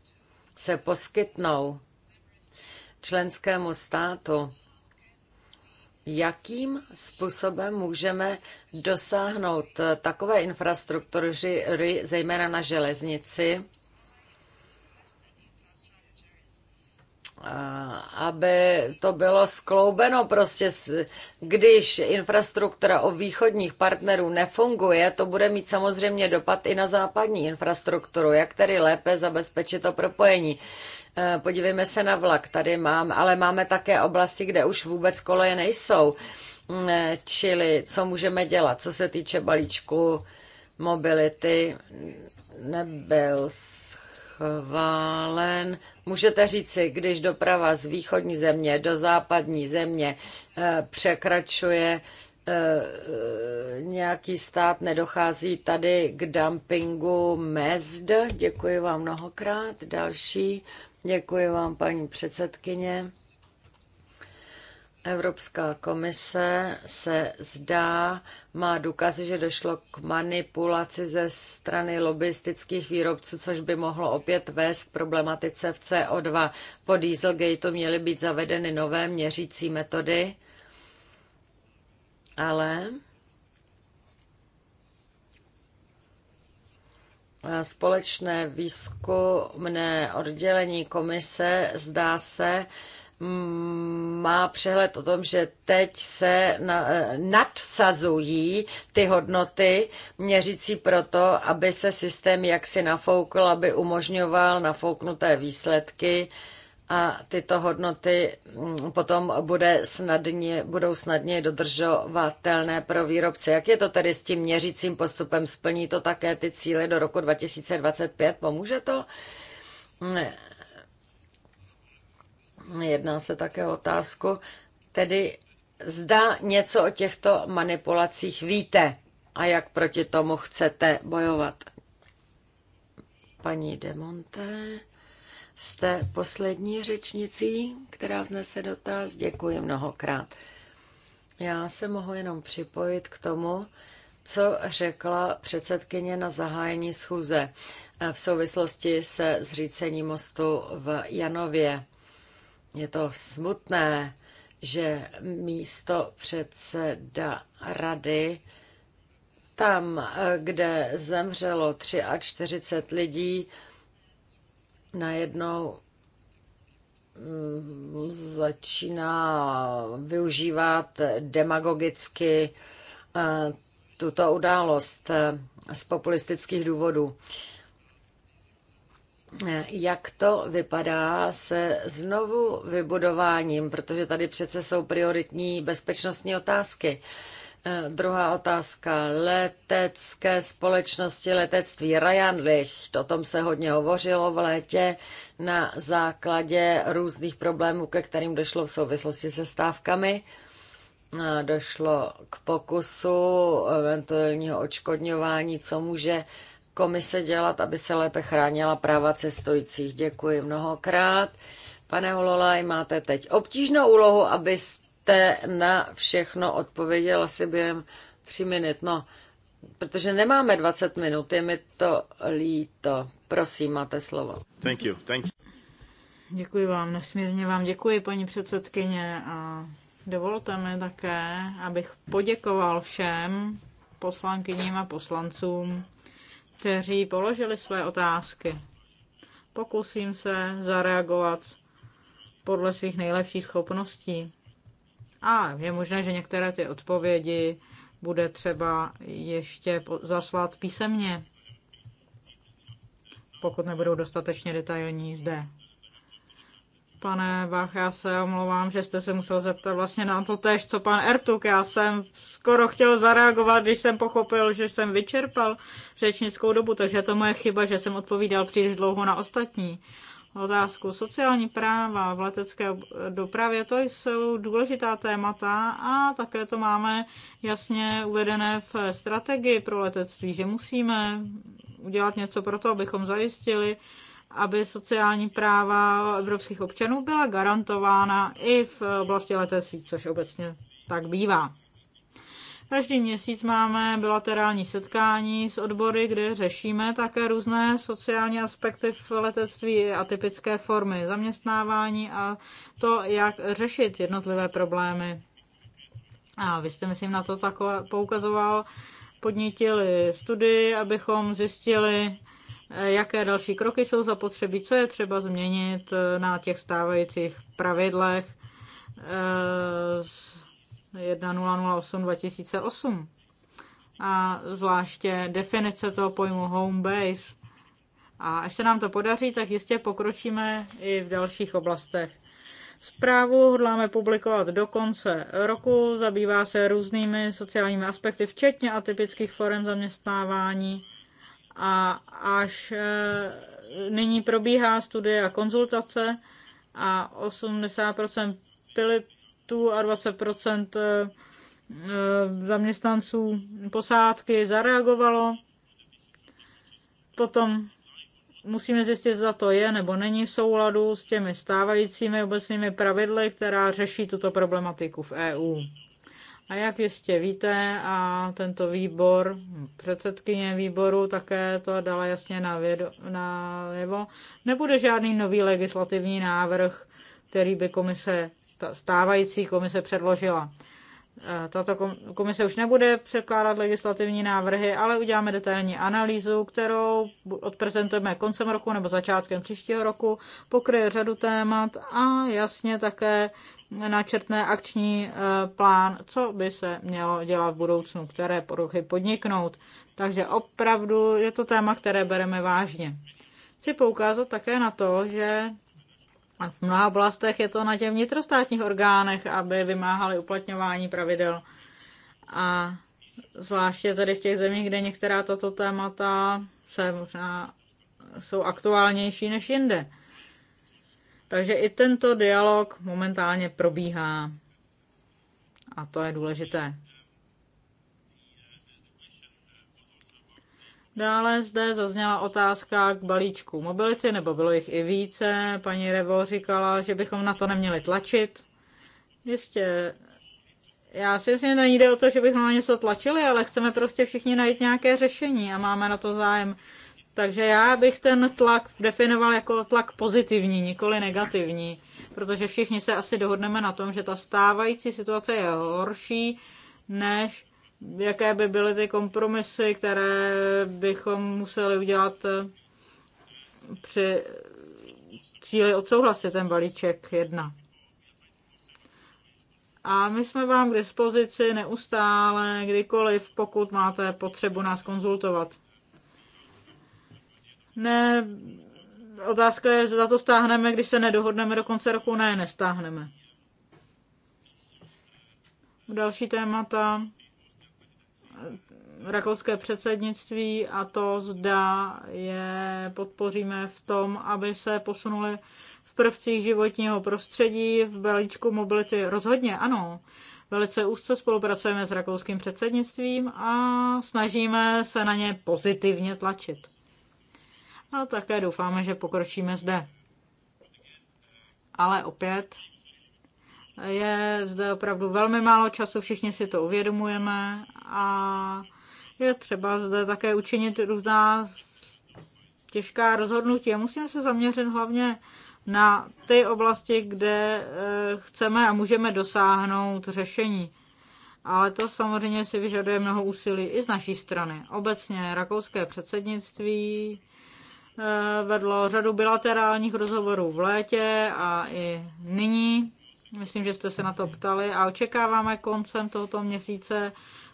se poskytnou členskému státu, Jakým způsobem můžeme dosáhnout takové infrastruktury, zejména na železnici, aby to bylo skloubeno prostě, když infrastruktura o východních partnerů nefunguje, to bude mít samozřejmě dopad i na západní infrastrukturu, jak tedy lépe zabezpečit to propojení. Eh, podívejme se na vlak, tady mám, ale máme také oblasti, kde už vůbec koleje nejsou. Mm, eh, čili co můžeme dělat, co se týče balíčku mobility, nebyl schválen. Můžete říci, když doprava z východní země do západní země eh, překračuje Eh, eh, nějaký stát, nedochází tady k dumpingu mezd. Děkuji vám mnohokrát. Další. Děkuji vám, paní předsedkyně. Evropská komise se zdá, má důkazy, že došlo k manipulaci ze strany lobbystických výrobců, což by mohlo opět vést k problematice v CO2. Po Dieselgateu měly být zavedeny nové měřící metody ale společné výzkumné oddělení komise zdá se, má přehled o tom, že teď se eh, nadsazují ty hodnoty měřící proto, aby se systém jaksi nafoukl, aby umožňoval nafouknuté výsledky a tyto hodnoty mm, potom bude snadně, budou snadně dodržovatelné pro výrobce. Jak je to tedy s tím měřícím postupem? Splní to také ty cíle do roku 2025? Pomůže to? Ne. Jedná se také o otázku, tedy zda něco o těchto manipulacích víte a jak proti tomu chcete bojovat. Paní Demonte. Jste poslední řečnicí, která vznese dotaz. Děkuji mnohokrát. Já se mohu jenom připojit k tomu, co řekla předsedkyně na zahájení schůze v souvislosti se zřícením mostu v Janově. Je to smutné, že místo předseda rady tam, kde zemřelo 43 lidí, najednou mm, začíná využívat demagogicky eh, tuto událost eh, z populistických důvodů. Eh, jak to vypadá se znovu vybudováním, protože tady přece jsou prioritní bezpečnostní otázky. Eh, druhá otázka. Letecké společnosti letectví Ryanlicht. O tom se hodně hovořilo v létě na základě různých problémů, ke kterým došlo v souvislosti se stávkami. Eh, došlo k pokusu eventuálního očkodňování, co může komise dělat, aby se lépe chránila práva cestujících. Děkuji mnohokrát. Pane Hololaj, máte teď obtížnou úlohu, abyste jste na všechno odpověděl asi během tři minut. No, protože nemáme 20 minut, je mi to líto. Prosím, máte slovo. Thank you, thank you. Děkuji vám, nesmírně vám děkuji, paní předsedkyně. A dovolte mi také, abych poděkoval všem poslankyním a poslancům, kteří položili své otázky. Pokusím se zareagovat podle svých nejlepších schopností. A je možné, že některé ty odpovědi bude třeba ještě zaslat písemně, pokud nebudou dostatečně detailní zde. Pane Bach, já se omlouvám, že jste se musel zeptat vlastně na to tež, co pan Ertuk. Já jsem skoro chtěl zareagovat, když jsem pochopil, že jsem vyčerpal řečnickou dobu, takže to moje chyba, že jsem odpovídal příliš dlouho na ostatní otázku. Sociální práva v letecké dopravě, to jsou důležitá témata a také to máme jasně uvedené v strategii pro letectví, že musíme udělat něco pro to, abychom zajistili, aby sociální práva evropských občanů byla garantována i v oblasti letectví, což obecně tak bývá. Každý měsíc máme bilaterální setkání s odbory, kde řešíme také různé sociální aspekty v letectví a typické formy zaměstnávání a to, jak řešit jednotlivé problémy. A vy jste, myslím, na to tak poukazoval, podnítili studii, abychom zjistili, jaké další kroky jsou zapotřebí, co je třeba změnit na těch stávajících pravidlech eh, 1008 2008. A zvláště definice toho pojmu home base. A až se nám to podaří, tak jistě pokročíme i v dalších oblastech. Zprávu hodláme publikovat do konce roku, zabývá se různými sociálními aspekty, včetně atypických forem zaměstnávání. A až eh, nyní probíhá studie a konzultace a 80% tu a 20 eh, eh, zaměstnanců posádky zareagovalo. Potom musíme zjistit, zda to je nebo není v souladu s těmi stávajícími obecnými pravidly, která řeší tuto problematiku v EU. A jak jistě víte, a tento výbor, předsedkyně výboru také to dala jasně na vědo, jevo, nebude žádný nový legislativní návrh, který by komise ta stávající komise předložila. Eh, tato komise už nebude předkládat legislativní návrhy, ale uděláme detailní analýzu, kterou odprezentujeme koncem roku nebo začátkem příštího roku, pokryje řadu témat a jasně také načrtne akční eh, plán, co by se mělo dělat v budoucnu, které poruchy podniknout. Takže opravdu je to téma, které bereme vážně. Chci poukázat také na to, že v mnoha oblastech je to na těch vnitrostátních orgánech, aby vymáhali uplatňování pravidel. A zvláště tedy v těch zemích, kde některá tato témata se možná jsou aktuálnější než jinde. Takže i tento dialog momentálně probíhá. A to je důležité. Dále zde zazněla otázka k balíčku mobility, nebo bylo jich i více. Paní Revo říkala, že bychom na to neměli tlačit. Jistě, já si myslím, že nejde o to, že bychom na něco tlačili, ale chceme prostě všichni najít nějaké řešení a máme na to zájem. Takže já bych ten tlak definoval jako tlak pozitivní, nikoli negativní, protože všichni se asi dohodneme na tom, že ta stávající situace je horší než jaké by byly ty kompromisy, které bychom museli udělat eh, při cíli odsouhlasit ten balíček 1. A my jsme vám k dispozici neustále, kdykoliv, pokud máte potřebu nás konzultovat. Ne, otázka je, že za to stáhneme, když se nedohodneme do konce roku. Ne, nestáhneme. Další témata rakouské předsednictví a to zda je podpoříme v tom, aby se posunuli v prvcích životního prostředí v balíčku mobility. Rozhodně ano. Velice úzce spolupracujeme s rakouským předsednictvím a snažíme se na ně pozitivně tlačit. A také doufáme, že pokročíme zde. Ale opět je zde opravdu velmi málo času, všichni si to uvědomujeme a je třeba zde také učinit různá těžká rozhodnutí. A musíme se zaměřit hlavně na ty oblasti, kde eh, chceme a můžeme dosáhnout řešení. Ale to samozřejmě si vyžaduje mnoho úsilí i z naší strany. Obecně rakouské předsednictví eh, vedlo řadu bilaterálních rozhovorů v létě a i nyní. Myslím, že jste se na to ptali a očekáváme koncem tohoto měsíce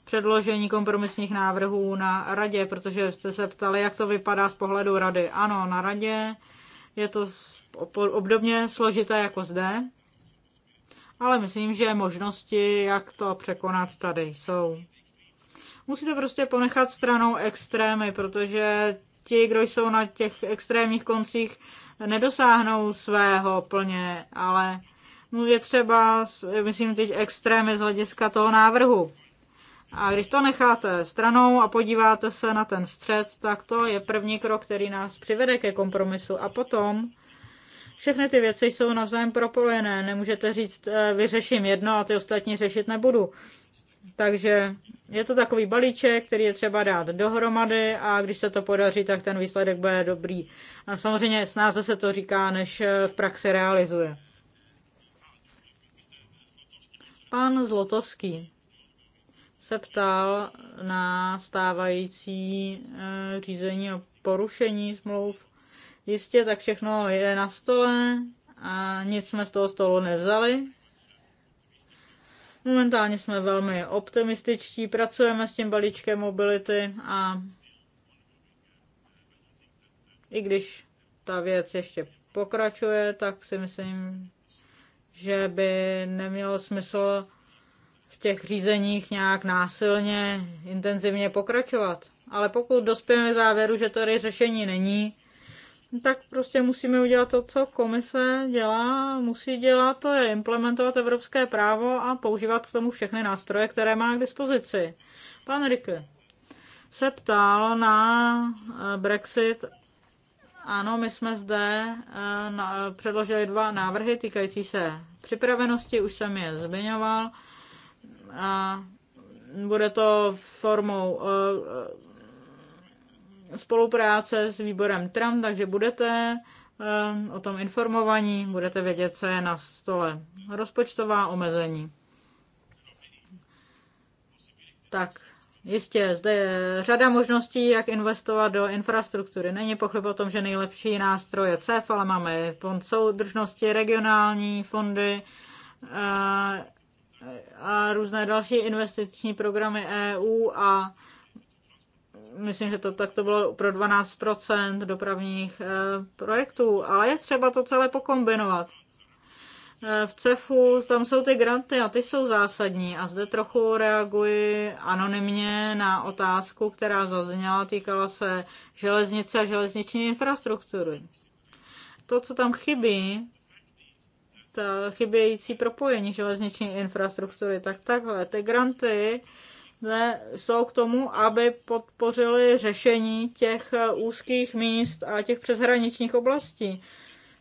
předložení kompromisních návrhů na radě, protože jste se ptali, jak to vypadá z pohledu rady. Ano, na radě je to obdobně složité jako zde, ale myslím, že možnosti, jak to překonat, tady jsou. Musíte prostě ponechat stranou extrémy, protože ti, kdo jsou na těch extrémních koncích, nedosáhnou svého plně, ale je třeba, myslím, teď extrémy z hlediska toho návrhu. A když to necháte stranou a podíváte se na ten střed, tak to je první krok, který nás přivede ke kompromisu. A potom všechny ty věci jsou navzájem propojené. Nemůžete říct, eh, vyřeším jedno a ty ostatní řešit nebudu. Takže je to takový balíček, který je třeba dát dohromady a když se to podaří, tak ten výsledek bude dobrý. A samozřejmě snáze se to říká, než eh, v praxi realizuje. Pan Zlotovský se ptal na stávající eh, řízení o porušení smlouv. Jistě, tak všechno je na stole a nic jsme z toho stolu nevzali. Momentálně jsme velmi optimističtí, pracujeme s tím balíčkem mobility a i když ta věc ještě pokračuje, tak si myslím, že by nemělo smysl v těch řízeních nějak násilně, intenzivně pokračovat. Ale pokud dospějeme závěru, že tady řešení není, tak prostě musíme udělat to, co komise dělá, musí dělat, to je implementovat evropské právo a používat k tomu všechny nástroje, které má k dispozici. Pan Rike se ptal na eh, Brexit. Ano, my jsme zde eh, předložili dva návrhy týkající se připravenosti, už jsem je zmiňoval a bude to formou eh, eh, spolupráce s výborem TRAM, takže budete eh, o tom informovaní, budete vědět, co je na stole. Rozpočtová omezení. Tak, jistě, zde je řada možností, jak investovat do infrastruktury. Není pochyb o tom, že nejlepší nástroj je CEF, ale máme fond soudržnosti, regionální fondy, a různé další investiční programy EU a myslím, že to tak to bylo pro 12% dopravních e, projektů, ale je třeba to celé pokombinovat. E, v CEFu tam jsou ty granty a ty jsou zásadní a zde trochu reaguji anonymně na otázku, která zazněla, týkala se železnice a železniční infrastruktury. To, co tam chybí, ta chybějící propojení železniční infrastruktury, tak takhle. Ty granty ne, jsou k tomu, aby podpořili řešení těch eh, úzkých míst a těch přeshraničních oblastí.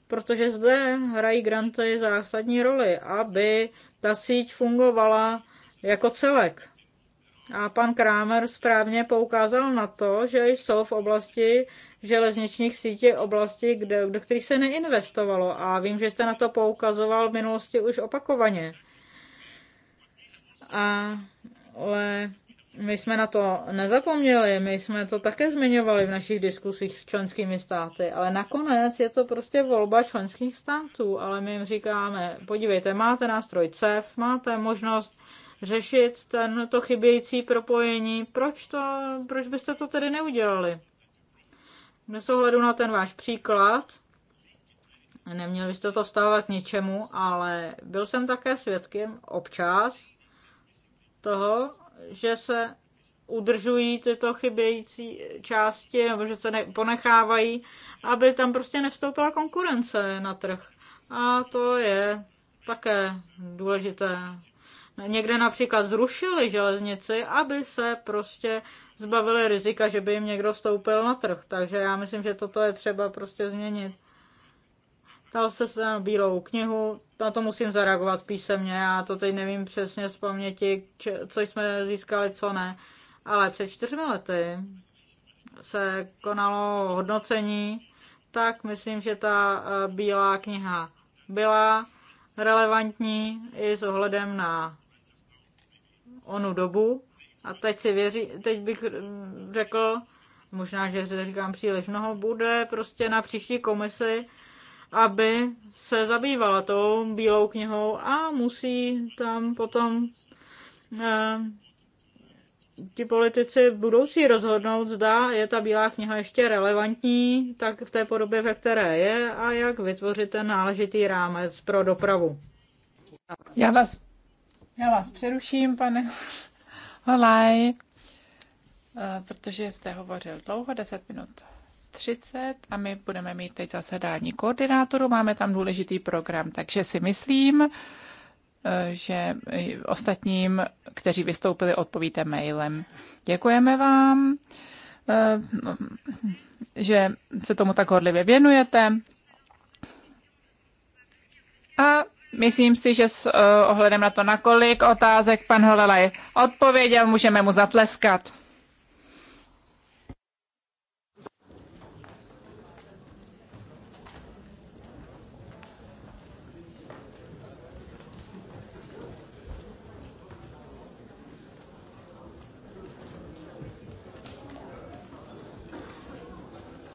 Protože zde hrají granty zásadní roli, aby ta síť fungovala jako celek. A pan Kramer správně poukázal na to, že jsou v oblasti železničních sítí oblasti, kde, do kterých se neinvestovalo. A vím, že jste na to poukazoval v minulosti už opakovaně. A, ale my jsme na to nezapomněli, my jsme to také zmiňovali v našich diskusích s členskými státy, ale nakonec je to prostě volba členských států, ale my jim říkáme, podívejte, máte nástroj CEF, máte možnost řešit ten to chybějící propojení, proč, to, proč byste to tedy neudělali? Bez ohledu na ten váš příklad, neměli jste to stávat ničemu, ale byl jsem také svědkem občas toho, že se udržují tyto chybějící části, nebo že se ne, ponechávají, aby tam prostě nevstoupila konkurence na trh. A to je také důležité někde například zrušili železnici, aby se prostě zbavili rizika, že by jim někdo vstoupil na trh. Takže já myslím, že toto je třeba prostě změnit. Ptal se se na bílou knihu, na to musím zareagovat písemně, já to teď nevím přesně z paměti, co jsme získali, co ne. Ale před čtyřmi lety se konalo hodnocení, tak myslím, že ta eh, bílá kniha byla relevantní i s ohledem na onu dobu. A teď si věří, teď bych mm, řekl, možná, že říkám příliš mnoho, bude prostě na příští komisi, aby se zabývala tou bílou knihou a musí tam potom eh, ti politici budoucí rozhodnout, zda je ta bílá kniha ještě relevantní, tak v té podobě, ve které je, a jak vytvořit ten náležitý rámec pro dopravu. Já vás já vás přeruším, pane Holaj, eh, protože jste hovořil dlouho, 10 minut 30 a my budeme mít teď zasedání koordinátoru, máme tam důležitý program, takže si myslím, eh, že ostatním, kteří vystoupili, odpovíte mailem. Děkujeme vám, eh, že se tomu tak horlivě věnujete. A Myslím si, že s eh, ohledem na to, na kolik otázek pan Holelaj odpověděl, můžeme mu zatleskat.